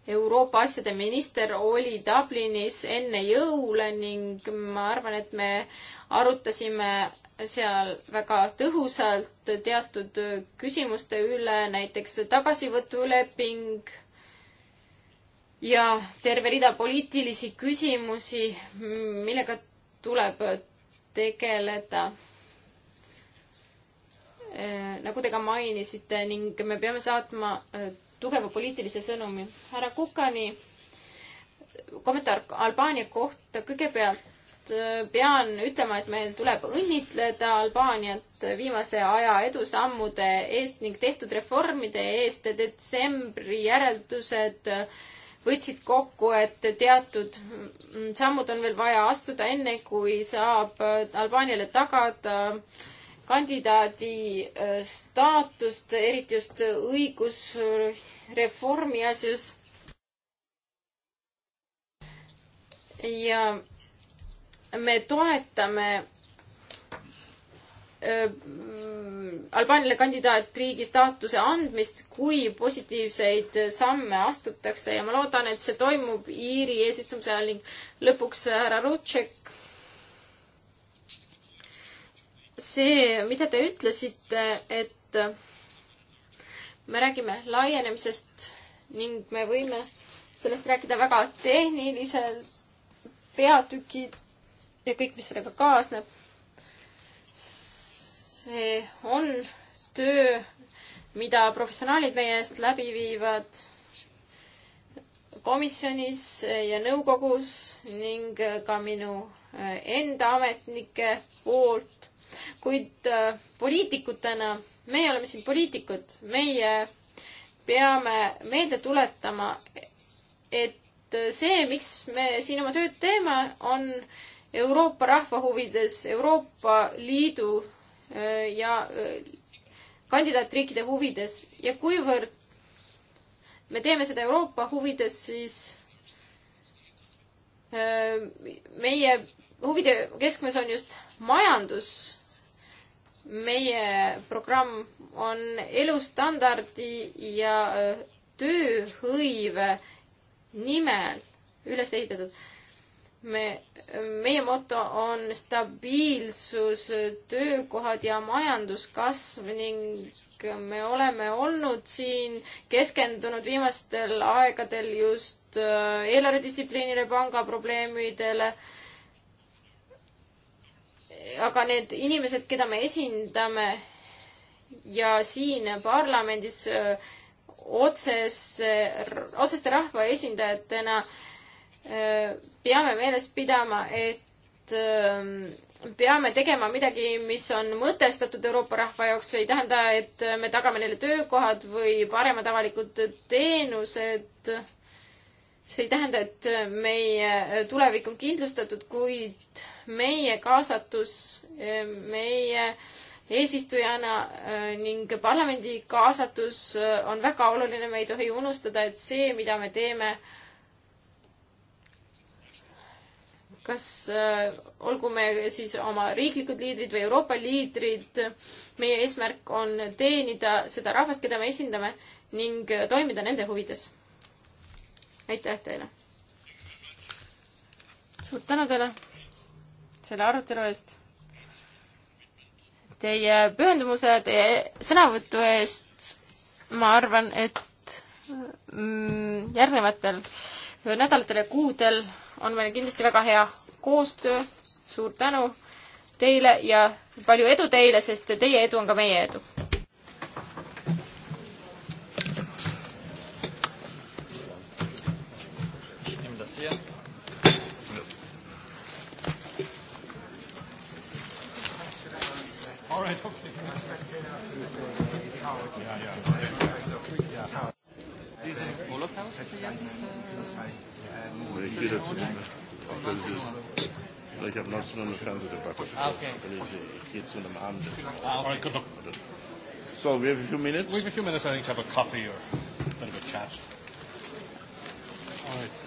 Euroopa asjade minister oli Dublinis enne jõule ning ma arvan, et me arutasime seal väga tõhusalt teatud küsimuste üle, näiteks tagasivõtuleping ja terve rida poliitilisi küsimusi, millega tuleb tegeleda nagu te ka mainisite ning me peame saatma tugeva poliitilise sõnumi. härra Kukani kommentaar Albaania kohta kõigepealt äh, pean ütlema, et meil tuleb õnnitleda Albaaniat viimase aja edusammude eest ning tehtud reformide eest. detsembri järeldused võtsid kokku, et teatud mm, sammud on veel vaja astuda, enne kui saab äh, Albaaniale tagada äh, kandidaadi äh, staatust, eriti just õigusreformi asjus. ja me toetame äh, Albaaniale kandidaatriigi staatuse andmist, kui positiivseid samme astutakse ja ma loodan, et see toimub Iiri eesistumise ajal ning lõpuks härra Rutšek see, mida te ütlesite, et me räägime laienemisest ning me võime sellest rääkida väga tehnilise peatüki ja kõik, mis sellega kaasneb. see on töö, mida professionaalid meie eest läbi viivad komisjonis ja nõukogus ning ka minu enda ametnike poolt kuid äh, poliitikutena, meie oleme siin poliitikud, meie peame meelde tuletama, et see, miks me siin oma tööd teeme, on Euroopa rahva huvides, Euroopa Liidu äh, ja äh, kandidaatriikide huvides ja kuivõrd me teeme seda Euroopa huvides, siis meie huvide keskmes on just majandus meie programm on elustandardi ja äh, tööhõive nimel üles ehitatud. me, meie moto on stabiilsus, töökohad ja majanduskasv ning me oleme olnud siin keskendunud viimastel aegadel just äh, eelarvedistsipliinile, pangaprobleemidele äh, aga need inimesed, keda me esindame ja siin parlamendis otsese, otseste rahvaesindajatena peame meeles pidama, et peame tegema midagi, mis on mõtestatud Euroopa rahva jaoks, see ei tähenda, et me tagame neile töökohad või paremad avalikud teenused see ei tähenda, et äh, meie äh, tulevik on kindlustatud, kuid meie kaasatus, äh, meie eesistujana ning parlamendi kaasatus on väga oluline, me ei tohi unustada, et see, mida me teeme, kas olgu me siis oma riiklikud liidrid või Euroopa liidrid, meie eesmärk on teenida seda rahvast, keda me esindame ning toimida nende huvides aitäh teile! suur tänu teile selle arutelu eest, teie pühendumuse, teie sõnavõtu eest. ma arvan, et mm, järgnevatel nädalatel ja kuudel on meil kindlasti väga hea koostöö. suur tänu teile ja palju edu teile, sest teie edu on ka meie edu. Oder ich gehe dazu nicht mehr. Vielleicht ab 19 Uhr eine Fernsehdebatte. Ah, okay. Ich gehe zu einem Abend. Ah, okay. So, we have a few minutes? We have a few minutes, I think, to have a coffee or a bit of a chat. All right.